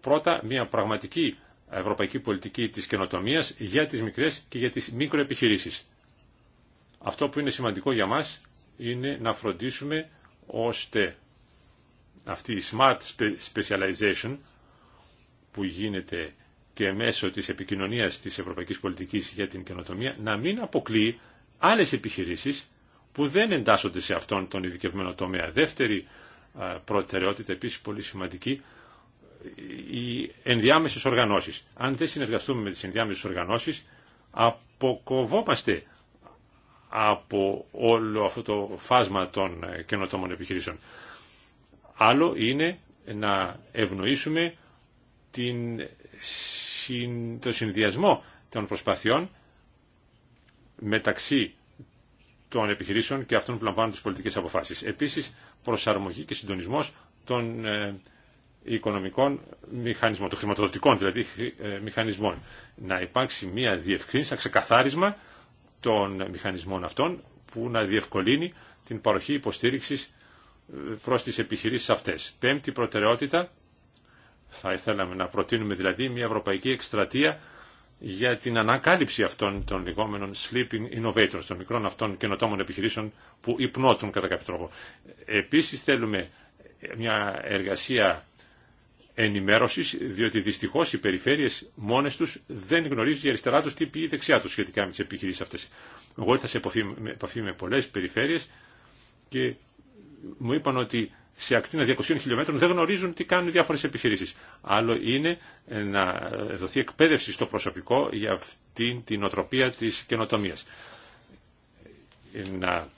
Πρώτα, μια πραγματική ευρωπαϊκή πολιτική της καινοτομίας για τις μικρές και για τις μικροεπιχειρήσεις. Αυτό που είναι σημαντικό για μας είναι να φροντίσουμε ώστε αυτή η smart specialization που γίνεται και μέσω της επικοινωνίας της ευρωπαϊκής πολιτικής για την καινοτομία να μην αποκλείει άλλες επιχειρήσεις που δεν εντάσσονται σε αυτόν τον ειδικευμένο τομέα. Δεύτερη προτεραιότητα επίσης πολύ σημαντική οι ενδιάμεσες οργανώσεις. Αν δεν συνεργαστούμε με τις ενδιάμεσες οργανώσεις αποκοβόμαστε από όλο αυτό το φάσμα των ε, καινοτόμων επιχειρήσεων. Άλλο είναι να ευνοήσουμε την το συνδυασμό των προσπαθειών μεταξύ των επιχειρήσεων και αυτών που λαμβάνουν τις πολιτικές αποφάσεις. Επίσης, προσαρμογή και συντονισμός των ε, οικονομικών μηχανισμών, των χρηματοδοτικών δηλαδή ε, μηχανισμών. Να υπάρξει μια διευκρίνηση, ένα ξεκαθάρισμα των μηχανισμών αυτών που να διευκολύνει την παροχή υποστήριξης ε, προς τις επιχειρήσεις αυτές. Πέμπτη προτεραιότητα, θα ήθελαμε να προτείνουμε δηλαδή μια ευρωπαϊκή εκστρατεία για την ανακάλυψη αυτών των λεγόμενων sleeping innovators, των μικρών αυτών καινοτόμων επιχειρήσεων που υπνώτουν κατά κάποιο τρόπο. Επίσης θέλουμε μια εργασία ενημέρωσης, διότι δυστυχώς οι περιφέρειες μόνες τους δεν γνωρίζουν η αριστερά τους τι πει η δεξιά τους σχετικά με τις επιχειρήσεις αυτές. Εγώ ήρθα σε επαφή με πολλές περιφέρειες και μου είπαν ότι σε ακτίνα 200 χιλιόμετρων δεν γνωρίζουν τι κάνουν οι διάφορε επιχειρήσει. Άλλο είναι ε, να δοθεί εκπαίδευση στο προσωπικό για αυτήν την οτροπία τη καινοτομία. Ε, να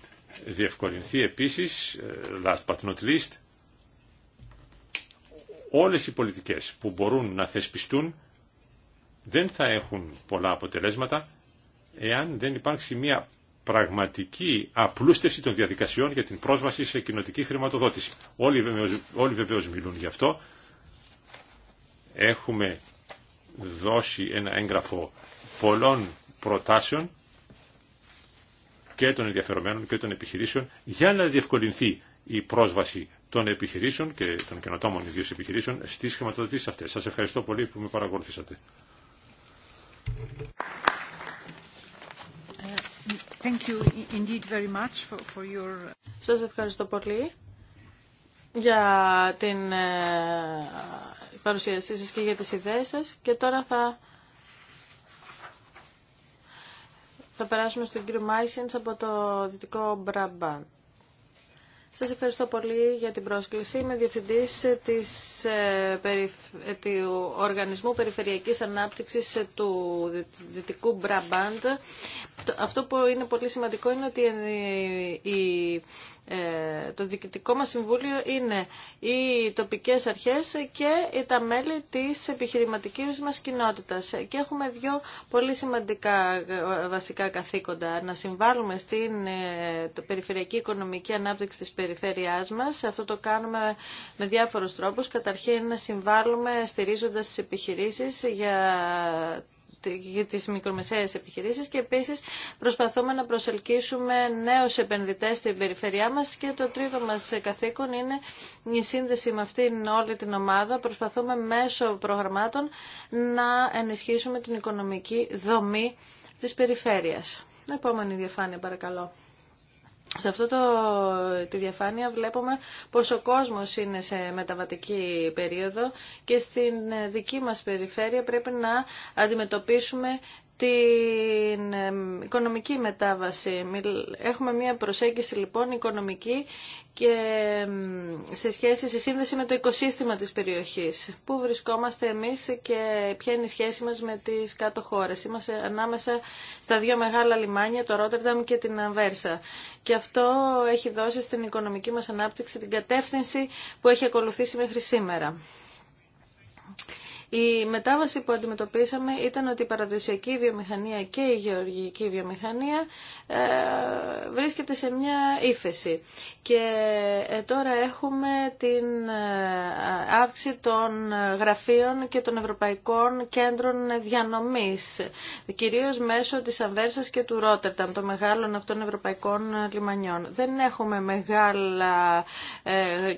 διευκολυνθεί επίση, ε, last but not least, όλε οι πολιτικέ που μπορούν να θεσπιστούν δεν θα έχουν πολλά αποτελέσματα εάν δεν υπάρξει μια πραγματική απλούστευση των διαδικασιών για την πρόσβαση σε κοινοτική χρηματοδότηση. Όλοι όλοι βεβαίως μιλούν γι' αυτό. Έχουμε δώσει ένα έγγραφο πολλών προτάσεων και των ενδιαφερομένων και των επιχειρήσεων για να διευκολυνθεί η πρόσβαση των επιχειρήσεων και των καινοτόμων ιδίως επιχειρήσεων στις χρηματοδοτήσεις αυτές. Σας ευχαριστώ πολύ που με παρακολουθήσατε. Thank Σας ευχαριστώ πολύ για την ε, παρουσίασή σας και για τις ιδέες σας και τώρα θα θα περάσουμε στον κύριο Μάισινς από το Δυτικό Μπραμπάντ. Σας ευχαριστώ πολύ για την πρόσκληση. Είμαι διευθυντής της, ε, του Οργανισμού Περιφερειακής Ανάπτυξης ε, του Δυτικού Μπραμπάντ. Αυτό που είναι πολύ σημαντικό είναι ότι ε, η ε, το Διοικητικό μας Συμβούλιο είναι οι τοπικές αρχές και τα μέλη της επιχειρηματικής μας κοινότητας. Και έχουμε δύο πολύ σημαντικά ε, βασικά καθήκοντα. Να συμβάλλουμε στην ε, το περιφερειακή οικονομική ανάπτυξη της περιφέρειάς μας. Αυτό το κάνουμε με διάφορους τρόπους. Καταρχήν να συμβάλλουμε στηρίζοντας τις επιχειρήσεις για για τις μικρομεσαίες επιχειρήσεις και επίσης προσπαθούμε να προσελκύσουμε νέους επενδυτές στην περιφερειά μας και το τρίτο μας καθήκον είναι η σύνδεση με αυτήν όλη την ομάδα. Προσπαθούμε μέσω προγραμμάτων να ενισχύσουμε την οικονομική δομή της περιφέρειας. Επόμενη διαφάνεια παρακαλώ. Σε αυτό το, τη διαφάνεια βλέπουμε πως ο κόσμος είναι σε μεταβατική περίοδο και στην δική μας περιφέρεια πρέπει να αντιμετωπίσουμε την οικονομική μετάβαση. Έχουμε μια προσέγγιση λοιπόν οικονομική και σε σχέση, σε σύνδεση με το οικοσύστημα της περιοχής. Πού βρισκόμαστε εμείς και ποια είναι η σχέση μας με τις κάτω χώρες. Είμαστε ανάμεσα στα δύο μεγάλα λιμάνια, το Ρότερνταμ και την Αμβέρσα. Και αυτό έχει δώσει στην οικονομική μας ανάπτυξη την κατεύθυνση που έχει ακολουθήσει μέχρι σήμερα. Η μετάβαση που αντιμετωπίσαμε ήταν ότι η παραδοσιακή βιομηχανία και η γεωργική βιομηχανία ε, βρίσκεται σε μια ύφεση. Και ε, τώρα έχουμε την ε, αύξηση των γραφείων και των ευρωπαϊκών κέντρων διανομής, κυρίως μέσω της Αμβέρσας και του Ρότερταμ, των μεγάλων αυτών ευρωπαϊκών λιμανιών. Δεν έχουμε μεγάλα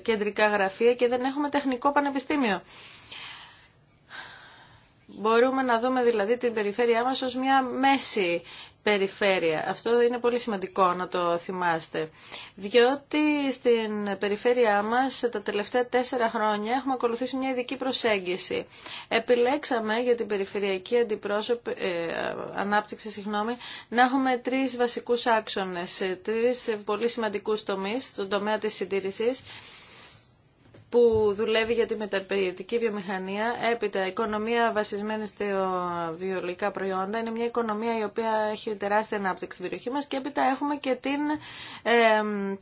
κεντρικά γραφεία και δεν έχουμε τεχνικό πανεπιστήμιο. Μπορούμε να δούμε δηλαδή την περιφέρειά μας ως μια μέση περιφέρεια. Αυτό είναι πολύ σημαντικό να το θυμάστε. Διότι στην περιφέρειά μας τα τελευταία τέσσερα χρόνια έχουμε ακολουθήσει μια ειδική προσέγγιση. Επιλέξαμε για την περιφερειακή αντιπρόσωπη, ε, ανάπτυξη συγγνώμη, να έχουμε τρεις βασικούς άξονες, τρεις πολύ σημαντικούς τομείς, στον τομέα της συντήρησης, που δουλεύει για τη μεταπαιδευτική βιομηχανία, έπειτα οικονομία βασισμένη στα βιολογικά προϊόντα, είναι μια οικονομία η οποία έχει τεράστια ανάπτυξη στην περιοχή μα και έπειτα έχουμε και την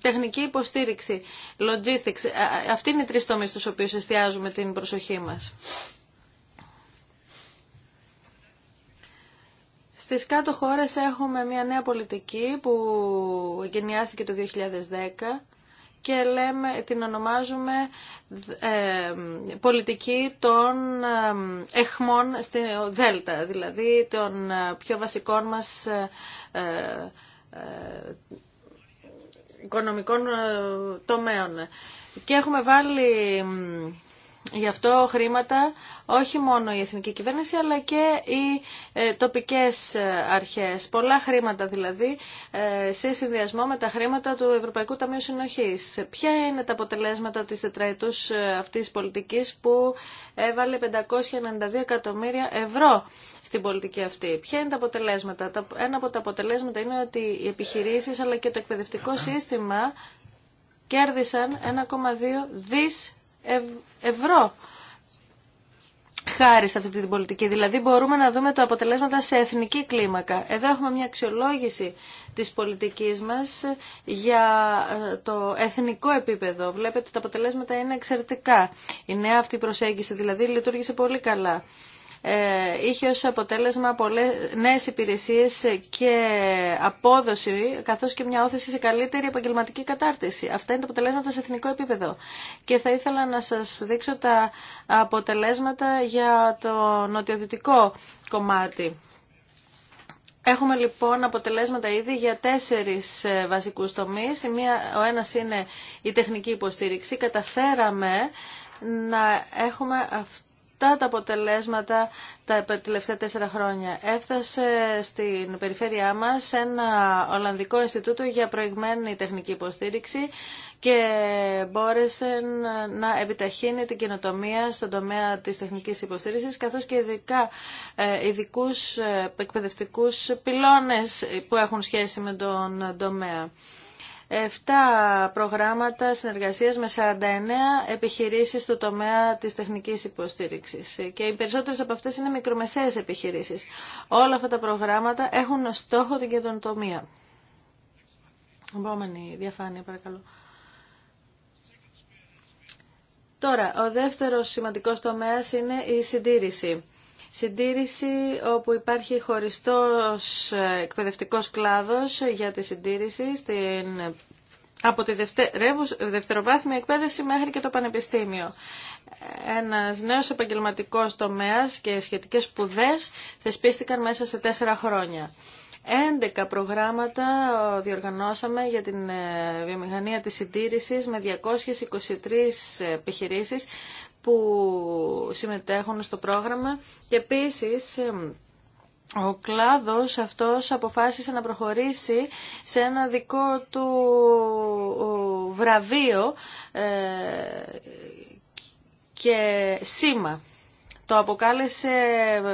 τεχνική υποστήριξη, logistics. Αυτοί είναι οι τρει τομείς στου οποίους εστιάζουμε την προσοχή μας. Στις κάτω χώρες έχουμε μια νέα πολιτική που εγκαινιάστηκε το 2010 και λέμε, την ονομάζουμε ε, πολιτική των ε, εχμών στη Δέλτα, δηλαδή των ε, πιο βασικών μας ε, οικονομικών τομέων. Και έχουμε βάλει Γι' αυτό χρήματα όχι μόνο η εθνική κυβέρνηση αλλά και οι ε, τοπικές ε, αρχές. Πολλά χρήματα δηλαδή ε, σε συνδυασμό με τα χρήματα του Ευρωπαϊκού Ταμείου Συνοχής. Ποια είναι τα αποτελέσματα της τετραετούς αυτής πολιτικής που έβαλε 592 εκατομμύρια ευρώ στην πολιτική αυτή. Ποια είναι τα αποτελέσματα. Ένα από τα αποτελέσματα είναι ότι οι επιχειρήσεις αλλά και το εκπαιδευτικό σύστημα κέρδισαν 1,2 δις ευρώ χάρη σε αυτή την πολιτική. Δηλαδή μπορούμε να δούμε τα αποτελέσματα σε εθνική κλίμακα. Εδώ έχουμε μια αξιολόγηση της πολιτικής μας για ε, το εθνικό επίπεδο. Βλέπετε ότι τα αποτελέσματα είναι εξαιρετικά. Η νέα αυτή προσέγγιση δηλαδή λειτουργήσε πολύ καλά. Ε, είχε ως αποτέλεσμα πολλές νέες υπηρεσίες και απόδοση, καθώς και μια όθεση σε καλύτερη επαγγελματική κατάρτιση. Αυτά είναι τα αποτελέσματα σε εθνικό επίπεδο. Και θα ήθελα να σας δείξω τα αποτελέσματα για το νοτιοδυτικό κομμάτι. Έχουμε λοιπόν αποτελέσματα ήδη για τέσσερις ε, βασικούς τομείς. Ο ένας είναι η τεχνική υποστήριξη. Καταφέραμε να έχουμε αυτό τα αποτελέσματα τα τελευταία τέσσερα χρόνια. Έφτασε στην περιφέρειά μας ένα Ολλανδικό Ινστιτούτο για προηγμένη τεχνική υποστήριξη και μπόρεσε να επιταχύνει την καινοτομία στον τομέα της τεχνικής υποστήριξης καθώς και ειδικά ε, ειδικού ε, εκπαιδευτικούς πυλώνες που έχουν σχέση με τον τομέα. 7 προγράμματα συνεργασίας με 49 επιχειρήσεις του τομέα της τεχνικής υποστήριξης και οι περισσότερες από αυτές είναι μικρομεσαίες επιχειρήσεις. Όλα αυτά τα προγράμματα έχουν στόχο την καινοτομία. Επόμενη διαφάνεια παρακαλώ. Τώρα, ο δεύτερος σημαντικός τομέας είναι η συντήρηση. Συντήρηση όπου υπάρχει χωριστός εκπαιδευτικός κλάδος για τη συντήρηση στην από τη δευτεροβάθμια εκπαίδευση μέχρι και το πανεπιστήμιο. Ένας νέος επαγγελματικός τομέας και σχετικές σπουδέ θεσπίστηκαν μέσα σε τέσσερα χρόνια. 11 προγράμματα διοργανώσαμε για την ε, βιομηχανία της συντήρησης με 223 επιχειρήσεις που συμμετέχουν στο πρόγραμμα και επίσης ο κλάδος αυτός αποφάσισε να προχωρήσει σε ένα δικό του βραβείο ε, και σήμα το αποκάλεσε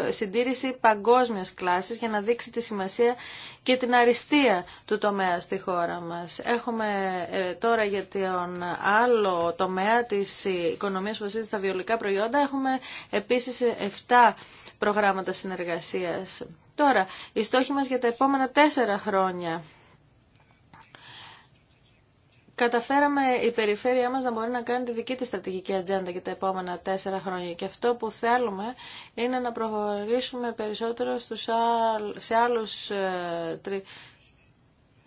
συντήρηση παγκόσμιας κλάσης για να δείξει τη σημασία και την αριστεία του τομέα στη χώρα μας. Έχουμε ε, τώρα για τον άλλο τομέα της οικονομίας που βασίζεται στα βιολογικά προϊόντα, έχουμε επίσης 7 ε, προγράμματα συνεργασίας. Τώρα, οι στόχοι μας για τα επόμενα τέσσερα χρόνια καταφέραμε η περιφέρειά μας να μπορεί να κάνει τη δική της στρατηγική ατζέντα για τα επόμενα τέσσερα χρόνια. Και αυτό που θέλουμε είναι να προχωρήσουμε περισσότερο στους σε άλλους ε,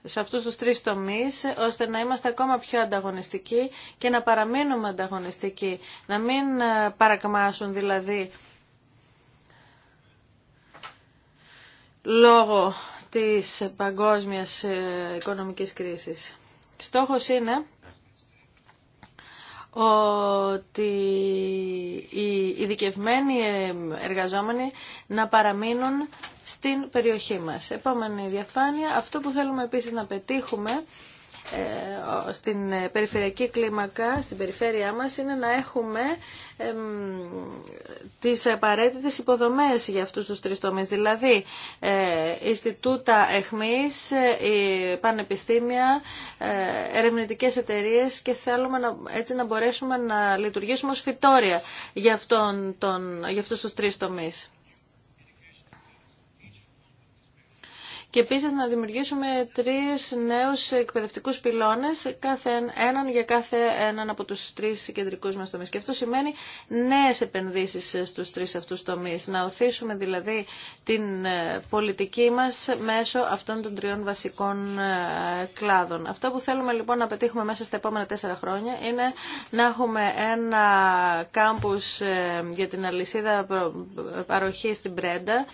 σε αυτούς τους τρεις τομείς, ώστε να είμαστε ακόμα πιο ανταγωνιστικοί και να παραμείνουμε ανταγωνιστικοί. Να μην ε, παρακμάσουν δηλαδή λόγω της παγκόσμιας ε, οικονομικής κρίσης. Στόχος είναι ότι οι ειδικευμένοι εργαζόμενοι να παραμείνουν στην περιοχή μας. Επόμενη διαφάνεια, αυτό που θέλουμε επίσης να πετύχουμε ε, στην περιφερειακή κλίμακα, στην περιφέρειά μας, είναι να έχουμε τις απαραίτητες υποδομές για αυτούς τους τρεις τομείς. Δηλαδή, ε, Ινστιτούτα Εχμής, ε, πανεπιστήμια, ερευνητικές εταιρείες και θέλουμε να, έτσι να μπορέσουμε να λειτουργήσουμε ως φυτόρια για, αυτόν τον, για αυτούς τους τρεις τομείς. και επίσης να δημιουργήσουμε τρεις νέους εκπαιδευτικούς πυλώνες, έναν για κάθε έναν από τους τρεις κεντρικούς μας τομείς. Και αυτό σημαίνει νέες επενδύσεις στους τρεις αυτούς τομείς. Να οθήσουμε δηλαδή την ε, πολιτική μας μέσω αυτών των τριών βασικών ε, κλάδων. Αυτό που θέλουμε λοιπόν να πετύχουμε μέσα στα επόμενα τέσσερα χρόνια είναι να έχουμε ένα κάμπους ε, για την αλυσίδα παροχή στην Πρέντα,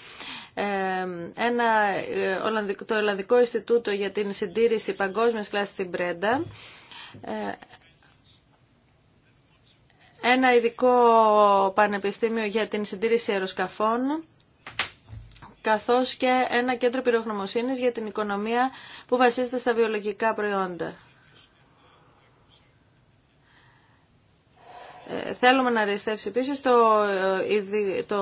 ένα, ε, το Ολλανδικό Ινστιτούτο για την Συντήρηση Παγκόσμιας Κλάσης στην Πρέντα, ε, ένα ειδικό πανεπιστήμιο για την συντήρηση αεροσκαφών, καθώς και ένα κέντρο πυροχνομοσύνης για την οικονομία που βασίζεται στα βιολογικά προϊόντα. Ε, θέλουμε να ρεστεύσει επίσης το, το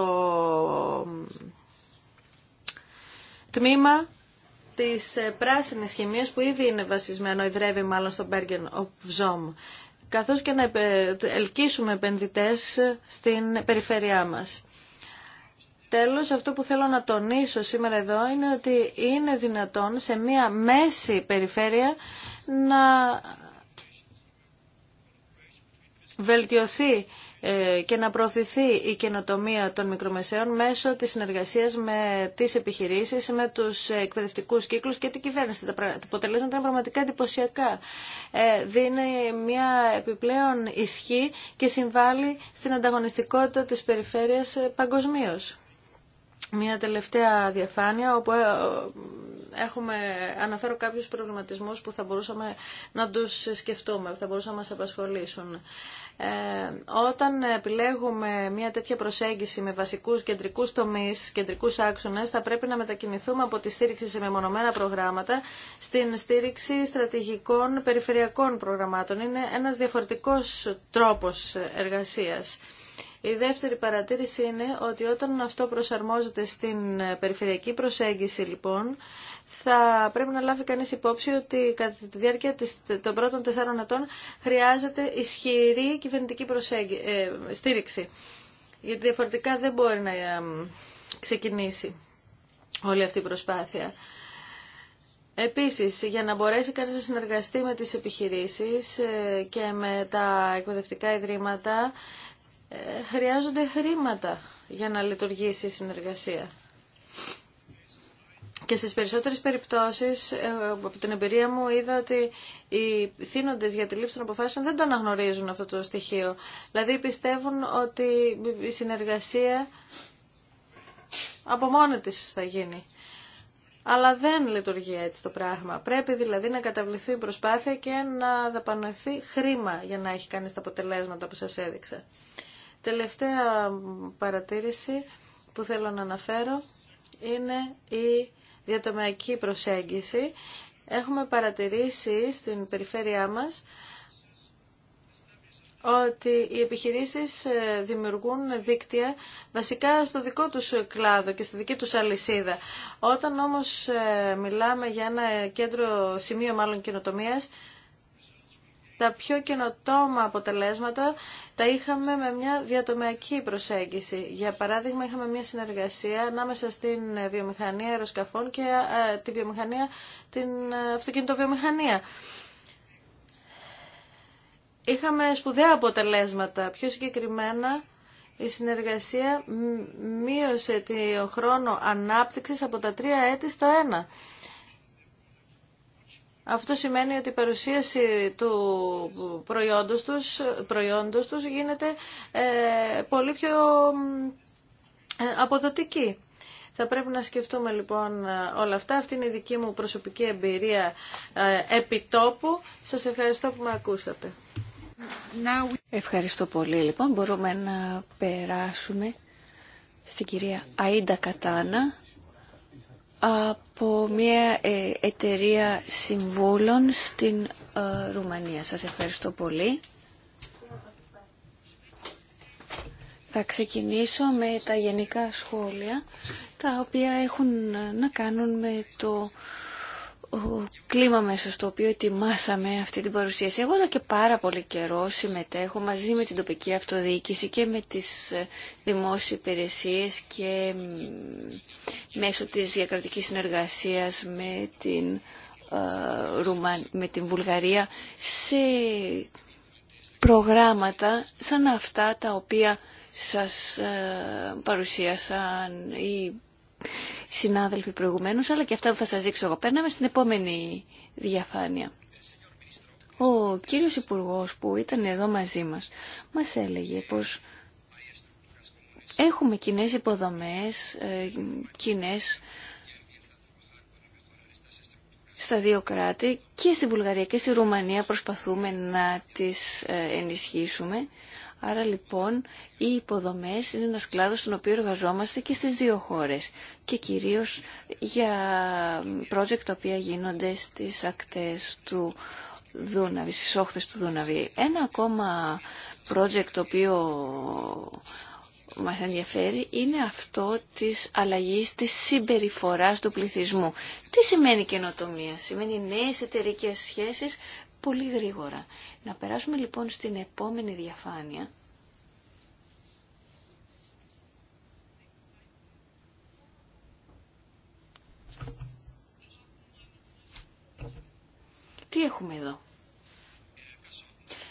τμήμα της ε, πράσινης χημία που ήδη είναι βασισμένο, ιδρεύει μάλλον στο Bergen Zom, καθώς και να ελκύσουμε επενδυτέ στην περιφέρειά μας. Τέλος, αυτό που θέλω να τονίσω σήμερα εδώ είναι ότι είναι δυνατόν σε μία μέση περιφέρεια να βελτιωθεί ε, και να προωθηθεί η καινοτομία των μικρομεσαίων μέσω της συνεργασίας με τις επιχειρήσεις, με τους εκπαιδευτικούς κύκλους και την κυβέρνηση. Τα αποτελέσματα είναι πραγματικά εντυπωσιακά. Ε, δίνει μια επιπλέον ισχύ και συμβάλλει στην ανταγωνιστικότητα της περιφέρειας ε, παγκοσμίω. Μια τελευταία διαφάνεια όπου ε, έχουμε, αναφέρω κάποιους προβληματισμούς που θα μπορούσαμε να τους σκεφτούμε, θα μπορούσαμε να μας απασχολήσουν. Ε, όταν επιλέγουμε μια τέτοια προσέγγιση με βασικούς κεντρικούς τομείς, κεντρικούς άξονες, θα πρέπει να μετακινηθούμε από τη στήριξη σε μεμονωμένα προγράμματα στην στήριξη στρατηγικών περιφερειακών προγραμμάτων. Είναι ένας διαφορετικός τρόπος εργασίας. Η δεύτερη παρατήρηση είναι ότι όταν αυτό προσαρμόζεται στην ε, περιφερειακή προσέγγιση λοιπόν, θα πρέπει να λάβει κανείς υπόψη ότι κατά τη διάρκεια των πρώτων τεσσάρων ετών χρειάζεται ισχυρή κυβερνητική ε, στήριξη. Γιατί διαφορετικά δεν μπορεί να ε, ξεκινήσει όλη αυτή η προσπάθεια. Επίσης, για να μπορέσει κανείς να συνεργαστεί με τις επιχειρήσεις και με τα εκπαιδευτικά ιδρύματα, χρειάζονται χρήματα για να λειτουργήσει η συνεργασία. Και στις περισσότερες περιπτώσεις, ε, από την εμπειρία μου, είδα ότι οι θύνοντες για τη λήψη των αποφάσεων δεν το αναγνωρίζουν αυτό το στοιχείο. Δηλαδή πιστεύουν ότι η συνεργασία από μόνη της θα γίνει. Αλλά δεν λειτουργεί έτσι το πράγμα. Πρέπει δηλαδή να καταβληθεί η προσπάθεια και να δαπανωθεί χρήμα για να έχει κάνει τα αποτελέσματα που σας έδειξα. Τελευταία παρατήρηση που θέλω να αναφέρω είναι η διατομιακή προσέγγιση. Έχουμε παρατηρήσει στην περιφέρειά μας ότι οι επιχειρήσεις ε, δημιουργούν δίκτυα βασικά στο δικό τους κλάδο και στη δική τους αλυσίδα. Όταν όμως ε, μιλάμε για ένα κέντρο, σημείο μάλλον καινοτομίας, τα πιο καινοτόμα αποτελέσματα τα είχαμε με μια διατομιακή προσέγγιση. Για παράδειγμα, είχαμε μια συνεργασία ανάμεσα στην βιομηχανία αεροσκαφών και ε, τη βιομηχανία, την ε, αυτοκινητοβιομηχανία. Είχαμε σπουδαία αποτελέσματα, πιο συγκεκριμένα η συνεργασία μείωσε τον χρόνο ανάπτυξης από τα τρία έτη στα ένα. Αυτό σημαίνει ότι η παρουσίαση του προϊόντος τους, προϊόντος τους γίνεται ε, πολύ πιο ε, αποδοτική. Θα πρέπει να σκεφτούμε λοιπόν όλα αυτά. Αυτή είναι η δική μου προσωπική εμπειρία ε, επιτόπου. Σας ευχαριστώ που με ακούσατε. Ευχαριστώ πολύ. Λοιπόν, μπορούμε να περάσουμε στην κυρία Αΐντα Κατάνα από μια ε, εταιρεία συμβούλων στην ε, Ρουμανία. Σας ευχαριστώ πολύ. Θα ξεκινήσω με τα γενικά σχόλια, τα οποία έχουν να κάνουν με το κλίμα μέσα στο οποίο ετοιμάσαμε αυτή την παρουσίαση. Εγώ εδώ και πάρα πολύ καιρό συμμετέχω μαζί με την τοπική αυτοδιοίκηση και με τις ε, δημόσιες υπηρεσίες και μέσω της διακρατικής συνεργασίας με την, ε, με την Βουλγαρία σε προγράμματα σαν αυτά τα οποία σας ε, παρουσίασαν οι συνάδελφοι προηγουμένω, αλλά και αυτά που θα σας δείξω εγώ. Παίρναμε στην επόμενη διαφάνεια. Ο κύριος Υπουργός που ήταν εδώ μαζί μας μας έλεγε πως έχουμε κοινέ υποδομές, ε, κοινέ στα δύο κράτη και στη Βουλγαρία και στη Ρουμανία προσπαθούμε να τις ε, ενισχύσουμε Άρα λοιπόν οι υποδομές είναι ένας κλάδος στον οποίο εργαζόμαστε και στις δύο χώρες και κυρίως για project τα οποία γίνονται στις ακτές του Δούναβη, στις όχθες του Δούναβη. Ένα ακόμα project το οποίο μας ενδιαφέρει είναι αυτό της αλλαγής της συμπεριφοράς του πληθυσμού. Τι σημαίνει καινοτομία. Σημαίνει νέες εταιρικές σχέσεις πολύ γρήγορα. Να περάσουμε λοιπόν στην επόμενη διαφάνεια. Τι έχουμε εδώ.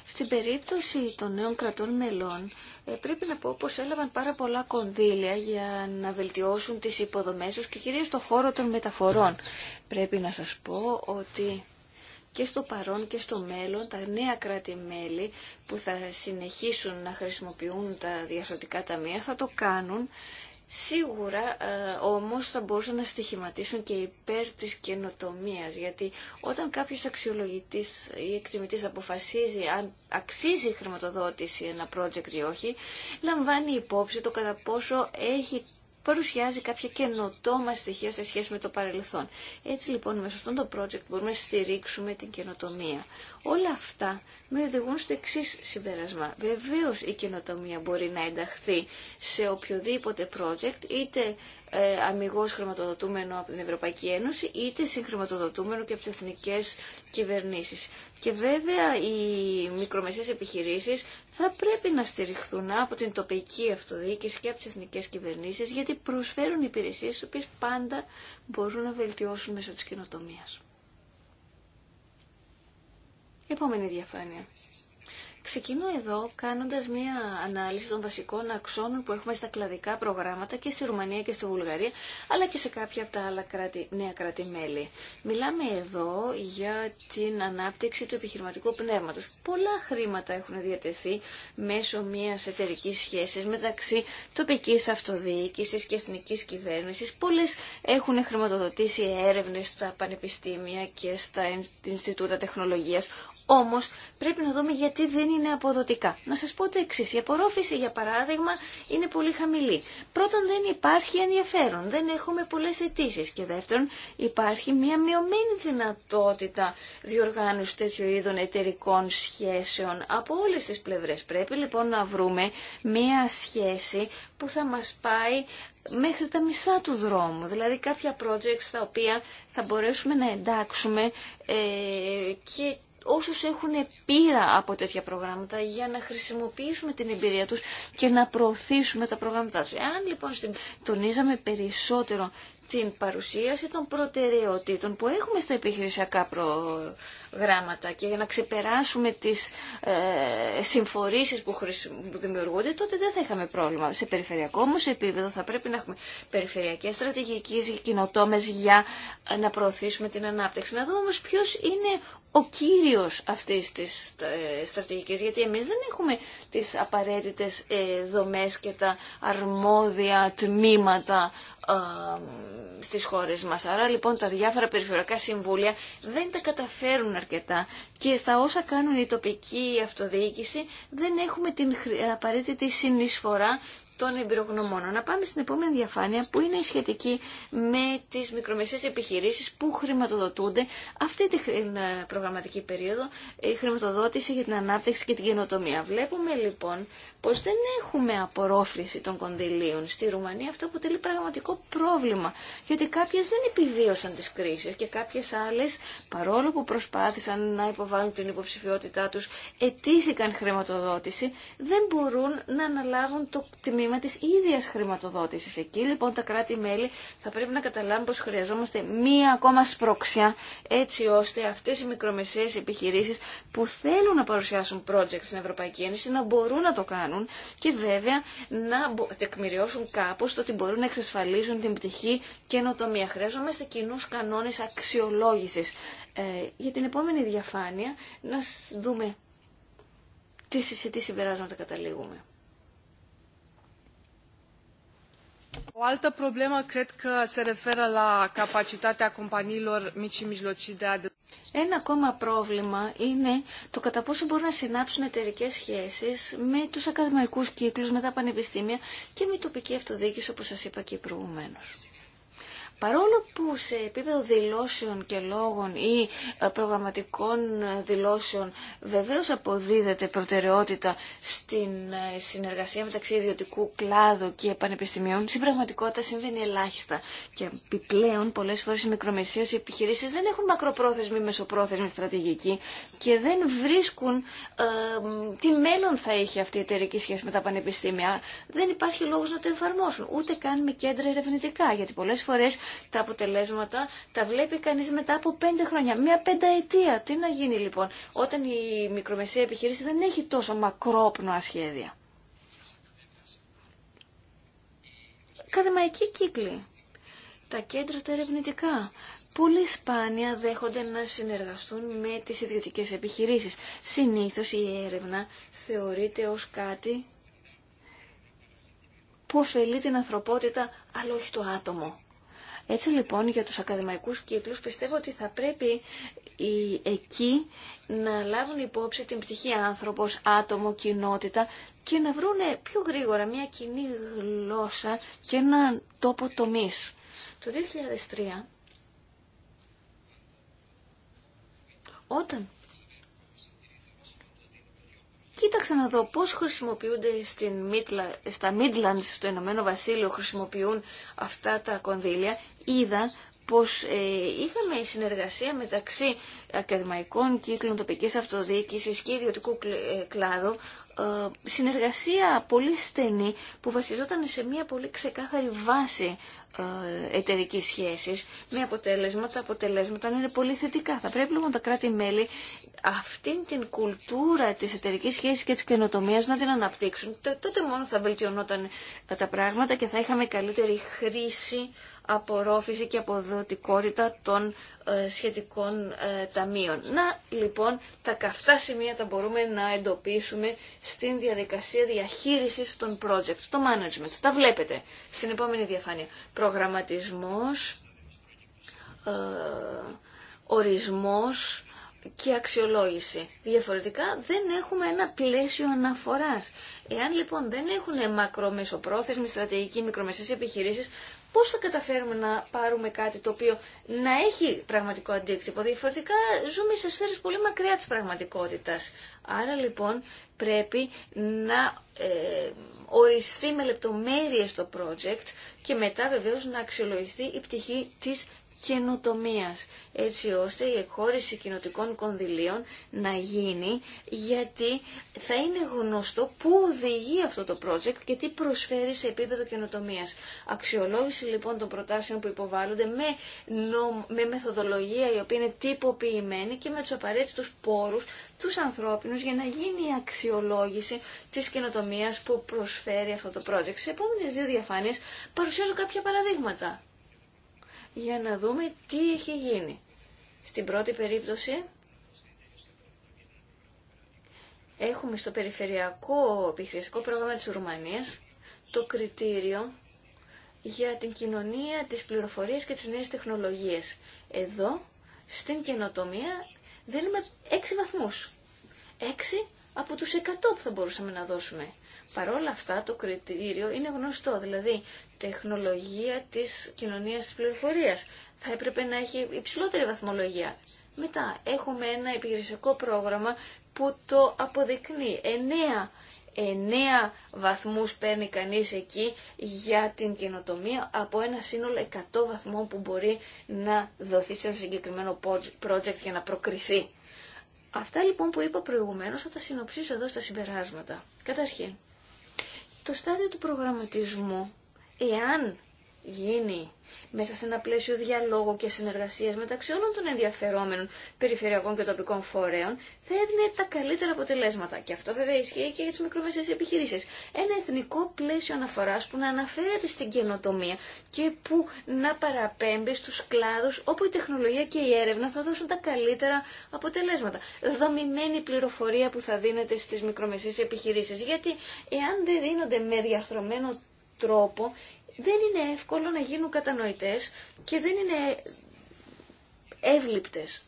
Στην περίπτωση των νέων κρατών μελών, ε, πρέπει να πω πως έλαβαν πάρα πολλά κονδύλια για να βελτιώσουν τις υποδομές τους και κυρίως το χώρο των μεταφορών. Πρέπει να σας πω ότι και στο παρόν και στο μέλλον τα νέα κράτη-μέλη που θα συνεχίσουν να χρησιμοποιούν τα διαφορετικά ταμεία θα το κάνουν. Σίγουρα ε, όμως θα μπορούσαν να στοιχηματίσουν και υπέρ της καινοτομίας γιατί όταν κάποιος αξιολογητής ή εκτιμητής αποφασίζει αν αξίζει η χρηματοδότηση ένα project ή όχι λαμβάνει υπόψη το κατά πόσο έχει παρουσιάζει κάποια καινοτόμα στοιχεία σε σχέση με το παρελθόν. Έτσι λοιπόν μέσα σε αυτό το project μπορούμε να στηρίξουμε την καινοτομία. Όλα αυτά με οδηγούν στο εξή συμπερασμά. Βεβαίω η καινοτομία μπορεί να ενταχθεί σε οποιοδήποτε project, είτε ε, αμυγός χρηματοδοτούμενο από την Ευρωπαϊκή Ένωση είτε συγχρηματοδοτούμενο και από τι εθνικέ κυβερνήσεις. Και βέβαια οι μικρομεσαίες επιχειρήσεις θα πρέπει να στηριχθούν από την τοπική αυτοδιοίκηση και από τι εθνικέ κυβερνήσεις γιατί προσφέρουν υπηρεσίες τι πάντα μπορούν να βελτιώσουν μέσω τη καινοτομία. Επόμενη διαφάνεια. Ξεκινώ εδώ κάνοντας μία ανάλυση των βασικών αξώνων που έχουμε στα κλαδικά προγράμματα και στη Ρουμανία και στη Βουλγαρία, αλλά και σε κάποια από τα άλλα κράτη, νέα κράτη-μέλη. Μιλάμε εδώ για την ανάπτυξη του επιχειρηματικού πνεύματος. Πολλά χρήματα έχουν διατεθεί μέσω μιας εταιρική σχέσης μεταξύ τοπικής αυτοδιοίκησης και εθνικής κυβέρνησης. Πολλές έχουν χρηματοδοτήσει έρευνες στα πανεπιστήμια και στα Ινστιτούτα Τεχνολογίας. Όμως πρέπει να δούμε γιατί δεν είναι αποδοτικά. Να σας πω το εξή. Η απορρόφηση, για παράδειγμα, είναι πολύ χαμηλή. Πρώτον, δεν υπάρχει ενδιαφέρον, δεν έχουμε πολλές αιτήσει. Και δεύτερον, υπάρχει μια μειωμένη δυνατότητα διοργάνωση τέτοιου είδων εταιρικών σχέσεων από όλες τις πλευρές. Πρέπει λοιπόν να βρούμε μια σχέση που θα μα πάει μέχρι τα μισά του δρόμου, δηλαδή κάποια projects τα οποία θα μπορέσουμε να εντάξουμε ε, και όσους έχουν πείρα από τέτοια προγράμματα για να χρησιμοποιήσουμε την εμπειρία τους και να προωθήσουμε τα προγράμματά τους. Εάν λοιπόν τονίζαμε περισσότερο την παρουσίαση των προτεραιοτήτων που έχουμε στα επιχειρησιακά προγράμματα και για να ξεπεράσουμε τις ε, συμφορήσεις που, που δημιουργούνται, τότε δεν θα είχαμε πρόβλημα. Σε περιφερειακό όμως επίπεδο θα πρέπει να έχουμε περιφερειακές στρατηγικές κοινοτόμες για να προωθήσουμε την ανάπτυξη. Να δούμε όμως ποιος είναι ο κύριος αυτής της ε, στρατηγικής, γιατί εμείς δεν έχουμε τις απαραίτητες ε, δομές και τα αρμόδια τμήματα στις χώρες μας. Άρα λοιπόν τα διάφορα περιφερειακά συμβούλια δεν τα καταφέρουν αρκετά και στα όσα κάνουν η τοπική αυτοδιοίκηση δεν έχουμε την απαραίτητη συνεισφορά των εμπειρογνωμών. Να πάμε στην επόμενη διαφάνεια που είναι σχετική με τις μικρομεσαίες επιχειρήσεις που χρηματοδοτούνται αυτή τη ε, προγραμματική περίοδο η χρηματοδότηση για την ανάπτυξη και την καινοτομία. Βλέπουμε λοιπόν πως δεν έχουμε απορρόφηση των κονδυλίων στη Ρουμανία. Αυτό αποτελεί πραγματικό πρόβλημα, γιατί κάποιες δεν επιβίωσαν τις κρίσεις και κάποιες άλλες, παρόλο που προσπάθησαν να υποβάλουν την υποψηφιότητά τους, ετήθηκαν χρηματοδότηση, δεν μπορούν να αναλάβουν το τμήμα της ίδιας χρηματοδότησης. Εκεί λοιπόν τα κράτη-μέλη θα πρέπει να καταλάβουν πως χρειαζόμαστε μία ακόμα σπρώξια, έτσι ώστε αυτές οι μικρομεσαίες επιχειρήσεις που θέλουν να παρουσιάσουν project στην Ευρωπαϊκή Ένωση να μπορούν να το κάνουν και βέβαια να τεκμηριώσουν κάπως το ότι μπορούν να εξασφαλίσουν αντιμετωπίζουν την πτυχή καινοτομία. Χρειαζόμαστε κοινού κανόνε αξιολόγηση. Ε, για την επόμενη διαφάνεια, να δούμε τι, σε τι συμπεράσματα καταλήγουμε. O altă problemă cred că se referă la capacitatea companiilor mici și mijlocii de a ένα ακόμα πρόβλημα είναι το κατά πόσο μπορούν να συνάψουν εταιρικέ σχέσει με τους ακαδημαϊκούς κύκλους, με τα πανεπιστήμια και με τοπική αυτοδιοίκηση, όπω σα είπα και προηγουμένω. Παρόλο που σε επίπεδο δηλώσεων και λόγων ή ε, προγραμματικών ε, δηλώσεων βεβαίως αποδίδεται προτεραιότητα στην ε, συνεργασία μεταξύ ιδιωτικού κλάδου και πανεπιστημίων, στην πραγματικότητα συμβαίνει ελάχιστα. Και επιπλέον πολλές φορές οι οι επιχειρήσεις δεν έχουν μακροπρόθεσμη, μεσοπρόθεσμη στρατηγική και δεν βρίσκουν ε, τι μέλλον θα έχει αυτή η εταιρική σχέση με τα πανεπιστήμια. Δεν υπάρχει λόγος να το εφαρμόσουν, ούτε καν με κέντρα ερευνητικά, γιατί πολλές φορές τα αποτελέσματα τα βλέπει κανείς μετά από πέντε χρόνια. Μια πενταετία. Τι να γίνει λοιπόν όταν η μικρομεσαία επιχείρηση δεν έχει τόσο μακρόπνοα σχέδια. Ακαδημαϊκοί κύκλη. Τα κέντρα τα ερευνητικά πολύ σπάνια δέχονται να συνεργαστούν με τις ιδιωτικές επιχειρήσεις. Συνήθως η έρευνα θεωρείται ως κάτι που ωφελεί την ανθρωπότητα, αλλά όχι το άτομο. Έτσι λοιπόν για τους ακαδημαϊκούς κύκλους πιστεύω ότι θα πρέπει οι, εκεί να λάβουν υπόψη την πτυχή άνθρωπος, άτομο, κοινότητα και να βρούνε πιο γρήγορα μια κοινή γλώσσα και έναν τόπο τομής. Το 2003 όταν Κοίταξα να δω πώς χρησιμοποιούνται στην στα Midlands στο Ηνωμένο Βασίλειο χρησιμοποιούν αυτά τα κονδύλια. Είδα πως ε, είχαμε συνεργασία μεταξύ ακαδημαϊκών κύκλων τοπικής αυτοδιοίκησης και ιδιωτικού ε, κλάδου, ε, συνεργασία πολύ στενή που βασιζόταν σε μια πολύ ξεκάθαρη βάση ε, εταιρικής σχέσης με αποτέλεσμα, τα αποτελέσματα είναι πολύ θετικά. Θα πρέπει λοιπόν τα κράτη-μέλη αυτήν την κουλτούρα της εταιρικής σχέσης και της καινοτομίας να την αναπτύξουν. Τότε μόνο θα βελτιωνόταν τα πράγματα και θα είχαμε καλύτερη χρήση απορρόφηση και αποδοτικότητα των ε, σχετικών ε, ταμείων. Να λοιπόν τα καυτά σημεία τα μπορούμε να εντοπίσουμε στην διαδικασία διαχείρισης των project, το management. Τα βλέπετε στην επόμενη διαφάνεια. Προγραμματισμός, ε, ορισμός και αξιολόγηση. Διαφορετικά δεν έχουμε ένα πλαίσιο αναφοράς. Εάν λοιπόν δεν έχουν μακρομεσοπρόθεσμη στρατηγική μικρομεσαίες επιχειρήσεις, πώς θα καταφέρουμε να πάρουμε κάτι το οποίο να έχει πραγματικό αντίκτυπο. Διαφορετικά ζούμε σε σφαίρες πολύ μακριά τη πραγματικότητα. Άρα λοιπόν πρέπει να ε, οριστεί με λεπτομέρειε το project και μετά βεβαίως να αξιολογηθεί η πτυχή της καινοτομία, έτσι ώστε η εκχώρηση κοινοτικών κονδυλίων να γίνει, γιατί θα είναι γνωστό πού οδηγεί αυτό το project και τι προσφέρει σε επίπεδο καινοτομία. Αξιολόγηση λοιπόν των προτάσεων που υποβάλλονται με, μεθοδολογία η οποία είναι τυποποιημένη και με του απαραίτητου πόρου, του ανθρώπινου, για να γίνει η αξιολόγηση τη καινοτομία που προσφέρει αυτό το project. Σε επόμενε δύο διαφάνειε παρουσιάζω κάποια παραδείγματα για να δούμε τι έχει γίνει. Στην πρώτη περίπτωση έχουμε στο περιφερειακό επιχειρησικό πρόγραμμα της Ρουμανίας το κριτήριο για την κοινωνία της πληροφορίας και της νέες τεχνολογίες. Εδώ, στην καινοτομία, δίνουμε έξι βαθμούς. Έξι από τους εκατό που θα μπορούσαμε να δώσουμε όλα αυτά το κριτήριο είναι γνωστό, δηλαδή τεχνολογία της κοινωνίας της πληροφορίας. Θα έπρεπε να έχει υψηλότερη βαθμολογία. Μετά έχουμε ένα επιχειρησιακό πρόγραμμα που το αποδεικνύει. Εννέα, εννέα βαθμούς παίρνει κανείς εκεί για την καινοτομία από ένα σύνολο 100 βαθμών που μπορεί να δοθεί σε ένα συγκεκριμένο project για να προκριθεί. Αυτά λοιπόν που είπα προηγουμένως θα τα συνοψίσω εδώ στα συμπεράσματα. Καταρχήν, στο στάδιο του προγραμματισμού, εάν γίνει μέσα σε ένα πλαίσιο διαλόγου και συνεργασίας μεταξύ όλων των ενδιαφερόμενων περιφερειακών και τοπικών φορέων, θα έδινε τα καλύτερα αποτελέσματα. Και αυτό βέβαια ισχύει και για τις μικρομεσαίες επιχειρήσεις. Ένα εθνικό πλαίσιο αναφοράς που να αναφέρεται στην καινοτομία και που να παραπέμπει στους κλάδους όπου η τεχνολογία και η έρευνα θα δώσουν τα καλύτερα αποτελέσματα. Δομημένη πληροφορία που θα δίνεται στις μικρομεσαίες επιχειρήσεις. Γιατί εάν δεν δίνονται με διαρθρωμένο τρόπο, δεν είναι εύκολο να γίνουν κατανοητές και δεν είναι εύληπτες.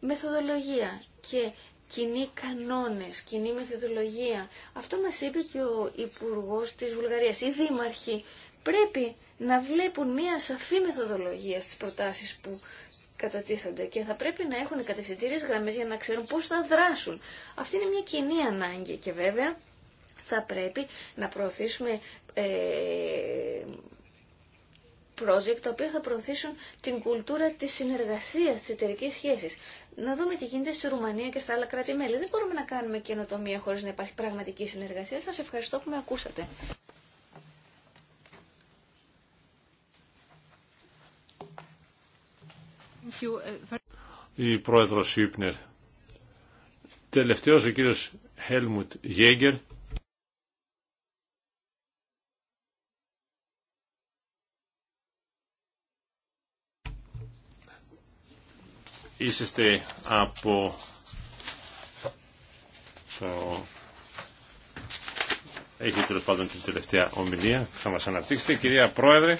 Μεθοδολογία και κοινοί κανόνες, κοινή μεθοδολογία. Αυτό μας είπε και ο Υπουργός της Βουλγαρίας. Οι δήμαρχοι πρέπει να βλέπουν μία σαφή μεθοδολογία στις προτάσεις που κατατίθενται και θα πρέπει να έχουν κατευθυντήριες γραμμές για να ξέρουν πώς θα δράσουν. Αυτή είναι μια κοινή ανάγκη και βέβαια θα πρέπει να προωθήσουμε ε, project τα οποία θα προωθήσουν την κουλτούρα τη συνεργασία, τη εταιρική σχέση. Να δούμε τι γίνεται στη Ρουμανία και στα άλλα κράτη-μέλη. Δεν μπορούμε να κάνουμε καινοτομία χωρί να υπάρχει πραγματική συνεργασία. Σα ευχαριστώ που με ακούσατε. Η πρόεδρος Ιπνερ. Τελευταίος ο κύριος Χέλμουτ Γέγκερ Είσαστε από το... Έχει τέλο πάντων την τελευταία ομιλία. Θα μας αναπτύξετε. Κυρία Πρόεδρε,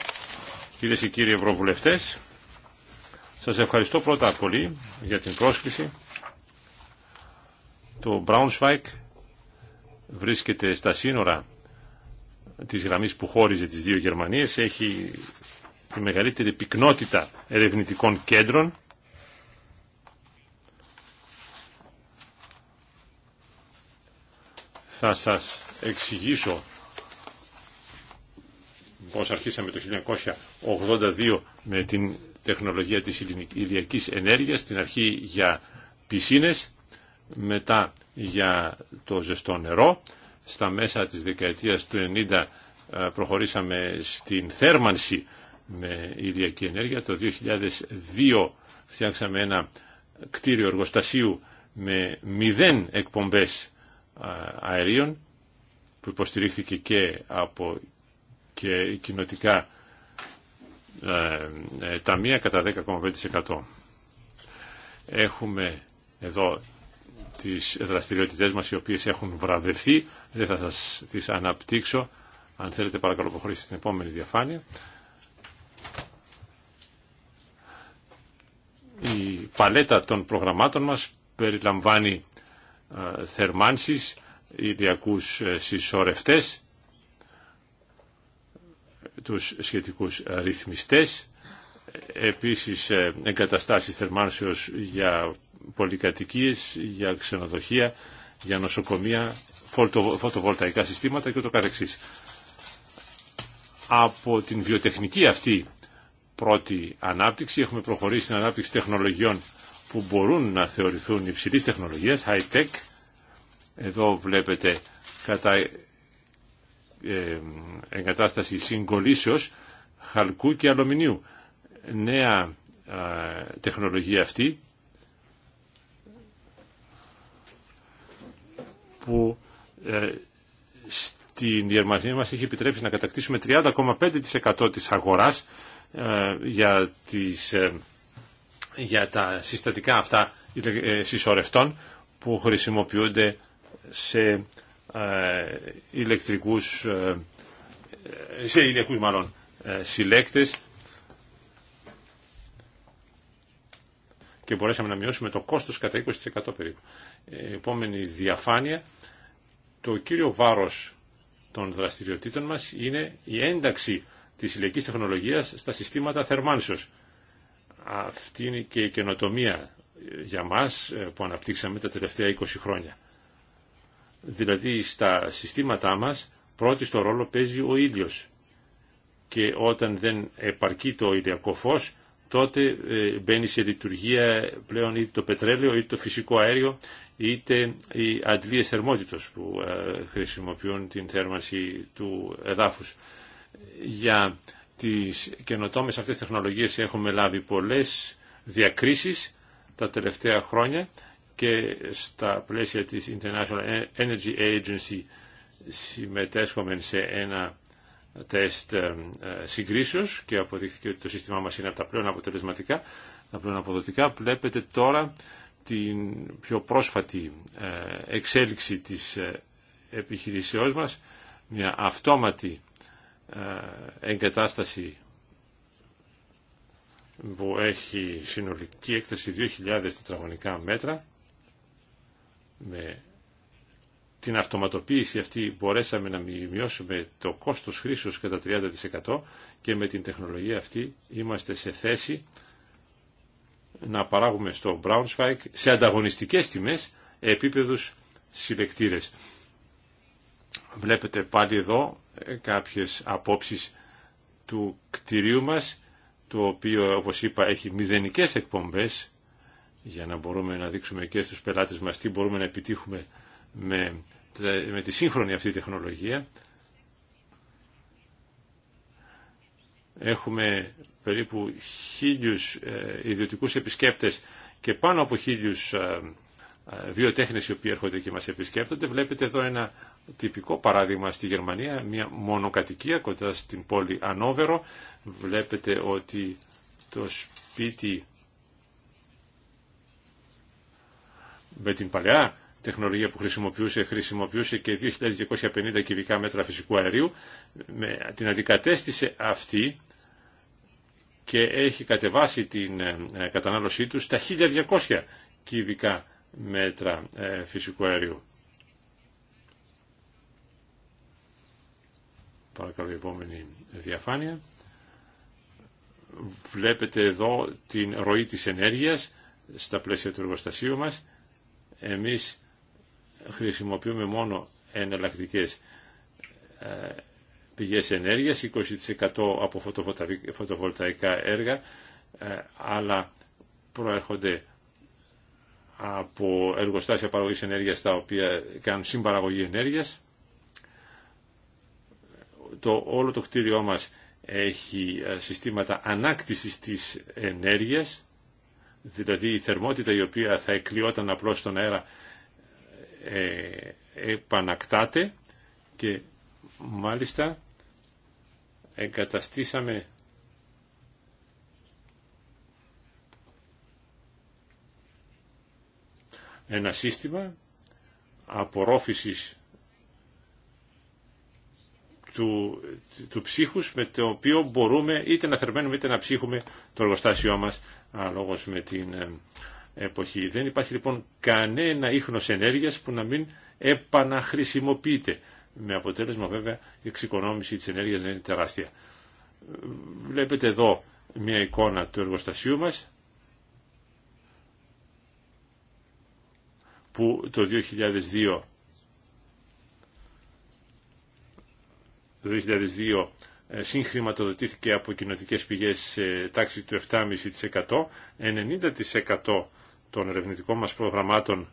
κυρίε και κύριοι Ευρωβουλευτές, σας ευχαριστώ πρώτα πολύ για την πρόσκληση. Το Braunschweig βρίσκεται στα σύνορα της γραμμής που χώριζε τις δύο Γερμανίες. Έχει τη μεγαλύτερη πυκνότητα ερευνητικών κέντρων θα σας εξηγήσω πώς αρχίσαμε το 1982 με την τεχνολογία της ηλιακής ενέργειας, στην αρχή για πισίνες, μετά για το ζεστό νερό. Στα μέσα της δεκαετίας του 90 ε, προχωρήσαμε στην θέρμανση με ηλιακή ενέργεια. Το 2002 φτιάξαμε ένα κτίριο εργοστασίου με μηδέν εκπομπές αερίων που υποστηρίχθηκε και από και κοινοτικά ε, ταμεία κατά 10,5%. Έχουμε εδώ τις δραστηριότητες μας οι οποίες έχουν βραβευθεί. Δεν θα σας τις αναπτύξω. Αν θέλετε παρακαλώ προχωρήστε στην επόμενη διαφάνεια. Η παλέτα των προγραμμάτων μας περιλαμβάνει θερμάνσεις, ηλιακούς συσσωρευτές, τους σχετικούς ρυθμιστές, επίσης ε, εγκαταστάσεις θερμάνσεως για πολυκατοικίες, για ξενοδοχεία, για νοσοκομεία, φωτοβολταϊκά συστήματα και το καθεξής. Από την βιοτεχνική αυτή πρώτη ανάπτυξη έχουμε προχωρήσει στην ανάπτυξη τεχνολογιών που μπορούν να θεωρηθούν υψηλής τεχνολογίας, high tech. Εδώ βλέπετε κατά ε, εγκατάσταση συγκολήσεω χαλκού και αλουμινίου. Νέα τεχνολογία αυτή που ε, στην Γερμανία μας έχει επιτρέψει να κατακτήσουμε 30,5% της αγοράς ε, για τις για τα συστατικά αυτά ε, συσσωρευτών που χρησιμοποιούνται σε ε, ηλεκτρικούς ε, σε ηλιακούς μάλλον συλλέκτες και μπορέσαμε να μειώσουμε το κόστος κατά 20% περίπου. Επόμενη διαφάνεια, το κύριο βάρος των δραστηριοτήτων μας είναι η ένταξη της ηλιακής τεχνολογίας στα συστήματα θερμάνσεως. Αυτή είναι και η καινοτομία για μας ε, που αναπτύξαμε τα τελευταία 20 χρόνια. Δηλαδή στα συστήματά μας πρώτη στο ρόλο παίζει ο ήλιος και όταν δεν επαρκεί το ηλιακό φως τότε ε, μπαίνει σε λειτουργία πλέον είτε το πετρέλαιο είτε το φυσικό αέριο είτε οι αντλίες θερμότητος που ε, χρησιμοποιούν την θέρμανση του εδάφους. Για τις καινοτόμες αυτές τεχνολογίες έχουμε λάβει πολλές διακρίσεις τα τελευταία χρόνια και στα πλαίσια της International Energy Agency συμμετέσχομεν σε ένα τεστ ε, συγκρίσεως και αποδείχθηκε ότι το σύστημά μας είναι από τα πλέον αποτελεσματικά, τα πλέον αποδοτικά. Βλέπετε τώρα την πιο πρόσφατη ε, εξέλιξη της ε, επιχειρησεώς μας, μια αυτόματη ε, εγκατάσταση που έχει συνολική έκταση 2.000 τετραγωνικά μέτρα με την αυτοματοποίηση αυτή μπορέσαμε να μειώσουμε το κόστος χρήσεως κατά 30% και με την τεχνολογία αυτή είμαστε σε θέση να παράγουμε στο Braunschweig σε ανταγωνιστικές τιμές επίπεδους συλλεκτήρες. Βλέπετε πάλι εδώ ε, κάποιες απόψεις του κτηρίου μας, το οποίο όπως είπα έχει μηδενικές εκπομπές, για να μπορούμε να δείξουμε και στους πελάτες μας τι μπορούμε να επιτύχουμε με, με τη σύγχρονη αυτή τεχνολογία. Έχουμε περίπου χίλιους ε, ιδιωτικούς επισκέπτες και πάνω από χίλιους ε, ε, βιοτέχνες οι οποίοι έρχονται και μας επισκέπτονται. Βλέπετε εδώ ένα τυπικό παράδειγμα στη Γερμανία, μια μονοκατοικία κοντά στην πόλη Ανόβερο. Βλέπετε ότι το σπίτι με την παλαιά τεχνολογία που χρησιμοποιούσε, χρησιμοποιούσε και 2.250 κυβικά μέτρα φυσικού αερίου. Με, την αντικατέστησε αυτή και έχει κατεβάσει την ε, κατανάλωσή του στα 1.200 κυβικά μέτρα ε, φυσικού αερίου. Παρακαλώ η επόμενη διαφάνεια. Βλέπετε εδώ την ροή της ενέργειας στα πλαίσια του εργοστασίου μας. Εμείς χρησιμοποιούμε μόνο εναλλακτικέ ε, πηγές ενέργειας, 20% από φωτοβολταϊκά έργα, ε, αλλά προέρχονται από εργοστάσια παραγωγής ενέργειας τα οποία κάνουν συμπαραγωγή ενέργειας. Το, όλο το κτίριό μας έχει ε, συστήματα ανάκτησης της ενέργειας, δηλαδή η θερμότητα η οποία θα εκλειόταν απλώς στον αέρα ε, επανακτάται και μάλιστα εγκαταστήσαμε ένα σύστημα απορρόφησης του, του ψύχους με το οποίο μπορούμε είτε να θερμαίνουμε είτε να ψύχουμε το εργοστάσιό μας λόγω με την ε, εποχή. Δεν υπάρχει λοιπόν κανένα ίχνος ενέργειας που να μην επαναχρησιμοποιείται με αποτέλεσμα βέβαια η εξοικονόμηση της ενέργειας να είναι τεράστια. Βλέπετε εδώ μια εικόνα του εργοστασίου μας που το 2002, 2002 ε, συγχρηματοδοτήθηκε από κοινοτικέ πηγές σε τάξη του 7,5%. 90% των ερευνητικών μας προγραμμάτων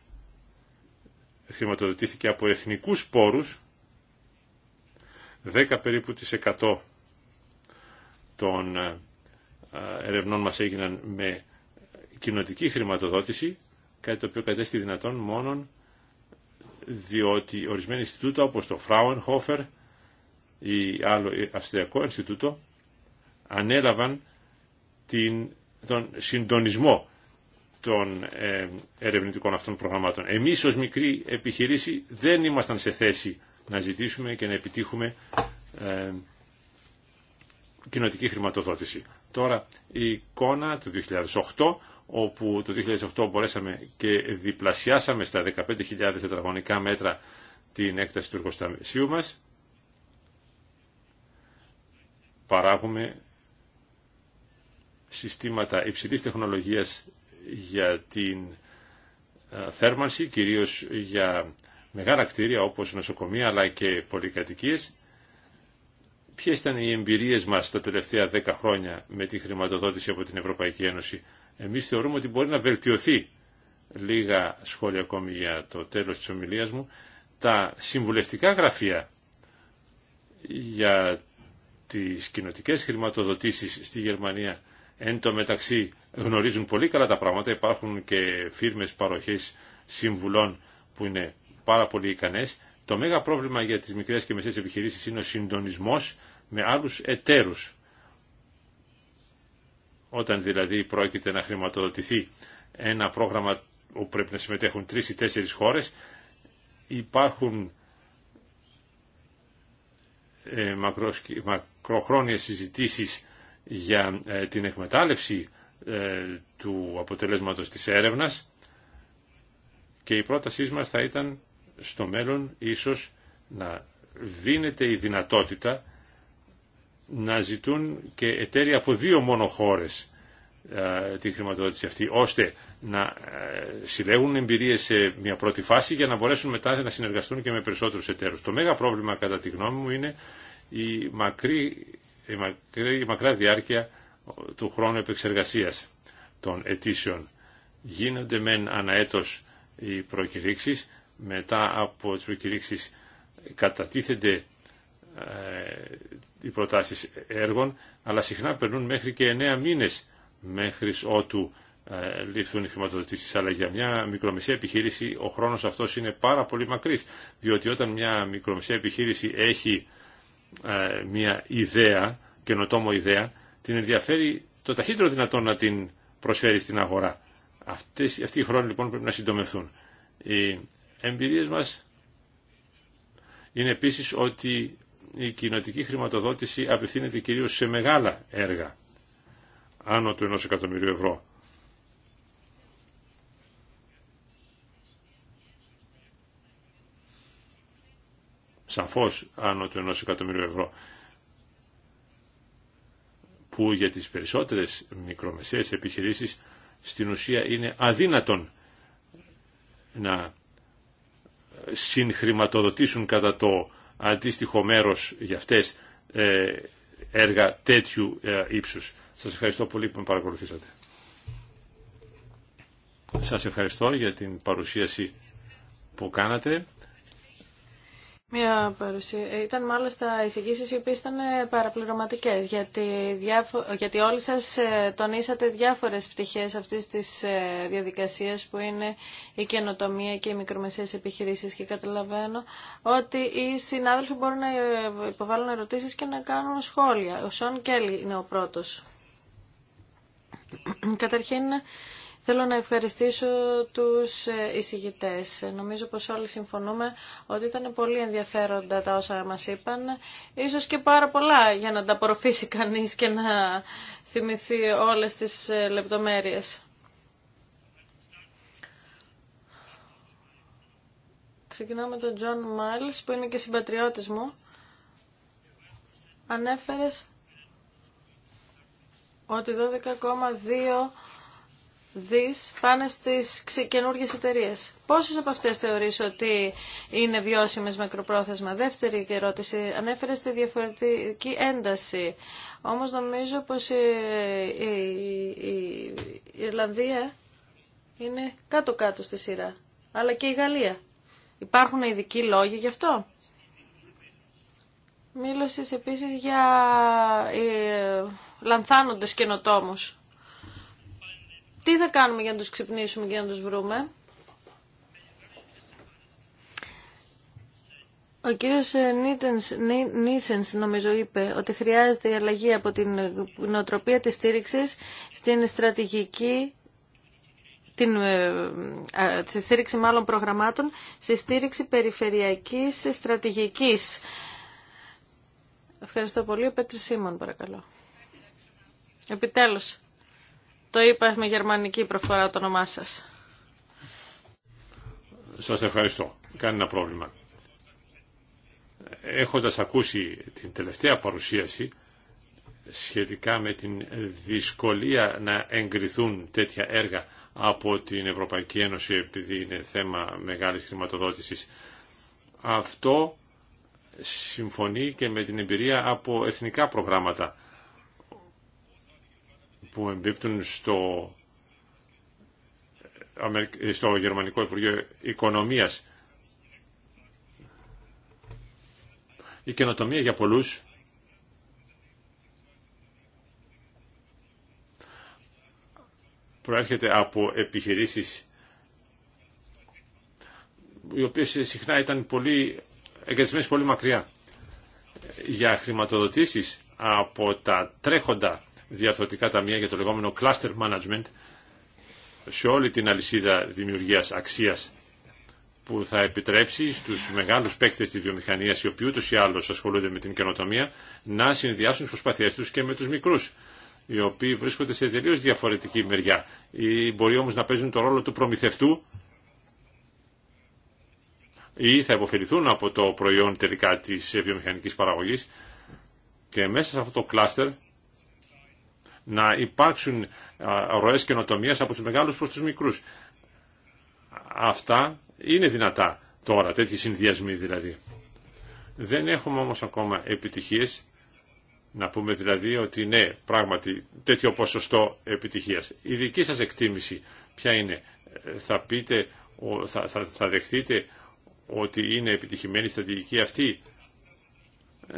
χρηματοδοτήθηκε από εθνικούς πόρους, 10 περίπου των ε, ε, ερευνών μας έγιναν με κοινοτική χρηματοδότηση κάτι το οποίο κατέστη δυνατόν μόνον διότι ορισμένα Ινστιτούτα όπως το Fraunhofer ή άλλο Αυστριακό Ινστιτούτο ανέλαβαν την, τον συντονισμό των ε, ερευνητικών αυτών προγραμμάτων. Εμείς ως μικρή επιχειρήση δεν ήμασταν σε θέση να ζητήσουμε και να επιτύχουμε ε, κοινοτική χρηματοδότηση. Τώρα η εικόνα του 2008 όπου το 2008 μπορέσαμε και διπλασιάσαμε στα 15.000 τετραγωνικά μέτρα την έκταση του εργοστασίου μας. Παράγουμε συστήματα υψηλής τεχνολογίας για την ε, θέρμανση, κυρίως για μεγάλα κτίρια όπως νοσοκομεία αλλά και πολυκατοικίες. Ποιες ήταν οι εμπειρίες μας τα τελευταία 10 χρόνια με τη χρηματοδότηση από την Ευρωπαϊκή Ένωση εμείς θεωρούμε ότι μπορεί να βελτιωθεί λίγα σχόλια ακόμη για το τέλος της ομιλίας μου. Τα συμβουλευτικά γραφεία για τις κοινοτικέ χρηματοδοτήσεις στη Γερμανία εν τω μεταξύ γνωρίζουν πολύ καλά τα πράγματα. Υπάρχουν και φίρμες παροχής συμβουλών που είναι πάρα πολύ ικανές. Το μέγα πρόβλημα για τις μικρές και μεσαίες επιχειρήσεις είναι ο συντονισμός με άλλους εταίρους. Όταν δηλαδή πρόκειται να χρηματοδοτηθεί ένα πρόγραμμα όπου πρέπει να συμμετέχουν τρεις ή τέσσερις χώρες, υπάρχουν ε, μακροχρόνιες συζητήσεις για ε, την εκμετάλλευση ε, του αποτελέσματος της έρευνας και η πρότασή μας θα ήταν στο μέλλον ίσως να δίνεται η δυνατότητα να ζητούν και εταίροι από δύο μόνο χώρες ε, τη χρηματοδότηση αυτή, ώστε να ε, συλλέγουν εμπειρίες σε μια πρώτη φάση για να μπορέσουν μετά να συνεργαστούν και με περισσότερου εταίρους. Το μέγα πρόβλημα κατά τη γνώμη μου είναι η, μακρύ, η, μακρά διάρκεια του χρόνου επεξεργασίας των αιτήσεων. Γίνονται μεν αναέτος οι προκηρύξεις, μετά από τι προκηρύξεις κατατίθενται ε, οι προτάσεις έργων, αλλά συχνά περνούν μέχρι και 9 μήνες μέχρι ότου ε, ληφθούν οι χρηματοδοτήσεις. Αλλά για μια μικρομεσαία επιχείρηση ο χρόνος αυτός είναι πάρα πολύ μακρύς, διότι όταν μια μικρομεσαία επιχείρηση έχει ε, μια ιδέα, καινοτόμο ιδέα, την ενδιαφέρει το ταχύτερο δυνατό να την προσφέρει στην αγορά. Αυτές, αυτοί οι χρόνοι λοιπόν πρέπει να συντομευθούν. Οι εμπειρίες μας είναι επίσης ότι η κοινοτική χρηματοδότηση απευθύνεται κυρίως σε μεγάλα έργα άνω του ενός εκατομμυρίου ευρώ. Σαφώς άνω του ενός εκατομμυρίου ευρώ που για τις περισσότερες μικρομεσαίες επιχειρήσεις στην ουσία είναι αδύνατον να συγχρηματοδοτήσουν κατά το αντίστοιχο μέρος για αυτές ε, έργα τέτοιου ε, ύψους. Σας ευχαριστώ πολύ που με παρακολουθήσατε. Σας ευχαριστώ για την παρουσίαση που κάνατε. Μια παρουσία. Ε, ήταν μάλιστα εισηγήσει οι οποίε ήταν ε, παραπληρωματικέ, γιατί, γιατί όλοι σα ε, τονίσατε διάφορε πτυχέ αυτή τη διαδικασία που είναι η καινοτομία και οι μικρομεσαίε επιχειρήσει. Και καταλαβαίνω ότι οι συνάδελφοι μπορούν να υποβάλουν ερωτήσει και να κάνουν σχόλια. Ο Σον Κέλλη είναι ο πρώτο. Καταρχήν, Θέλω να ευχαριστήσω τους ε, εισηγητές. Νομίζω πως όλοι συμφωνούμε ότι ήταν πολύ ενδιαφέροντα τα όσα μας είπαν. Ίσως και πάρα πολλά για να τα απορροφήσει κανείς και να θυμηθεί όλες τις ε, λεπτομέρειες. Ξεκινάω με τον Τζον Μάλς που είναι και συμπατριώτης μου. Ανέφερες ότι 12,2 δεις πάνε στι καινούργιες εταιρείε. Πόσες από αυτές θεωρείς ότι είναι βιώσιμες μακροπρόθεσμα. Δεύτερη ερώτηση, ανέφερε στη διαφορετική ένταση. Όμως νομίζω πως η, Ιρλανδία είναι κάτω-κάτω στη σειρά. Αλλά και η Γαλλία. Υπάρχουν ειδικοί λόγοι γι' αυτό. Μίλωσες επίσης για ε, λανθάνοντες καινοτόμους τι θα κάνουμε για να τους ξυπνήσουμε και να τους βρούμε. Ο κύριος ε, Νίσενς νομίζω είπε ότι χρειάζεται η αλλαγή από την νοοτροπία της στήριξης στην στρατηγική την, ε, στήριξη μάλλον προγραμμάτων, στη στήριξη περιφερειακής στρατηγικής. Ευχαριστώ πολύ. Ο Πέτρης Σίμων, παρακαλώ. Επιτέλους. Το είπα με γερμανική προφορά το όνομά σα. Σα ευχαριστώ. Κάνει ένα πρόβλημα. Έχοντας ακούσει την τελευταία παρουσίαση σχετικά με την δυσκολία να εγκριθούν τέτοια έργα από την Ευρωπαϊκή Ένωση επειδή είναι θέμα μεγάλης χρηματοδότησης. Αυτό συμφωνεί και με την εμπειρία από εθνικά προγράμματα που εμπίπτουν στο, στο Γερμανικό Υπουργείο Οικονομίας. Η καινοτομία για πολλούς προέρχεται από επιχειρήσεις οι οποίες συχνά ήταν πολύ, εγκατισμένες πολύ μακριά για χρηματοδοτήσεις από τα τρέχοντα διαθωτικά ταμεία για το λεγόμενο cluster management σε όλη την αλυσίδα δημιουργίας αξίας που θα επιτρέψει στους μεγάλους παίκτες της βιομηχανίας οι οποίοι ούτως ή άλλως ασχολούνται με την καινοτομία να συνδυάσουν τις προσπαθειές τους και με τους μικρούς οι οποίοι βρίσκονται σε τελείω διαφορετική μεριά ή μπορεί όμως να παίζουν το ρόλο του προμηθευτού ή θα υποφεληθούν από το προϊόν τελικά της βιομηχανικής παραγωγής και μέσα σε αυτό το κλάστερ να υπάρξουν ροές καινοτομία από τους μεγάλους προς τους μικρούς. Αυτά είναι δυνατά τώρα, τέτοιοι συνδυασμοί δηλαδή. Δεν έχουμε όμως ακόμα επιτυχίες, να πούμε δηλαδή ότι ναι, πράγματι τέτοιο ποσοστό επιτυχίας. Η δική σας εκτίμηση ποια είναι, θα, πείτε, θα, θα, δεχτείτε ότι είναι επιτυχημένη η στρατηγική αυτή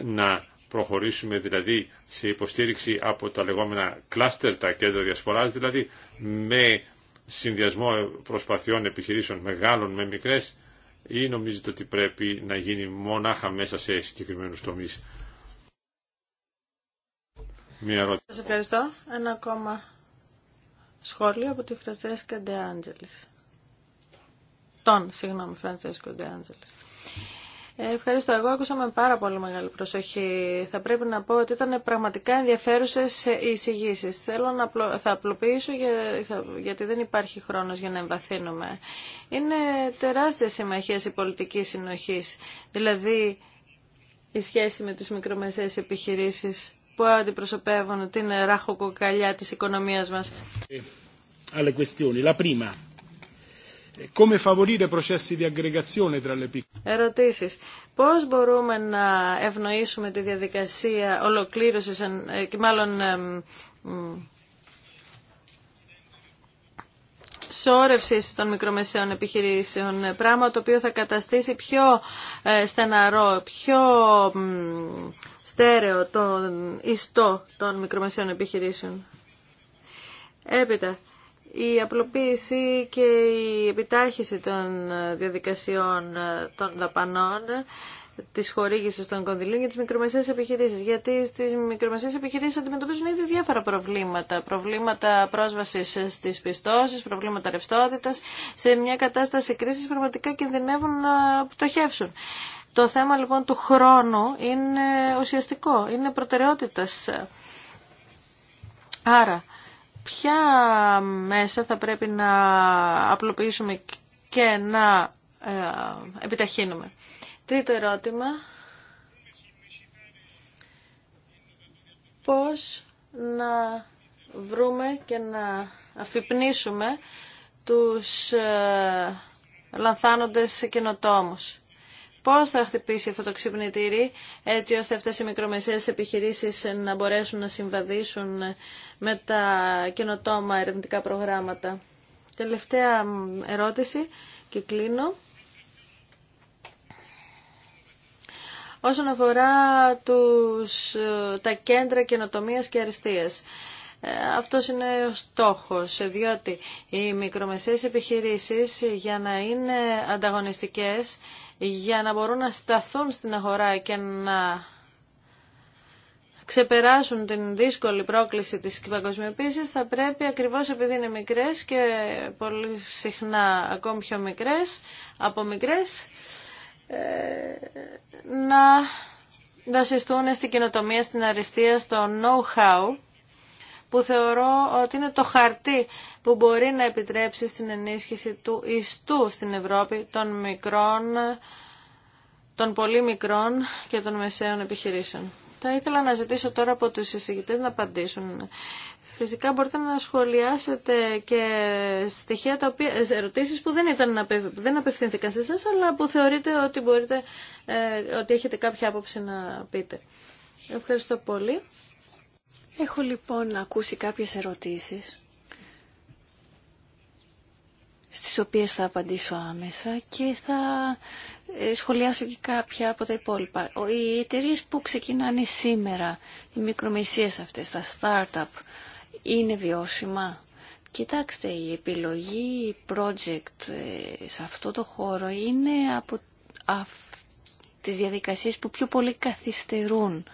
να προχωρήσουμε δηλαδή σε υποστήριξη από τα λεγόμενα κλάστερ, τα κέντρα διασποράς, δηλαδή με συνδυασμό προσπαθειών επιχειρήσεων μεγάλων με μικρές ή νομίζετε ότι πρέπει να γίνει μονάχα μέσα σε συγκεκριμένους τομείς. Μία ερώτηση. Σας ευχαριστώ. Ένα ακόμα σχόλιο από τη Φραντζέσκα Ντε Τον, συγγνώμη, ε, ευχαριστώ. Εγώ άκουσα με πάρα πολύ μεγάλη προσοχή. Θα πρέπει να πω ότι ήταν πραγματικά ενδιαφέρουσε οι εισηγήσει. Θέλω να θα απλοποιήσω γιατί δεν υπάρχει χρόνο για να εμβαθύνουμε. Είναι τεράστια συμμαχία η πολιτική συνοχή. Δηλαδή η σχέση με τι μικρομεσαίες επιχειρήσει που αντιπροσωπεύουν την ράχο κοκαλιά τη οικονομία μα. Ε, come favorire Πώς μπορούμε να ευνοήσουμε τη διαδικασία ολοκλήρωσης ε, και μάλλον σώρευσης των μικρομεσαίων επιχειρήσεων, ε, πράγμα το οποίο θα καταστήσει πιο στεναρό, πιο στέρεο τον ιστό των μικρομεσαίων επιχειρήσεων. Έπειτα, η απλοποίηση και η επιτάχυση των διαδικασιών ε, των δαπανών ε, της χορήγησης των κονδυλίων για τις μικρομεσαίες επιχειρήσεις. Γιατί στις μικρομεσαίες επιχειρήσεις αντιμετωπίζουν ήδη διάφορα προβλήματα. Προβλήματα πρόσβασης στις πιστώσεις, προβλήματα ρευστότητας. Σε μια κατάσταση κρίσης πραγματικά κινδυνεύουν να πτωχεύσουν. Το θέμα λοιπόν του χρόνου είναι ουσιαστικό, είναι προτεραιότητας. Άρα, ποια μέσα θα πρέπει να απλοποιήσουμε και να ε, επιταχύνουμε. Τρίτο ερώτημα. Πώς να βρούμε και να αφυπνίσουμε τους ε, λανθάνοντες καινοτόμους. Πώ θα χτυπήσει αυτό το ξυπνητήρι έτσι ώστε αυτές οι μικρομεσαίες επιχειρήσεις να μπορέσουν να συμβαδίσουν με τα καινοτόμα ερευνητικά προγράμματα. Τελευταία ερώτηση και κλείνω. Όσον αφορά τους, τα κέντρα καινοτομίας και αριστείας. Ε, αυτό είναι ο στόχος, διότι οι μικρομεσαίες επιχειρήσεις για να είναι ανταγωνιστικές για να μπορούν να σταθούν στην αγορά και να ξεπεράσουν την δύσκολη πρόκληση της παγκοσμιοποίησης θα πρέπει ακριβώς επειδή είναι μικρές και πολύ συχνά ακόμη πιο μικρές από μικρές ε, να βασιστούν στην καινοτομία, στην αριστεία, στο know-how που θεωρώ ότι είναι το χαρτί που μπορεί να επιτρέψει στην ενίσχυση του ιστού στην Ευρώπη των μικρών, των πολύ μικρών και των μεσαίων επιχειρήσεων. Θα ήθελα να ζητήσω τώρα από τους εισηγητές να απαντήσουν. Φυσικά μπορείτε να σχολιάσετε και στοιχεία τα οποία, ε, ερωτήσεις που δεν, ήταν, δεν απευθύνθηκαν σε εσάς, αλλά που θεωρείτε ότι, μπορείτε, ε, ότι έχετε κάποια άποψη να πείτε. Ευχαριστώ πολύ. Έχω λοιπόν ακούσει κάποιες ερωτήσεις στις οποίες θα απαντήσω άμεσα και θα ε, σχολιάσω και κάποια από τα υπόλοιπα. Οι εταιρείε που ξεκινάνε σήμερα, οι μικρομεσίες αυτές, τα startup, είναι βιώσιμα. Κοιτάξτε, η επιλογή project ε, σε αυτό το χώρο είναι από τις διαδικασίες που πιο πολύ καθυστερούν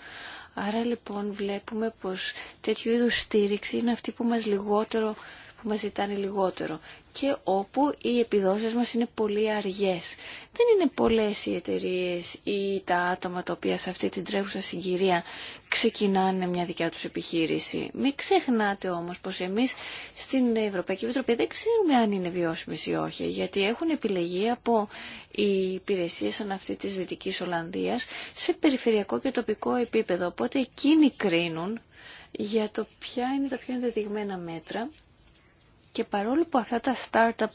Άρα λοιπόν βλέπουμε πως τέτοιου είδους στήριξη είναι αυτή που μας λιγότερο που μας ζητάνε λιγότερο και όπου οι επιδόσεις μας είναι πολύ αργές. Δεν είναι πολλές οι εταιρείε ή τα άτομα τα οποία σε αυτή την τρέχουσα συγκυρία ξεκινάνε μια δικιά τους επιχείρηση. Μην ξεχνάτε όμως πως εμείς στην Ευρωπαϊκή Επιτροπή δεν ξέρουμε αν είναι βιώσιμες ή όχι, γιατί έχουν επιλεγεί από οι υπηρεσίε σαν αυτή της Δυτικής Ολλανδίας σε περιφερειακό και τοπικό επίπεδο. Οπότε εκείνοι κρίνουν για το ποια είναι τα πιο ενδεδειγμένα μέτρα και παρόλο που αυτά τα startup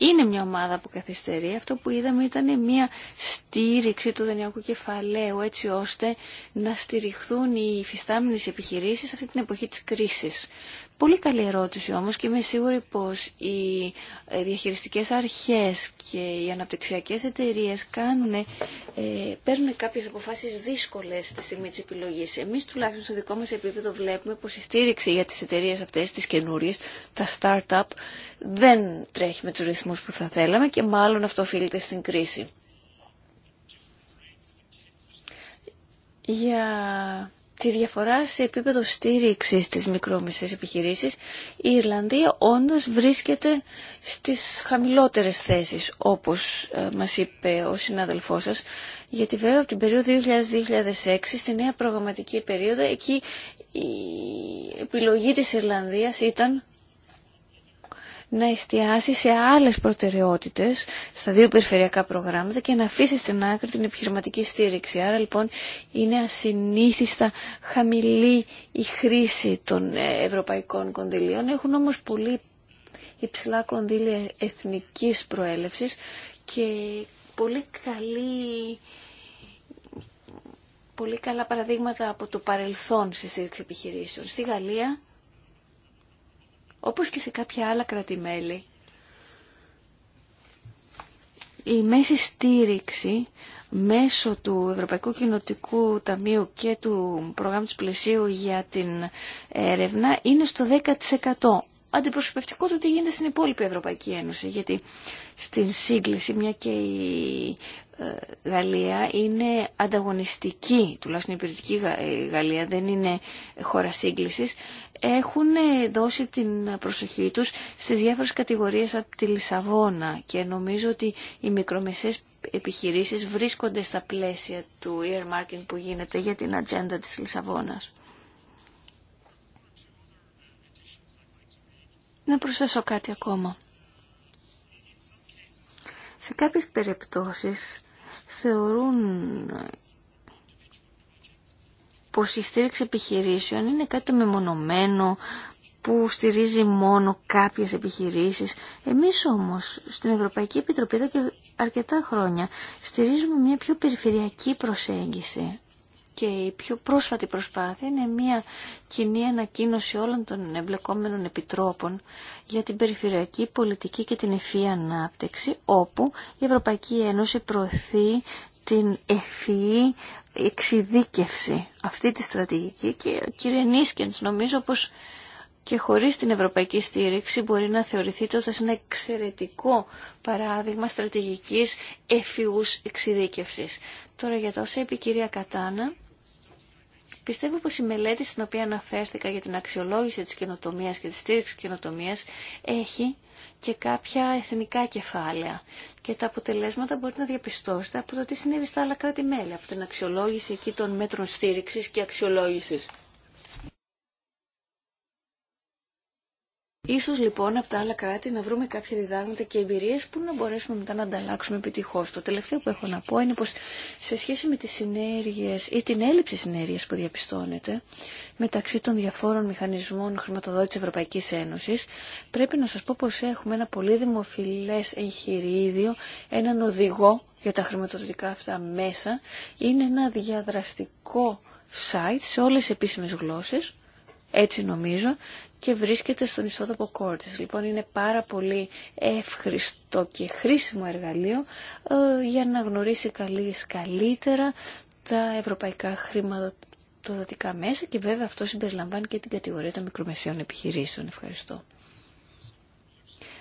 είναι μια ομάδα που καθυστερεί, αυτό που είδαμε ήταν μια στήριξη του δανειακού κεφαλαίου έτσι ώστε να στηριχθούν οι υφιστάμενες επιχειρήσεις αυτή την εποχή της κρίσης. Πολύ καλή ερώτηση όμως και είμαι σίγουρη πως οι ε, διαχειριστικές αρχές και οι αναπτυξιακές εταιρείες κάνουν, ε, παίρνουν κάποιες αποφάσεις δύσκολες στη στιγμή της επιλογής. Εμείς τουλάχιστον στο δικό μας επίπεδο βλέπουμε πως η στήριξη για τις εταιρείες αυτές, τις καινούριες, τα start-up, δεν τρέχει με τους ρυθμούς που θα θέλαμε και μάλλον αυτό οφείλεται στην κρίση. Για τη διαφορά σε επίπεδο στήριξη της μικρόμεσες επιχειρήσεις, η Ιρλανδία όντως βρίσκεται στις χαμηλότερες θέσεις, όπως ε, μας είπε ο συνάδελφός σας, γιατί βέβαια από την περίοδο 2000-2006 στη νέα προγραμματική περίοδο εκεί η επιλογή της Ιρλανδίας ήταν να εστιάσει σε άλλες προτεραιότητες στα δύο περιφερειακά προγράμματα και να αφήσει στην άκρη την επιχειρηματική στήριξη. Άρα λοιπόν είναι ασυνήθιστα χαμηλή η χρήση των ε, ευρωπαϊκών κονδυλίων. Έχουν όμως πολύ υψηλά κονδύλια εθνικής προέλευσης και πολύ καλή πολύ καλά παραδείγματα από το παρελθόν στη στήριξη επιχειρήσεων. Στη Γαλλία όπως και σε κάποια άλλα κρατημέλη, η μέση στήριξη μέσω του Ευρωπαϊκού Κοινοτικού Ταμείου και του προγράμματος πλαισίου για την έρευνα είναι στο 10% αντιπροσωπευτικό του τι γίνεται στην υπόλοιπη Ευρωπαϊκή Ένωση. Γιατί στην σύγκληση, μια και η ε, Γαλλία είναι ανταγωνιστική, τουλάχιστον η υπηρετική ε, Γαλλία δεν είναι χώρα σύγκλησης, έχουν ε, δώσει την προσοχή τους στις διάφορες κατηγορίες από τη Λισαβόνα και νομίζω ότι οι μικρομεσαίες επιχειρήσεις βρίσκονται στα πλαίσια του earmarking που γίνεται για την ατζέντα της Λισαβόνας. Να προσθέσω κάτι ακόμα. Σε κάποιες περιπτώσεις θεωρούν πως η στήριξη επιχειρήσεων είναι κάτι μεμονωμένο που στηρίζει μόνο κάποιες επιχειρήσεις. Εμείς όμως στην Ευρωπαϊκή Επιτροπή εδώ και αρκετά χρόνια στηρίζουμε μια πιο περιφερειακή προσέγγιση. Και η πιο πρόσφατη προσπάθεια είναι μια κοινή ανακοίνωση όλων των εμπλεκόμενων επιτρόπων για την περιφερειακή πολιτική και την ευφύ ανάπτυξη, όπου η Ευρωπαϊκή Ένωση προωθεί την ευφυή εξειδίκευση αυτή τη στρατηγική και ο κύριε Νίσκενς νομίζω πως και χωρίς την ευρωπαϊκή στήριξη μπορεί να θεωρηθεί τόσο ένα εξαιρετικό παράδειγμα στρατηγικής ευφυούς εξειδίκευσης. Τώρα για τόσα είπε η κυρία Κατάνα, Πιστεύω πως η μελέτη στην οποία αναφέρθηκα για την αξιολόγηση της καινοτομίας και τη στήριξη καινοτομία έχει και κάποια εθνικά κεφάλαια. Και τα αποτελέσματα μπορείτε να διαπιστώσετε από το τι συνέβη στα άλλα κράτη-μέλη, από την αξιολόγηση εκεί των μέτρων στήριξης και αξιολόγηση. Ίσως λοιπόν από τα άλλα κράτη να βρούμε κάποια διδάγματα και εμπειρίες που να μπορέσουμε μετά να ανταλλάξουμε επιτυχώς. Το τελευταίο που έχω να πω είναι πως σε σχέση με τις συνέργειες ή την έλλειψη συνέργειας που διαπιστώνεται μεταξύ των διαφόρων μηχανισμών χρηματοδότησης Ευρωπαϊκής Ένωσης πρέπει να σας πω πως έχουμε ένα πολύ δημοφιλές εγχειρίδιο, έναν οδηγό για τα χρηματοδοτικά αυτά μέσα. Είναι ένα διαδραστικό site σε όλες τις επίσημες γλώσσες έτσι νομίζω, και βρίσκεται στον ισότοπο κόρτης. Λοιπόν, είναι πάρα πολύ εύχριστο και χρήσιμο εργαλείο ε, για να γνωρίσει καλύτερα τα ευρωπαϊκά χρηματοδοτικά μέσα και βέβαια αυτό συμπεριλαμβάνει και την κατηγορία των μικρομεσαίων επιχειρήσεων. Ευχαριστώ.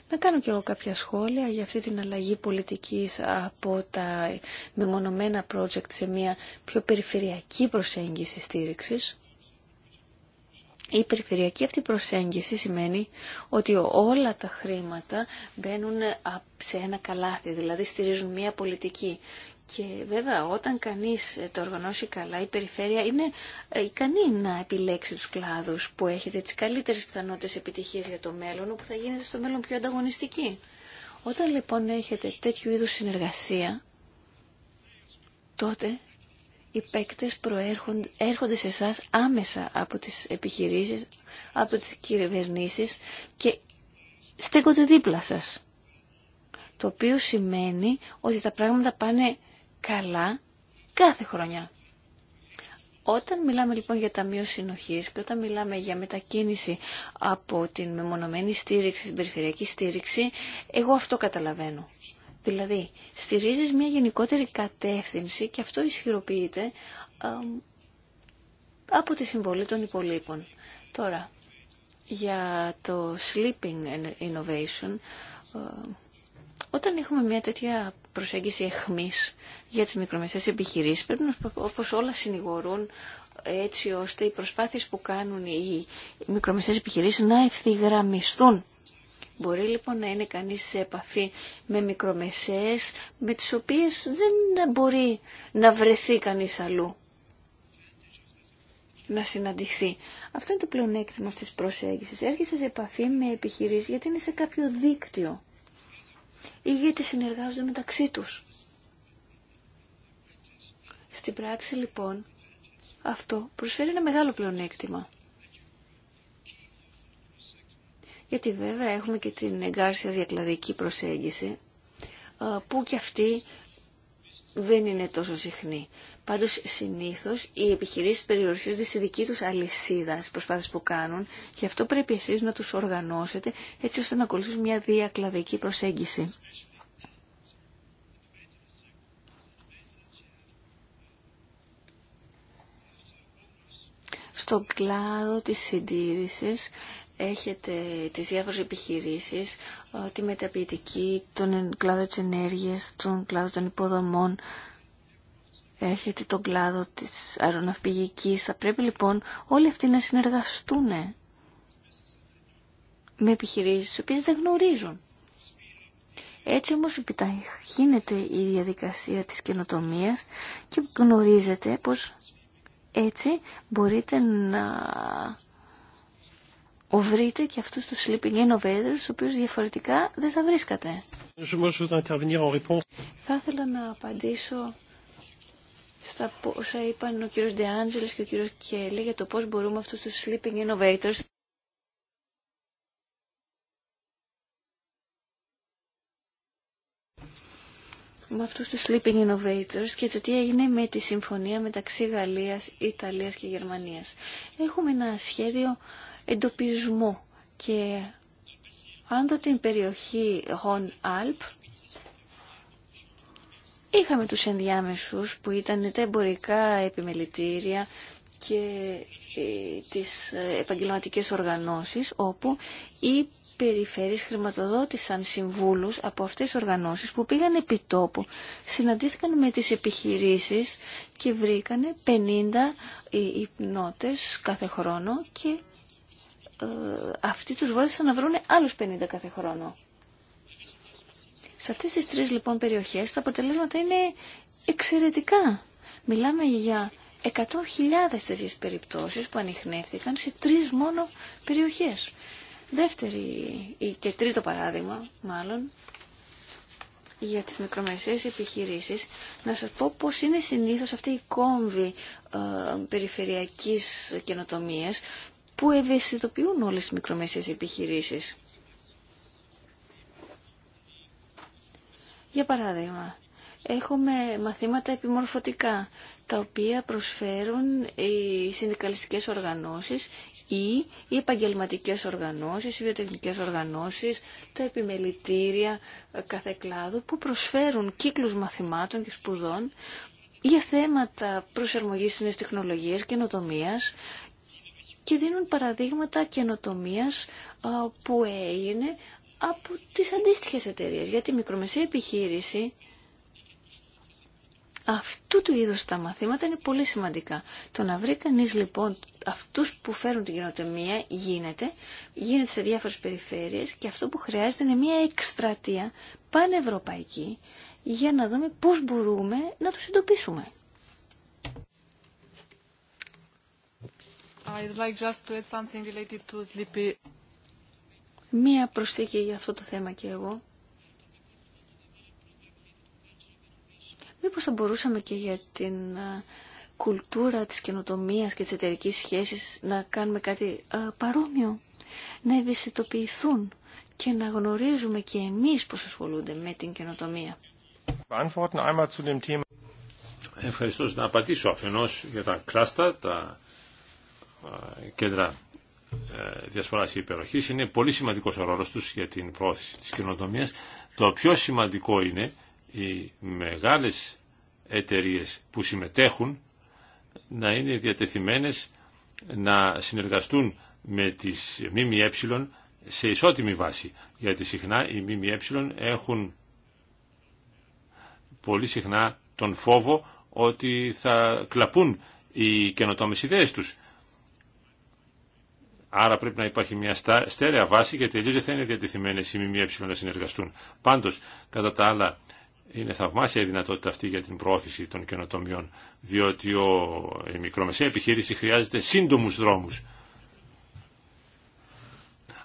Να κάνω και εγώ κάποια σχόλια για αυτή την αλλαγή πολιτικής από τα μεμονωμένα project σε μια πιο περιφερειακή προσέγγιση στήριξης. Η περιφερειακή αυτή προσέγγιση σημαίνει ότι όλα τα χρήματα μπαίνουν σε ένα καλάθι, δηλαδή στηρίζουν μία πολιτική. Και βέβαια όταν κανείς ε, το οργανώσει καλά η περιφέρεια είναι ε, ικανή να επιλέξει τους κλάδους που έχετε τις καλύτερες πιθανότητες επιτυχίας για το μέλλον, όπου θα γίνεται στο μέλλον πιο ανταγωνιστική. Όταν λοιπόν έχετε τέτοιου είδους συνεργασία, τότε οι παίκτες έρχονται σε εσά άμεσα από τις επιχειρήσεις, από τις κυβερνήσεις και στέκονται δίπλα σας. Το οποίο σημαίνει ότι τα πράγματα πάνε καλά κάθε χρονιά. Όταν μιλάμε λοιπόν για ταμείο συνοχή και όταν μιλάμε για μετακίνηση από την μεμονωμένη στήριξη στην περιφερειακή στήριξη, εγώ αυτό καταλαβαίνω. Δηλαδή, στηρίζεις μια γενικότερη κατεύθυνση και αυτό ισχυροποιείται από τη συμβολή των υπολείπων. Τώρα, για το sleeping innovation, ε, όταν έχουμε μια τέτοια προσέγγιση εχμής για τις μικρομεσαίες επιχειρήσεις, πρέπει να όπως όλα συνηγορούν έτσι ώστε οι προσπάθειες που κάνουν οι μικρομεσαίες επιχειρήσεις να ευθυγραμμιστούν Μπορεί λοιπόν να είναι κανείς σε επαφή με μικρομεσαίες με τις οποίες δεν μπορεί να βρεθεί κανείς αλλού να συναντηθεί. Αυτό είναι το πλεονέκτημα στις προσέγγισης. Έρχεσαι σε επαφή με επιχειρήσεις γιατί είναι σε κάποιο δίκτυο ή γιατί συνεργάζονται μεταξύ τους. Στην πράξη λοιπόν αυτό προσφέρει ένα μεγάλο πλεονέκτημα. γιατί βέβαια έχουμε και την εγκάρσια διακλαδική προσέγγιση ε, που και αυτή δεν είναι τόσο συχνή. Πάντως συνήθως οι επιχειρήσεις περιοριστούν στη δική τους αλυσίδα στις προσπάθειες που κάνουν και αυτό πρέπει εσείς να τους οργανώσετε έτσι ώστε να ακολουθήσουν μια διακλαδική προσέγγιση. Στον κλάδο της συντήρησης έχετε τις διάφορες επιχειρήσεις, ε, τη μεταποιητική, τον κλάδο της ενέργειας, τον κλάδο των υποδομών, έχετε τον κλάδο της αεροναυπηγικής. Θα πρέπει λοιπόν όλοι αυτοί να συνεργαστούν με επιχειρήσεις τις οποίες δεν γνωρίζουν. Έτσι όμως επιταχύνεται η διαδικασία της καινοτομίας και γνωρίζετε πως έτσι μπορείτε να βρείτε και αυτού του sleeping innovators, του οποίου διαφορετικά δεν θα βρίσκατε. Θα ήθελα να απαντήσω στα όσα είπαν ο κύριος Ντεάντζελης και ο κύριος Κέλλη για το πώς μπορούμε αυτούς τους sleeping innovators με αυτούς τους sleeping innovators και το τι έγινε με τη συμφωνία μεταξύ Γαλλίας, Ιταλίας και Γερμανίας. Έχουμε ένα σχέδιο εντοπισμού και αν δω την περιοχή Γον Αλπ, είχαμε τους ενδιάμεσους που ήταν τα εμπορικά επιμελητήρια και ε, τις ε, επαγγελματικές οργανώσεις όπου οι περιφέρειες χρηματοδότησαν συμβούλους από αυτές τις οργανώσεις που πήγαν επί τόπου, συναντήθηκαν με τις επιχειρήσεις και βρήκανε 50 ε, υπνώτες κάθε χρόνο και ε, αυτοί τους βοήθησαν να βρουν άλλους 50 κάθε χρόνο. Σε αυτές τις τρεις λοιπόν περιοχές τα αποτελέσματα είναι εξαιρετικά. Μιλάμε για 100.000 τέτοιες περιπτώσεις που ανιχνεύτηκαν σε τρεις μόνο περιοχές. Δεύτερη και τρίτο παράδειγμα μάλλον για τις μικρομεσαίες επιχειρήσεις να σας πω πως είναι συνήθως αυτή η κόμβη ε, περιφερειακής καινοτομίας που ευαισθητοποιούν όλες τις μικρομεσαίες επιχειρήσεις. Για παράδειγμα, έχουμε μαθήματα επιμορφωτικά, τα οποία προσφέρουν οι συνδικαλιστικές οργανώσεις ή οι επαγγελματικές οργανώσεις, οι βιοτεχνικές οργανώσεις, τα επιμελητήρια ε, κάθε κλάδου που προσφέρουν κύκλους μαθημάτων και σπουδών για θέματα προσαρμογής στις νέες και καινοτομίας, και δίνουν παραδείγματα καινοτομία που έγινε από τις αντίστοιχες εταιρείε. Γιατί η μικρομεσαία επιχείρηση αυτού του είδους τα μαθήματα είναι πολύ σημαντικά. Το να βρει κανείς λοιπόν αυτούς που φέρουν την καινοτομία γίνεται, γίνεται σε διάφορες περιφέρειες και αυτό που χρειάζεται είναι μια εκστρατεία πανευρωπαϊκή για να δούμε πώς μπορούμε να τους εντοπίσουμε. Μία προσθήκη για αυτό το θέμα και εγώ. Μήπως θα μπορούσαμε και για την κουλτούρα της καινοτομίας και της εταιρική σχέσης να κάνουμε κάτι παρόμοιο, να ευαισθητοποιηθούν και να γνωρίζουμε και εμείς πώς ασχολούνται με την καινοτομία. Ευχαριστώ να απαντήσω αφενός για τα κλάστα, τα ε, κέντρα ε, διασποράς και υπεροχής είναι πολύ σημαντικός ο ρόλος τους για την πρόθεση της κοινοτομίας. Το πιο σημαντικό είναι οι μεγάλες εταιρείες που συμμετέχουν να είναι διατεθειμένες να συνεργαστούν με τις ΜΜΕ σε ισότιμη βάση. Γιατί συχνά οι ΜΜΕ έχουν πολύ συχνά τον φόβο ότι θα κλαπούν οι καινοτόμες ιδέες τους Άρα πρέπει να υπάρχει μια στέρεα βάση γιατί τελείως δεν θα είναι διατεθειμένε οι ΜΜΕ να συνεργαστούν. Πάντως, κατά τα άλλα, είναι θαυμάσια η δυνατότητα αυτή για την προώθηση των καινοτομιών, διότι ο, η μικρομεσαία επιχείρηση χρειάζεται σύντομου δρόμους.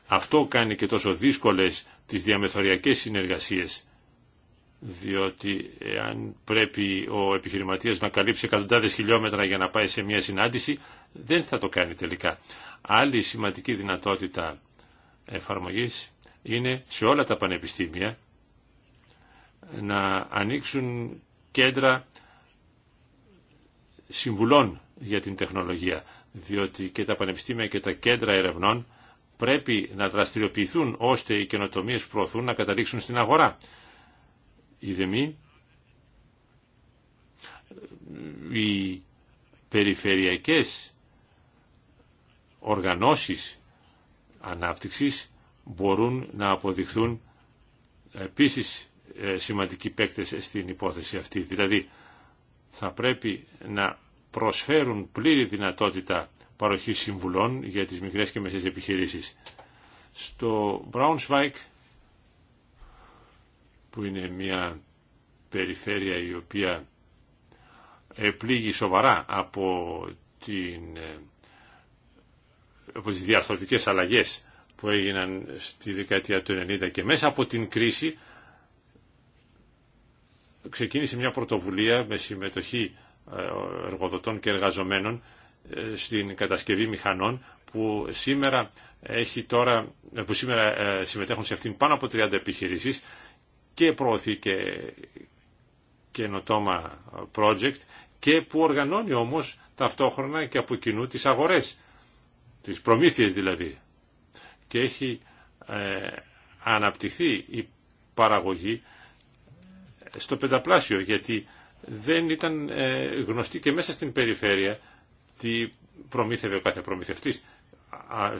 Αυτό κάνει και τόσο δύσκολες τις διαμεθοριακές συνεργασίε, διότι αν πρέπει ο επιχειρηματίας να καλύψει εκατοντάδες χιλιόμετρα για να πάει σε μια συνάντηση, δεν θα το κάνει τελικά. Άλλη σημαντική δυνατότητα εφαρμογής είναι σε όλα τα πανεπιστήμια να ανοίξουν κέντρα συμβουλών για την τεχνολογία, διότι και τα πανεπιστήμια και τα κέντρα ερευνών πρέπει να δραστηριοποιηθούν ώστε οι καινοτομίε που προωθούν να καταλήξουν στην αγορά. Η δεμή, οι περιφερειακές οργανώσεις ανάπτυξης μπορούν να αποδειχθούν επίσης ε, σημαντικοί παίκτες στην υπόθεση αυτή. Δηλαδή θα πρέπει να προσφέρουν πλήρη δυνατότητα παροχής συμβουλών για τις μικρές και μεσές επιχειρήσεις. Στο Braunschweig που είναι μια περιφέρεια η οποία επλήγει σοβαρά από την ε, από τις διαρθρωτικές αλλαγές που έγιναν στη δεκαετία του 90 και μέσα από την κρίση ξεκίνησε μια πρωτοβουλία με συμμετοχή ε, εργοδοτών και εργαζομένων ε, στην κατασκευή μηχανών που σήμερα, έχει τώρα, ε, που σήμερα συμμετέχουν σε αυτήν πάνω από 30 επιχειρήσεις και προωθεί και καινοτόμα project και που οργανώνει όμως ταυτόχρονα και από κοινού τις αγορές τις προμήθειες δηλαδή. Και έχει ε, αναπτυχθεί η παραγωγή στο πενταπλάσιο γιατί δεν ήταν ε, γνωστή και μέσα στην περιφέρεια τι προμήθευε ο κάθε προμηθευτής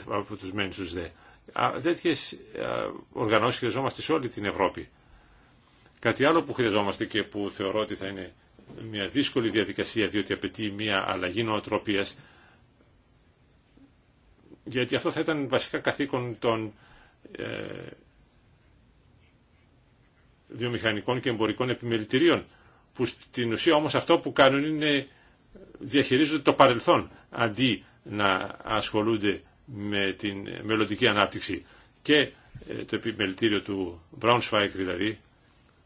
από τους μένους τους δε. Δέτοιες ε, οργανώσεις χρειαζόμαστε σε όλη την Ευρώπη. Κάτι άλλο που χρειαζόμαστε και που θεωρώ ότι θα είναι μια δύσκολη διαδικασία διότι απαιτεί μια αλλαγή νοοτροπίας γιατί αυτό θα ήταν βασικά καθήκον των ε, βιομηχανικών και εμπορικών επιμελητηρίων, που στην ουσία όμως αυτό που κάνουν είναι διαχειρίζονται το παρελθόν, αντί να ασχολούνται με την μελλοντική ανάπτυξη. Και ε, το επιμελητήριο του Braunschweig δηλαδή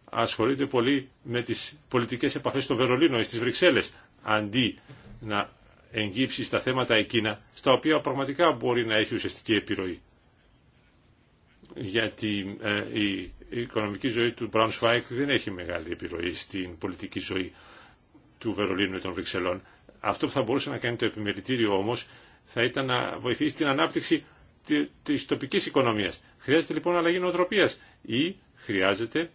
ασχολείται πολύ με τις πολιτικές επαφές στο Βερολίνο ή στις Βρυξέλλες, αντί να εγγύψει στα θέματα εκείνα στα οποία πραγματικά μπορεί να έχει ουσιαστική επιρροή. Γιατί ε, η, οικονομική ζωή του Σφάικ δεν έχει μεγάλη επιρροή στην πολιτική ζωή του Βερολίνου ή των Βρυξελών. Αυτό που θα μπορούσε να κάνει το επιμελητήριο όμως θα ήταν να βοηθήσει την ανάπτυξη της τοπικής οικονομίας. Χρειάζεται λοιπόν αλλαγή νοοτροπίας ή χρειάζεται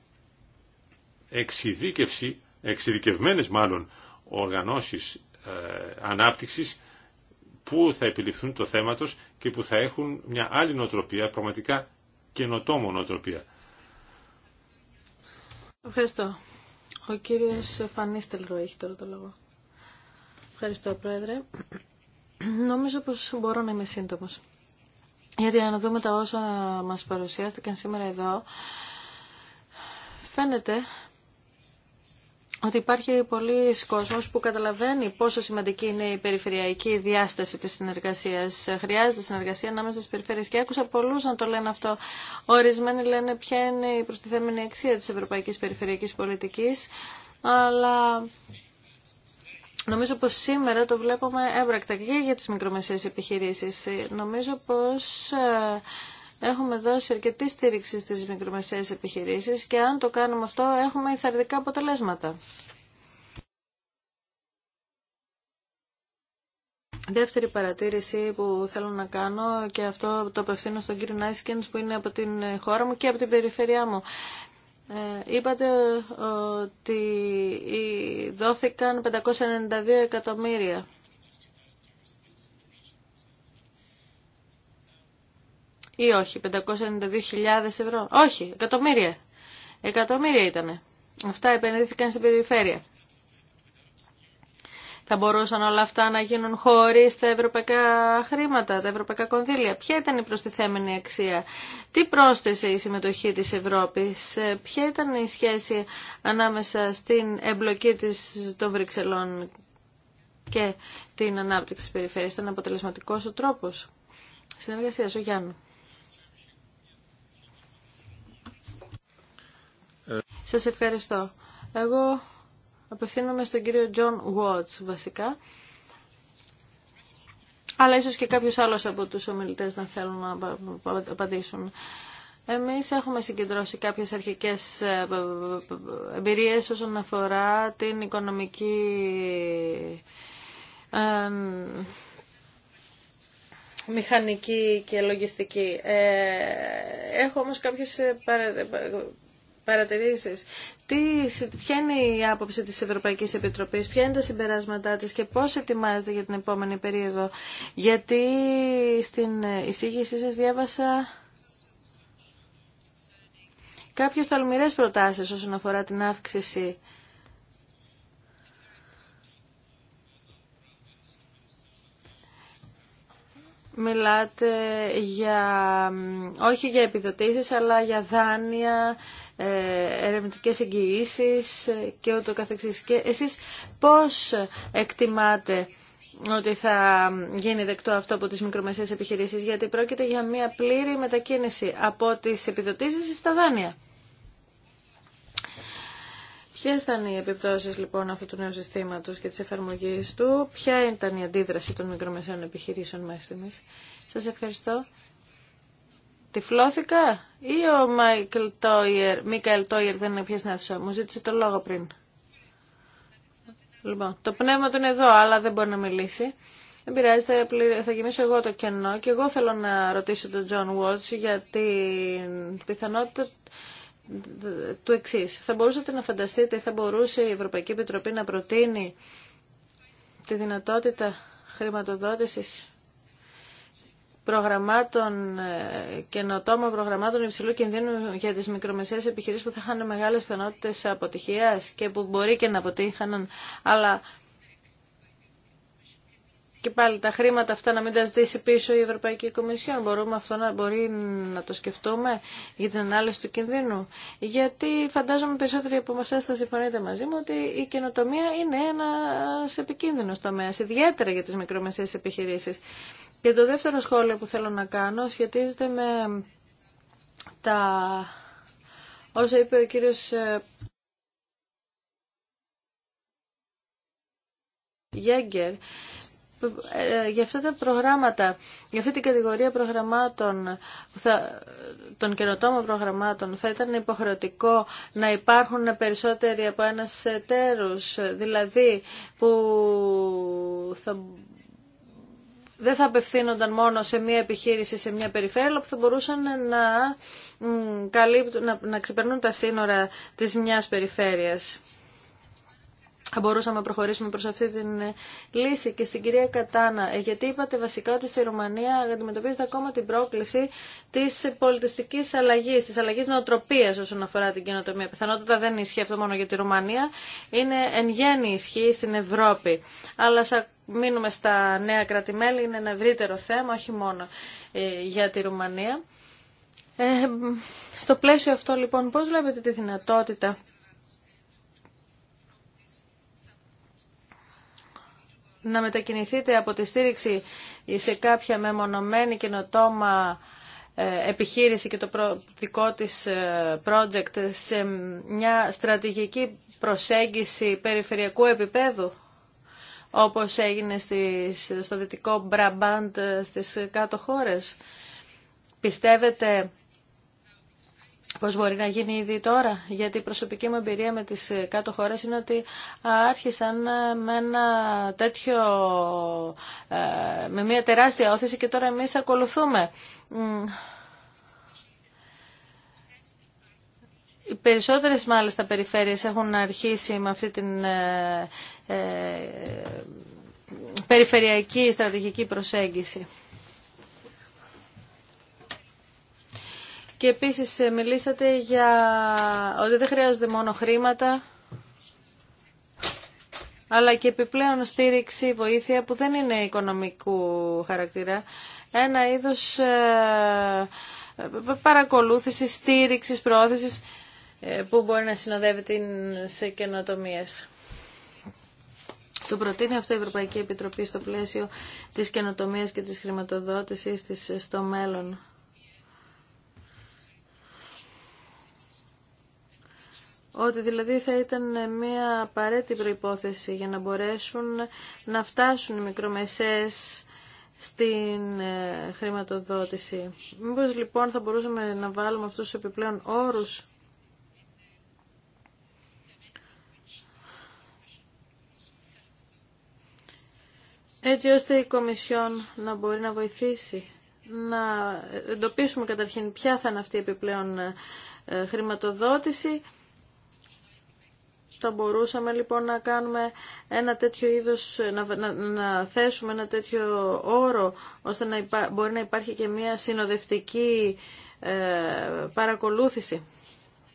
εξειδίκευση, εξειδικευμένες μάλλον οργανώσεις ε, ανάπτυξης που θα επιληφθούν το θέματος και που θα έχουν μια άλλη νοοτροπία, πραγματικά καινοτόμο νοοτροπία. Ευχαριστώ. Ο κύριος Φανίστελρο έχει τώρα το λόγο. Ευχαριστώ, Πρόεδρε. Νομίζω πως μπορώ να είμαι σύντομος. Γιατί αν δούμε τα όσα μας παρουσιάστηκαν σήμερα εδώ, φαίνεται ότι υπάρχει πολλοί κόσμος που καταλαβαίνει πόσο σημαντική είναι η περιφερειακή διάσταση της συνεργασίας. Χρειάζεται συνεργασία ανάμεσα στις περιφέρειες και άκουσα πολλούς να το λένε αυτό. Ορισμένοι λένε ποια είναι η προστιθέμενη αξία της ευρωπαϊκής περιφερειακής πολιτικής, αλλά Νομίζω πως σήμερα το βλέπουμε έμπρακτα και για τις μικρομεσαίες επιχειρήσεις. Νομίζω πως ε, έχουμε δώσει αρκετή στήριξη στις μικρομεσαίες επιχειρήσεις και αν το κάνουμε αυτό έχουμε ηθαρρυντικά αποτελέσματα. Δεύτερη παρατήρηση που θέλω να κάνω και αυτό το απευθύνω στον κύριο Νάισκινς που είναι από την χώρα μου και από την περιφερειά μου. Ε, είπατε ότι δόθηκαν 592 εκατομμύρια ή όχι, 592.000 ευρώ, όχι, εκατομμύρια. Εκατομμύρια ήτανε. Αυτά επενδύθηκαν στην περιφέρεια. Θα μπορούσαν όλα αυτά να γίνουν χωρί τα ευρωπαϊκά χρήματα, τα ευρωπαϊκά κονδύλια. Ποια ήταν η προστιθέμενη αξία, τι πρόσθεσε η συμμετοχή της Ευρώπης, ε, ποια ήταν η σχέση ανάμεσα στην εμπλοκή της των Βρυξελών και την ανάπτυξη της περιφέρειας. Ήταν αποτελεσματικός ο τρόπος. Συνεργασία, ο Γιάννου. Σας ευχαριστώ. Εγώ απευθύνομαι στον κύριο Τζον Watts βασικά. Αλλά ίσως και κάποιος άλλος από τους ομιλητές να θέλουν να απαντήσουν. Εμείς έχουμε συγκεντρώσει κάποιες αρχικές ε, εμπειρίες όσον αφορά την οικονομική μηχανική και λογιστική. Ε, έχω όμως κάποιες παρατηρήσεις. Τι, ποια είναι η άποψη της Ευρωπαϊκής Επιτροπής, ποια είναι τα συμπεράσματά της και πώς ετοιμάζεται για την επόμενη περίοδο. Γιατί στην εισήγησή σας διάβασα κάποιες τολμηρές προτάσεις όσον αφορά την αύξηση Μιλάτε για, όχι για επιδοτήσεις, αλλά για δάνεια, ε, ερευνητικές εγγυήσεις και ούτω καθεξής. Και εσείς πώς εκτιμάτε ότι θα γίνει δεκτό αυτό από τις μικρομεσαίες επιχειρήσεις, γιατί πρόκειται για μια πλήρη μετακίνηση από τις επιδοτήσεις στα δάνεια. Ποιε ήταν οι επιπτώσεις λοιπόν αυτού του νέου συστήματος και της εφαρμογής του, ποια ήταν η αντίδραση των μικρομεσαίων επιχειρήσεων μέχρι στιγμής. Σας ευχαριστώ. Τυφλώθηκα ή ο Μάικλ Τόιερ, Μίκαελ Τόιερ δεν είναι πια στην αίθουσα. Μου ζήτησε το λόγο πριν. Λοιπόν, το πνεύμα του είναι εδώ, αλλά δεν μπορεί να μιλήσει. Δεν πειράζει, θα, θα γεμίσω εγώ το κενό και εγώ θέλω να ρωτήσω τον Τζον Βόλτς για την πιθανότητα του εξή. Θα μπορούσατε να φανταστείτε, θα μπορούσε η Ευρωπαϊκή Επιτροπή να προτείνει τη δυνατότητα χρηματοδότησης προγραμμάτων, ε, καινοτόμων προγραμμάτων υψηλού κινδύνου για τις μικρομεσαίες επιχειρήσεις που θα είχαν μεγάλες πιθανότητες αποτυχίας και που μπορεί και να αποτύχαναν, αλλά και πάλι τα χρήματα αυτά να μην τα ζητήσει πίσω η Ευρωπαϊκή Κομισιόν. Μπορούμε αυτό να μπορεί να το σκεφτούμε για την ανάλυση του κινδύνου. Γιατί φαντάζομαι περισσότεροι από εσά θα συμφωνείτε μαζί μου ότι η καινοτομία είναι ένα επικίνδυνο τομέα, ιδιαίτερα για τι μικρομεσαίε επιχειρήσει. Και το δεύτερο σχόλιο που θέλω να κάνω σχετίζεται με τα όσα είπε ο κύριος ε, Γέγκερ ε, για αυτά τα προγράμματα, για αυτή την κατηγορία προγραμμάτων, θα, των καινοτόμων προγραμμάτων, θα ήταν υποχρεωτικό να υπάρχουν περισσότεροι από ένας εταίρους, δηλαδή που θα δεν θα απευθύνονταν μόνο σε μία επιχείρηση, σε μία περιφέρεια, αλλά που θα μπορούσαν να, να, να ξεπερνούν τα σύνορα της μιας περιφέρειας. Θα μπορούσαμε να προχωρήσουμε προς αυτή την ε, λύση και στην κυρία Κατάνα ε, γιατί είπατε βασικά ότι στη Ρουμανία αντιμετωπίζεται ακόμα την πρόκληση της πολιτιστικής αλλαγής, της αλλαγής νοοτροπίας όσον αφορά την καινοτομία. Πιθανότητα δεν ισχύει αυτό μόνο για τη Ρουμανία, είναι εν γέννη ισχύ στην Ευρώπη. Αλλά μείνουμε στα νέα κρατημέλη, είναι ένα ευρύτερο θέμα, όχι μόνο ε, για τη Ρουμανία. Ε, στο πλαίσιο αυτό λοιπόν πώς βλέπετε τη δυνατότητα να μετακινηθείτε από τη στήριξη σε κάποια μεμονωμένη καινοτόμα ε, επιχείρηση και το δικό της ε, project σε μια στρατηγική προσέγγιση περιφερειακού επίπεδου όπως έγινε στο δυτικό Μπραμπάντ ε, στις κάτω χώρες. Πιστεύετε Πώ μπορεί να γίνει ήδη τώρα, γιατί η προσωπική μου εμπειρία με τι ε, κάτω χώρε είναι ότι άρχισαν ε, με ένα τέτοιο, ε, με μια τεράστια όθηση και τώρα εμείς ακολουθούμε. Οι περισσότερες μάλιστα περιφέρειες έχουν αρχίσει με αυτή την περιφερειακή στρατηγική προσέγγιση. Και επίσης ε, μιλήσατε για ότι δεν χρειάζονται μόνο χρήματα, αλλά και επιπλέον στήριξη, βοήθεια που δεν είναι οικονομικού χαρακτήρα. Ένα είδος ε, ε, παρακολούθησης, στήριξης, προώθησης που μπορεί να συνοδεύει την, σε καινοτομίε. Το προτείνει αυτό η Ευρωπαϊκή Επιτροπή στο πλαίσιο της καινοτομίας και της χρηματοδότησης της στο μέλλον. ότι δηλαδή θα ήταν μια απαραίτητη προϋπόθεση για να μπορέσουν να φτάσουν οι μικρομεσαίες στην ε, χρηματοδότηση. Μήπως λοιπόν θα μπορούσαμε να βάλουμε αυτούς τους επιπλέον όρους έτσι ώστε η Κομισιόν να μπορεί να βοηθήσει να εντοπίσουμε καταρχήν ποια θα είναι αυτή η επιπλέον ε, ε, χρηματοδότηση θα μπορούσαμε λοιπόν να κάνουμε ένα τέτοιο είδος, να, να, να θέσουμε ένα τέτοιο όρο, ώστε να μπορεί να υπάρχει και μια συνοδευτική ε, παρακολούθηση.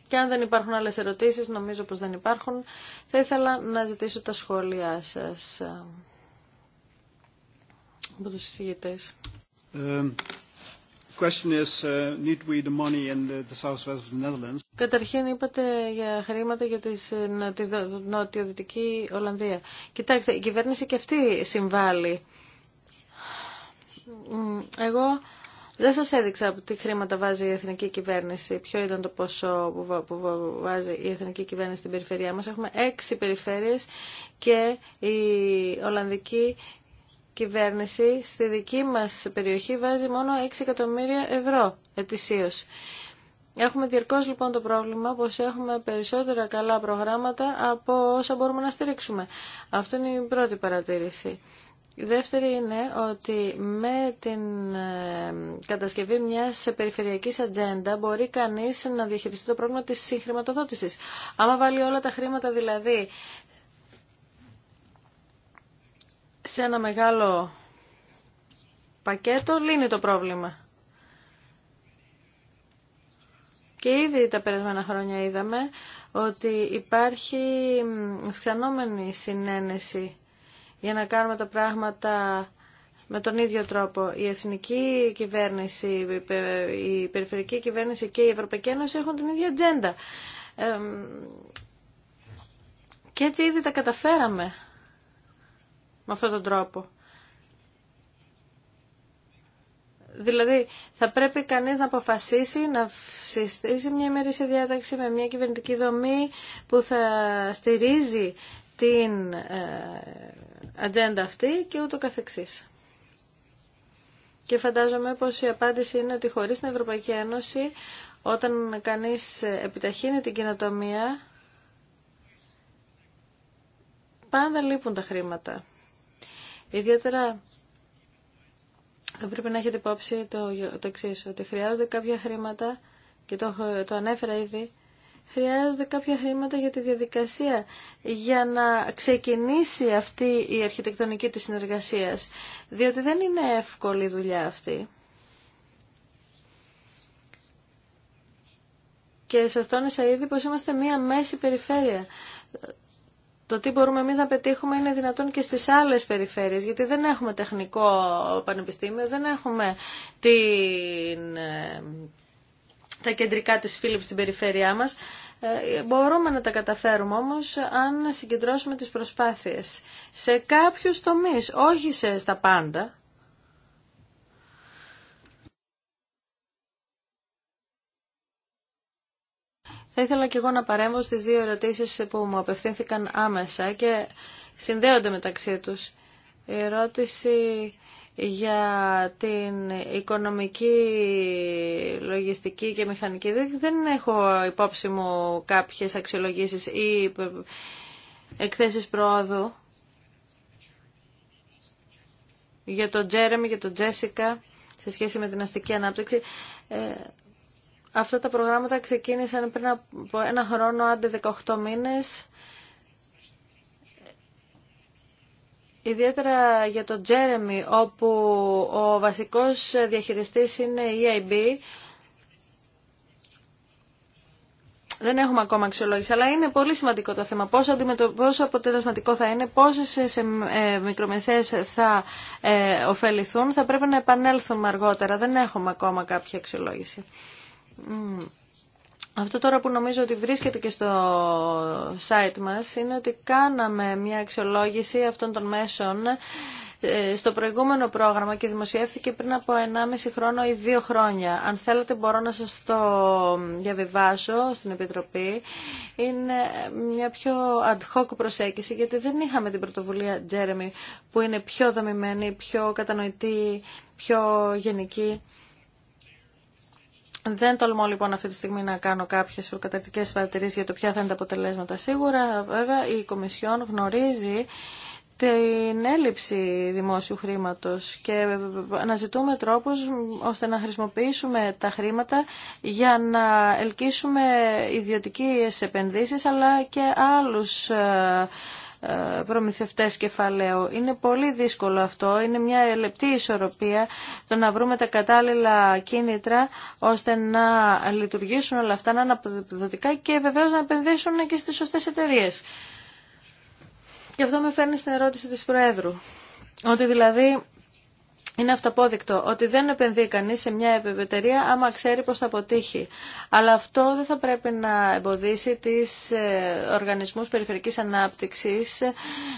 Και αν δεν υπάρχουν άλλες ερωτήσεις, νομίζω πως δεν υπάρχουν, θα ήθελα να ζητήσω τα σχόλιά σας ε, από τους συζητητές. Ε, Καταρχήν είπατε για χρήματα για ε, τη Νότιο-Δυτική Ολλανδία. Κοιτάξτε, η κυβέρνηση και αυτή συμβάλλει. Εγώ δεν σας έδειξα τι χρήματα βάζει η εθνική κυβέρνηση, ποιο ήταν το ποσό που βάζει η εθνική κυβέρνηση στην περιφερειά μας. Έχουμε έξι περιφέρειες και η Ολλανδική κυβέρνηση στη δική μας περιοχή βάζει μόνο 6 εκατομμύρια ευρώ ετησίως. Έχουμε διαρκώς λοιπόν το πρόβλημα πως έχουμε περισσότερα καλά προγράμματα από όσα μπορούμε να στηρίξουμε. Αυτό είναι η πρώτη παρατήρηση. Η δεύτερη είναι ότι με την ε, κατασκευή μιας περιφερειακής ατζέντα μπορεί κανείς να διαχειριστεί το πρόβλημα της συγχρηματοδότησης. Άμα βάλει όλα τα χρήματα δηλαδή σε ένα μεγάλο πακέτο λύνει το πρόβλημα. Και ήδη τα περασμένα χρόνια είδαμε ότι υπάρχει αυξανόμενη συνένεση για να κάνουμε τα πράγματα με τον ίδιο τρόπο. Η εθνική κυβέρνηση, η Περιφερική κυβέρνηση και η Ευρωπαϊκή Ένωση έχουν την ίδια ατζέντα. και έτσι ήδη τα καταφέραμε με αυτόν τον τρόπο. Δηλαδή, θα πρέπει κανείς να αποφασίσει να συστήσει μια ημερήσια διάταξη με μια κυβερνητική δομή που θα στηρίζει την ε, ατζέντα αυτή και ούτω καθεξής. Και φαντάζομαι πως η απάντηση είναι ότι χωρίς την Ευρωπαϊκή Ένωση, όταν κανείς επιταχύνει την κοινοτομία, πάντα λείπουν τα χρήματα. Ιδιαίτερα θα πρέπει να έχετε υπόψη το, το εξή, ότι χρειάζονται κάποια χρήματα και το, το ανέφερα ήδη, χρειάζονται κάποια χρήματα για τη διαδικασία, για να ξεκινήσει αυτή η αρχιτεκτονική της συνεργασίας, διότι δεν είναι εύκολη η δουλειά αυτή. Και σας τόνισα ήδη πως είμαστε μία μέση περιφέρεια το τι μπορούμε εμείς να πετύχουμε είναι δυνατόν και στις άλλες περιφέρειες, γιατί δεν έχουμε τεχνικό πανεπιστήμιο, δεν έχουμε την, ε, τα κεντρικά της Φίλιπ στην περιφέρειά μας. Ε, μπορούμε να τα καταφέρουμε όμως αν συγκεντρώσουμε τις προσπάθειες σε κάποιους τομείς, όχι σε, στα πάντα, Θα ήθελα και εγώ να παρέμβω στις δύο ερωτήσεις που μου απευθύνθηκαν άμεσα και συνδέονται μεταξύ τους. Η ερώτηση για την οικονομική, λογιστική και μηχανική. Δεν έχω υπόψη μου κάποιες αξιολογήσεις ή εκθέσεις προόδου για τον Τζέρεμι, για τον Τζέσικα σε σχέση με την αστική ανάπτυξη. Ε, Αυτά τα προγράμματα ξεκίνησαν πριν από ένα χρόνο, άντε 18 μήνες. Ιδιαίτερα για τον Τζέρεμι, όπου ο βασικός διαχειριστής είναι η EIB, δεν έχουμε ακόμα αξιολόγηση, αλλά είναι πολύ σημαντικό το θέμα. Πόσο, πόσο αποτελεσματικό θα είναι, πόσε σε ε, μικρομεσαίε θα ε, ωφεληθούν, θα πρέπει να επανέλθουμε αργότερα. Δεν έχουμε ακόμα κάποια αξιολόγηση. Αυτό τώρα που νομίζω ότι βρίσκεται και στο site μας είναι ότι κάναμε μια αξιολόγηση αυτών των μέσων ε, στο προηγούμενο πρόγραμμα και δημοσιεύθηκε πριν από 1,5 χρόνο ή 2 χρόνια. Αν θέλετε μπορώ να σας το διαβιβάσω στην Επιτροπή. Είναι μια πιο ad hoc προσέγγιση γιατί δεν είχαμε την πρωτοβουλία Jeremy που είναι πιο δομημένη, πιο κατανοητή, πιο γενική. Δεν τολμώ λοιπόν αυτή τη στιγμή να κάνω κάποιε προκαταρκτικέ παρατηρήσει για το ποια θα είναι τα αποτελέσματα. Σίγουρα, βέβαια, η Κομισιόν γνωρίζει την έλλειψη δημόσιου χρήματος και αναζητούμε τρόπους ώστε να χρησιμοποιήσουμε τα χρήματα για να ελκύσουμε ιδιωτικές επενδύσεις αλλά και άλλους ε, ε, προμηθευτές κεφαλαίου. Είναι πολύ δύσκολο αυτό, είναι μια λεπτή ισορροπία το να βρούμε τα κατάλληλα κίνητρα ώστε να λειτουργήσουν όλα αυτά, να είναι αποδοτικά και βεβαίως να επενδύσουν και στις σωστές εταιρείε. Και αυτό με φέρνει στην ερώτηση της Προέδρου. Ότι δηλαδή είναι αυτοπόδεικτο ότι δεν επενδύει κανεί σε μια εταιρεία άμα ξέρει πώ θα αποτύχει. Αλλά αυτό δεν θα πρέπει να εμποδίσει τις ε, οργανισμού περιφερικής ανάπτυξη, ε,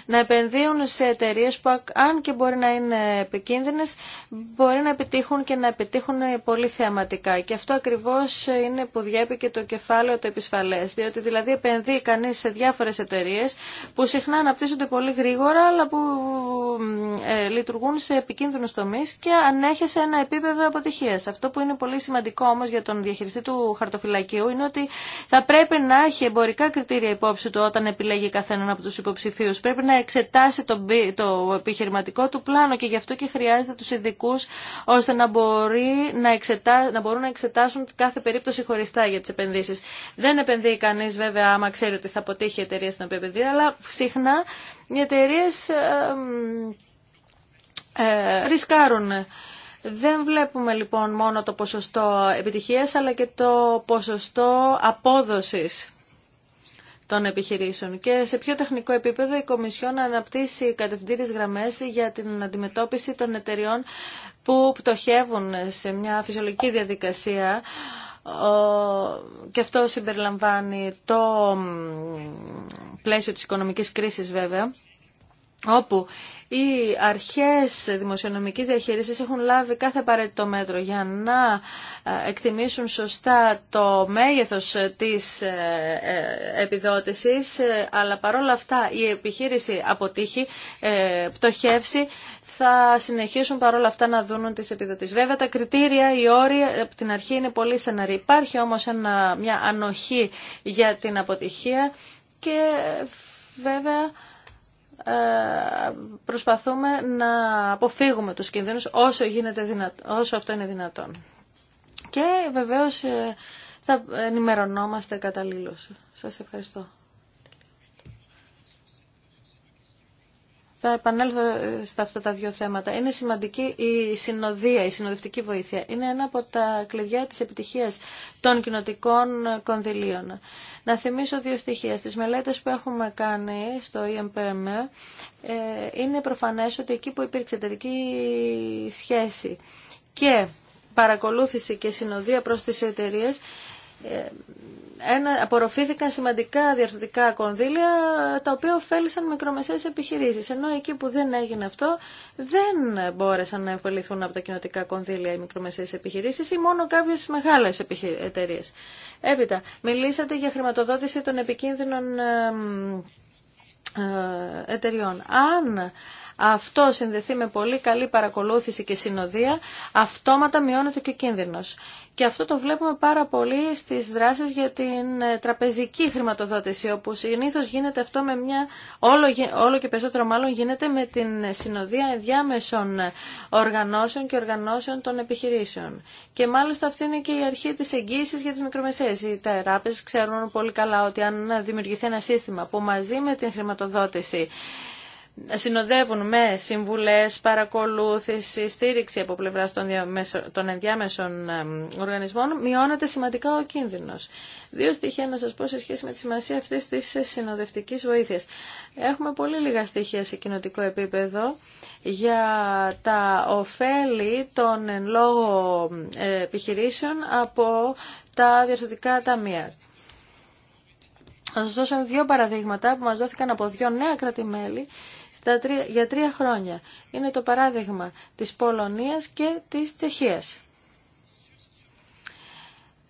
να επενδύουν σε εταιρείε που αν και μπορεί να είναι επικίνδυνε, μπορεί να επιτύχουν και να επιτύχουν πολύ θεαματικά. Και αυτό ακριβώ ε, είναι που διέπει και το κεφάλαιο το επισφαλές. Διότι δηλαδή επενδύει κανεί σε διάφορε εταιρείε που συχνά αναπτύσσονται πολύ γρήγορα αλλά που λειτουργούν σε επικίνδυνου τομεί τομεί και ανέχεσαι ένα επίπεδο αποτυχία. Αυτό που είναι πολύ σημαντικό όμω για τον διαχειριστή του χαρτοφυλακίου είναι ότι θα πρέπει να έχει εμπορικά κριτήρια υπόψη του όταν επιλέγει καθέναν από του υποψηφίου. Πρέπει να εξετάσει το, το επιχειρηματικό του πλάνο και γι' αυτό και χρειάζεται του ειδικού ώστε να, μπορεί να, εξετά, να μπορούν να εξετάσουν κάθε περίπτωση χωριστά για τι επενδύσει. Δεν επενδύει κανεί βέβαια άμα ξέρει ότι θα αποτύχει η εταιρεία στην οποία επενδύει, αλλά συχνά οι εταιρείε ε, ρισκάρουν. Δεν βλέπουμε λοιπόν μόνο το ποσοστό επιτυχίας αλλά και το ποσοστό απόδοσης των επιχειρήσεων και σε πιο τεχνικό επίπεδο η Κομισιόν αναπτύσσει κατευθυντήριες γραμμές για την αντιμετώπιση των εταιριών που πτωχεύουν σε μια φυσιολογική διαδικασία και αυτό συμπεριλαμβάνει το πλαίσιο της οικονομικής κρίσης βέβαια όπου οι αρχές δημοσιονομικής διαχείρισης έχουν λάβει κάθε απαραίτητο μέτρο για να ε, εκτιμήσουν σωστά το μέγεθος της ε, ε, επιδότησης, αλλά παρόλα αυτά η επιχείρηση αποτύχει, πτωχεύσει, θα συνεχίσουν παρόλα αυτά να δουν τις επιδοτήσεις. Βέβαια τα κριτήρια, οι όροι από την αρχή είναι πολύ στεναροί. Υπάρχει όμως ένα, μια ανοχή για την αποτυχία και βέβαια ε, προσπαθούμε να αποφύγουμε τους κινδύνους όσο, γίνεται όσο αυτό είναι δυνατόν. Και βεβαίως ε, θα ενημερωνόμαστε καταλήλως. Σας ευχαριστώ. Θα επανέλθω ε, στα αυτά τα δύο θέματα. Είναι σημαντική η συνοδεία, η συνοδευτική βοήθεια. Είναι ένα από τα κλειδιά της επιτυχίας των κοινοτικών κονδυλίων. Να θυμίσω δύο στοιχεία. Στις μελέτες που έχουμε κάνει στο EMPM ε, είναι προφανές ότι εκεί που υπήρξε εταιρική σχέση και παρακολούθηση και συνοδεία προς τις εταιρείες ε, ένα, απορροφήθηκαν σημαντικά διαρθρωτικά κονδύλια τα οποία ωφέλησαν μικρομεσαίες επιχειρήσεις. Ενώ εκεί που δεν έγινε αυτό δεν μπόρεσαν να ωφεληθούν από τα κοινοτικά κονδύλια οι μικρομεσαίες επιχειρήσεις ή μόνο κάποιες μεγάλες εταιρείε. Έπειτα, μιλήσατε για χρηματοδότηση των επικίνδυνων ε, εταιριών. Αν αυτό συνδεθεί με πολύ καλή παρακολούθηση και συνοδεία, αυτόματα μειώνεται και ο κίνδυνος. Και αυτό το βλέπουμε πάρα πολύ στις δράσεις για την ε, τραπεζική χρηματοδότηση, όπου συνήθως γίνεται αυτό με μια, όλο, όλο και περισσότερο μάλλον γίνεται με την συνοδεία ενδιάμεσων ε, οργανώσεων και οργανώσεων των επιχειρήσεων. Και μάλιστα αυτή είναι και η αρχή της εγγύησης για τις μικρομεσαίες. Οι ταράπες ξέρουν πολύ καλά ότι αν δημιουργηθεί ένα σύστημα που μαζί με την χρηματοδότηση συνοδεύουν με συμβουλές, παρακολούθηση, στήριξη από πλευρά των ενδιάμεσων οργανισμών, μειώνεται σημαντικά ο κίνδυνος. Δύο στοιχεία να σας πω σε σχέση με τη σημασία αυτής της συνοδευτικής βοήθειας. Έχουμε πολύ λίγα στοιχεία σε κοινοτικό επίπεδο για τα ωφέλη των εν λόγω ε, επιχειρήσεων από τα διευθυντικά ταμεία. Θα σας δώσω δύο παραδείγματα που μας δόθηκαν από δύο νέα κρατημέλη τα τρία, για τρία χρόνια. Είναι το παράδειγμα της Πολωνίας και της Τσεχίας.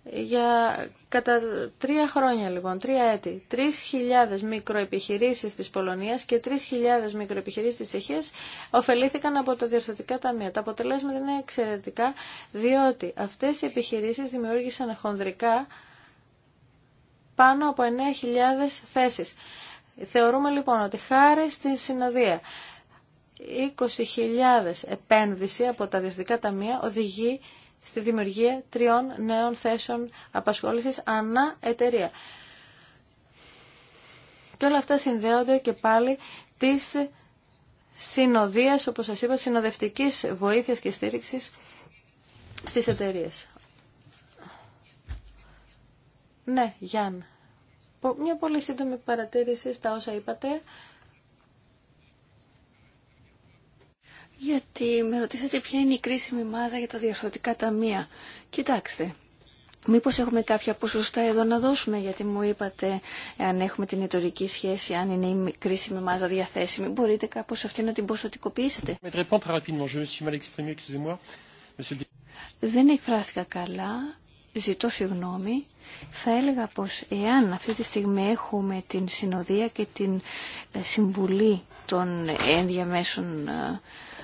Για κατά τρία χρόνια λοιπόν, τρία έτη, 3.000 μικροεπιχειρήσεις της Πολωνίας και 3.000 μικροεπιχειρήσεις της Τσεχίας ωφελήθηκαν από τα διορθωτικά ταμείο. Τα αποτελέσματα είναι εξαιρετικά διότι αυτές οι επιχειρήσεις δημιούργησαν χονδρικά πάνω από 9.000 θέσεις. Θεωρούμε λοιπόν ότι χάρη στη συνοδεία 20.000 επένδυση από τα διευθυντικά ταμεία οδηγεί στη δημιουργία τριών νέων θέσεων απασχόλησης ανά εταιρεία. Και όλα αυτά συνδέονται και πάλι της συνοδείας, όπως σας είπα, συνοδευτικής βοήθειας και στήριξης στις εταιρείες. Ναι, Γιάννη μια πολύ σύντομη παρατήρηση στα όσα είπατε. Γιατί με ρωτήσατε ποια είναι η κρίσιμη μάζα για τα διαρθρωτικά ταμεία. Κοιτάξτε, Μήπως έχουμε κάποια ποσοστά εδώ να δώσουμε, γιατί μου είπατε αν έχουμε την ιτορική σχέση, αν είναι η κρίσιμη μάζα διαθέσιμη, μπορείτε κάπως αυτή να την ποσοτικοποιήσετε. Δεν εκφράστηκα καλά ζητώ συγγνώμη. Θα έλεγα πως εάν αυτή τη στιγμή έχουμε την συνοδεία και την ε, συμβουλή των ενδιαμέσων ε,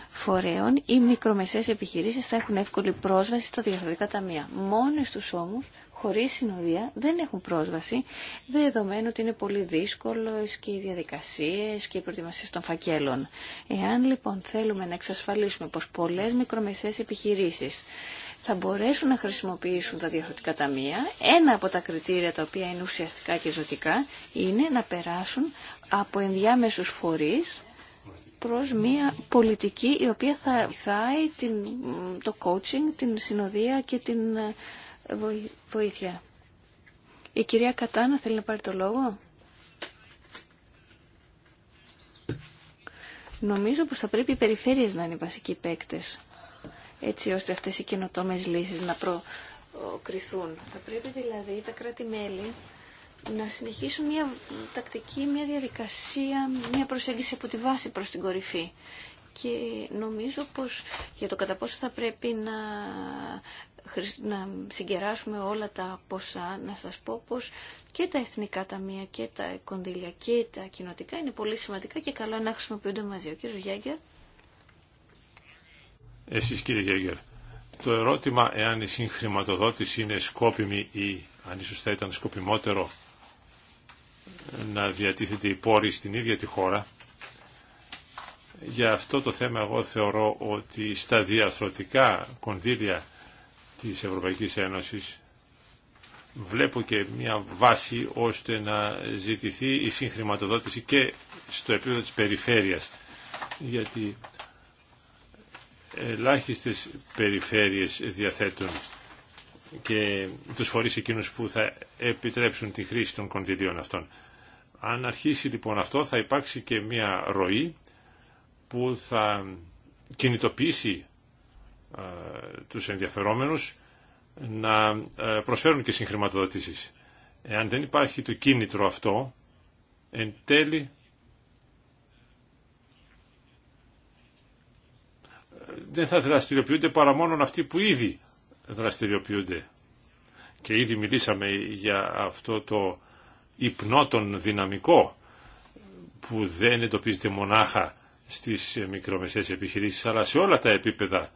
φορέων, οι μικρομεσαίες επιχειρήσεις θα έχουν εύκολη πρόσβαση στα διαφορετικά ταμεία. Μόνοι στους όμως, χωρίς συνοδεία, δεν έχουν πρόσβαση, δεδομένου ότι είναι πολύ δύσκολο και οι διαδικασίες και οι προετοιμασίες των φακέλων. Εάν λοιπόν θέλουμε να εξασφαλίσουμε πως πολλές μικρομεσαίες επιχειρήσεις θα μπορέσουν να χρησιμοποιήσουν τα διαφορετικά ταμεία. Ένα από τα κριτήρια τα οποία είναι ουσιαστικά και ζωτικά είναι να περάσουν από ενδιάμεσους φορείς προς μια πολιτική η οποία θα βοηθάει το coaching, την συνοδεία και την ε, βοήθεια. Η κυρία Κατάνα θέλει να πάρει το λόγο. Νομίζω πως θα πρέπει οι περιφέρειες να είναι οι βασικοί παίκτες έτσι ώστε αυτές οι καινοτόμες λύσεις να προκριθούν. Θα πρέπει δηλαδή τα κράτη-μέλη να συνεχίσουν μια τακτική, μια διαδικασία, μια προσέγγιση από τη βάση προς την κορυφή. Και νομίζω πως για το κατά πόσο θα πρέπει να, να συγκεράσουμε όλα τα ποσά, να σας πω πως και τα εθνικά ταμεία και τα κονδύλια και τα κοινοτικά είναι πολύ σημαντικά και καλά να χρησιμοποιούνται μαζί. Ο κ. Γιάγκερ. Εσείς κύριε Γέγερ, το ερώτημα εάν η συγχρηματοδότηση είναι σκόπιμη ή αν ίσως θα ήταν σκοπιμότερο να διατίθεται η πόρη στην ίδια τη χώρα. Για αυτό το θέμα εγώ θεωρώ ότι στα διαρθρωτικά κονδύλια της Ευρωπαϊκής Ένωσης βλέπω και μια βάση ώστε να ζητηθεί η συγχρηματοδότηση και στο επίπεδο της περιφέρειας. Γιατί ελάχιστες περιφέρειες διαθέτουν και τους φορείς εκείνους που θα επιτρέψουν τη χρήση των κονδυλίων αυτών. Αν αρχίσει λοιπόν αυτό θα υπάρξει και μια ροή που θα κινητοποιήσει ε, τους ενδιαφερόμενους να ε, προσφέρουν και συγχρηματοδοτήσεις. Εάν δεν υπάρχει το κίνητρο αυτό, εν τέλει δεν θα δραστηριοποιούνται παρά μόνο αυτοί που ήδη δραστηριοποιούνται. Και ήδη μιλήσαμε για αυτό το υπνότον δυναμικό που δεν εντοπίζεται μονάχα στις μικρομεσαίες επιχειρήσεις αλλά σε όλα τα επίπεδα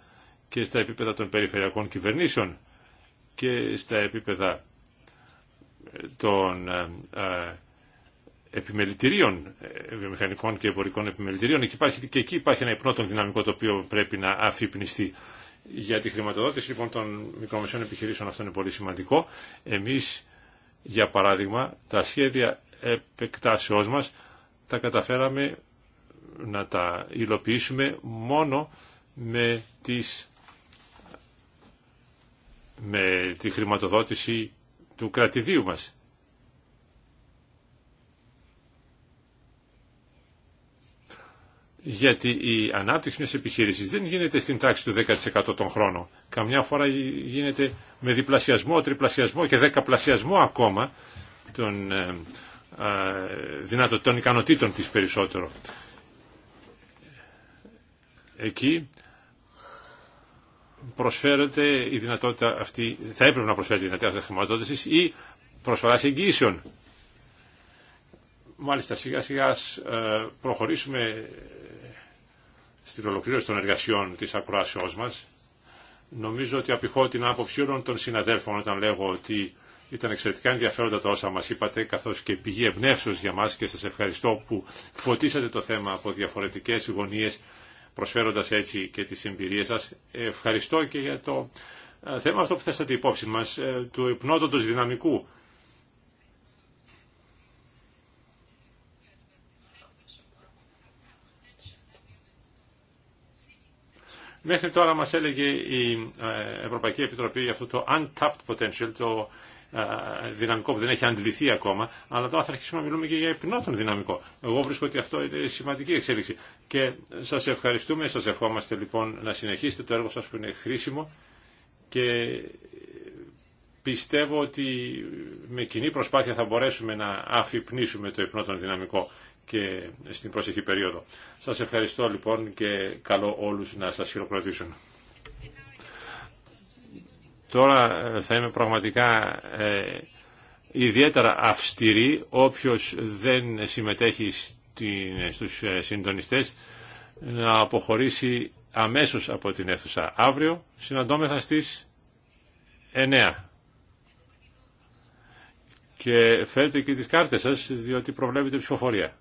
και στα επίπεδα των περιφερειακών κυβερνήσεων και στα επίπεδα των ε, ε, επιμελητηρίων, ε, βιομηχανικών και εμπορικών επιμελητηρίων και, υπάρχει, και εκεί υπάρχει ένα υπνό δυναμικό το οποίο πρέπει να αφυπνιστεί. Για τη χρηματοδότηση λοιπόν των μικρομεσαίων επιχειρήσεων αυτό είναι πολύ σημαντικό. Εμείς για παράδειγμα τα σχέδια επεκτάσεώς μας τα καταφέραμε να τα υλοποιήσουμε μόνο με, τις, με τη χρηματοδότηση του κρατηδίου μας. γιατί η ανάπτυξη μιας επιχείρησης δεν γίνεται στην τάξη του 10% τον χρόνο. Καμιά φορά γίνεται με διπλασιασμό, τριπλασιασμό και δεκαπλασιασμό ακόμα των ε, ε, δυνατοτήτων ικανοτήτων της περισσότερο. Εκεί προσφέρεται η δυνατότητα αυτή, θα έπρεπε να προσφέρεται η δυνατότητα χρηματοδοτησης ή προσφορά εγγύησεων. Μάλιστα σιγά σιγά ε, προχωρήσουμε στην ολοκλήρωση των εργασιών της ακροάσεώς μας. Νομίζω ότι απηχώ την άποψη όλων των συναδέλφων όταν λέγω ότι ήταν εξαιρετικά ενδιαφέροντα τα όσα μας είπατε, καθώς και πηγή εμπνεύσεως για μας και σας ευχαριστώ που φωτίσατε το θέμα από διαφορετικές γωνίες, προσφέροντας έτσι και τις εμπειρίες σας. Ευχαριστώ και για το ε, θέμα αυτό που θέσατε υπόψη μας, ε, του υπνότοντος δυναμικού Μέχρι τώρα μας έλεγε η ε, Ευρωπαϊκή Επιτροπή για αυτό το untapped potential, το ε, δυναμικό που δεν έχει αντιληθεί ακόμα, αλλά τώρα θα αρχίσουμε να μιλούμε και για υπνότον δυναμικό. Εγώ βρίσκω ότι αυτό είναι σημαντική εξέλιξη. Και σας ευχαριστούμε, σας ευχόμαστε λοιπόν να συνεχίσετε το έργο σας που είναι χρήσιμο και πιστεύω ότι με κοινή προσπάθεια θα μπορέσουμε να αφυπνίσουμε το υπνότον δυναμικό και στην προσεχή περίοδο. Σας ευχαριστώ λοιπόν και καλό όλους να σας χειροκροτήσουν. Τώρα ε, θα είμαι πραγματικά ε, ιδιαίτερα αυστηρή όποιος δεν συμμετέχει στην, ε, στους ε, συντονιστές να αποχωρήσει αμέσως από την αίθουσα. Αύριο συναντώμεθα στις 9. Και φέρτε και τις κάρτες σας διότι προβλέπετε ψηφοφορία.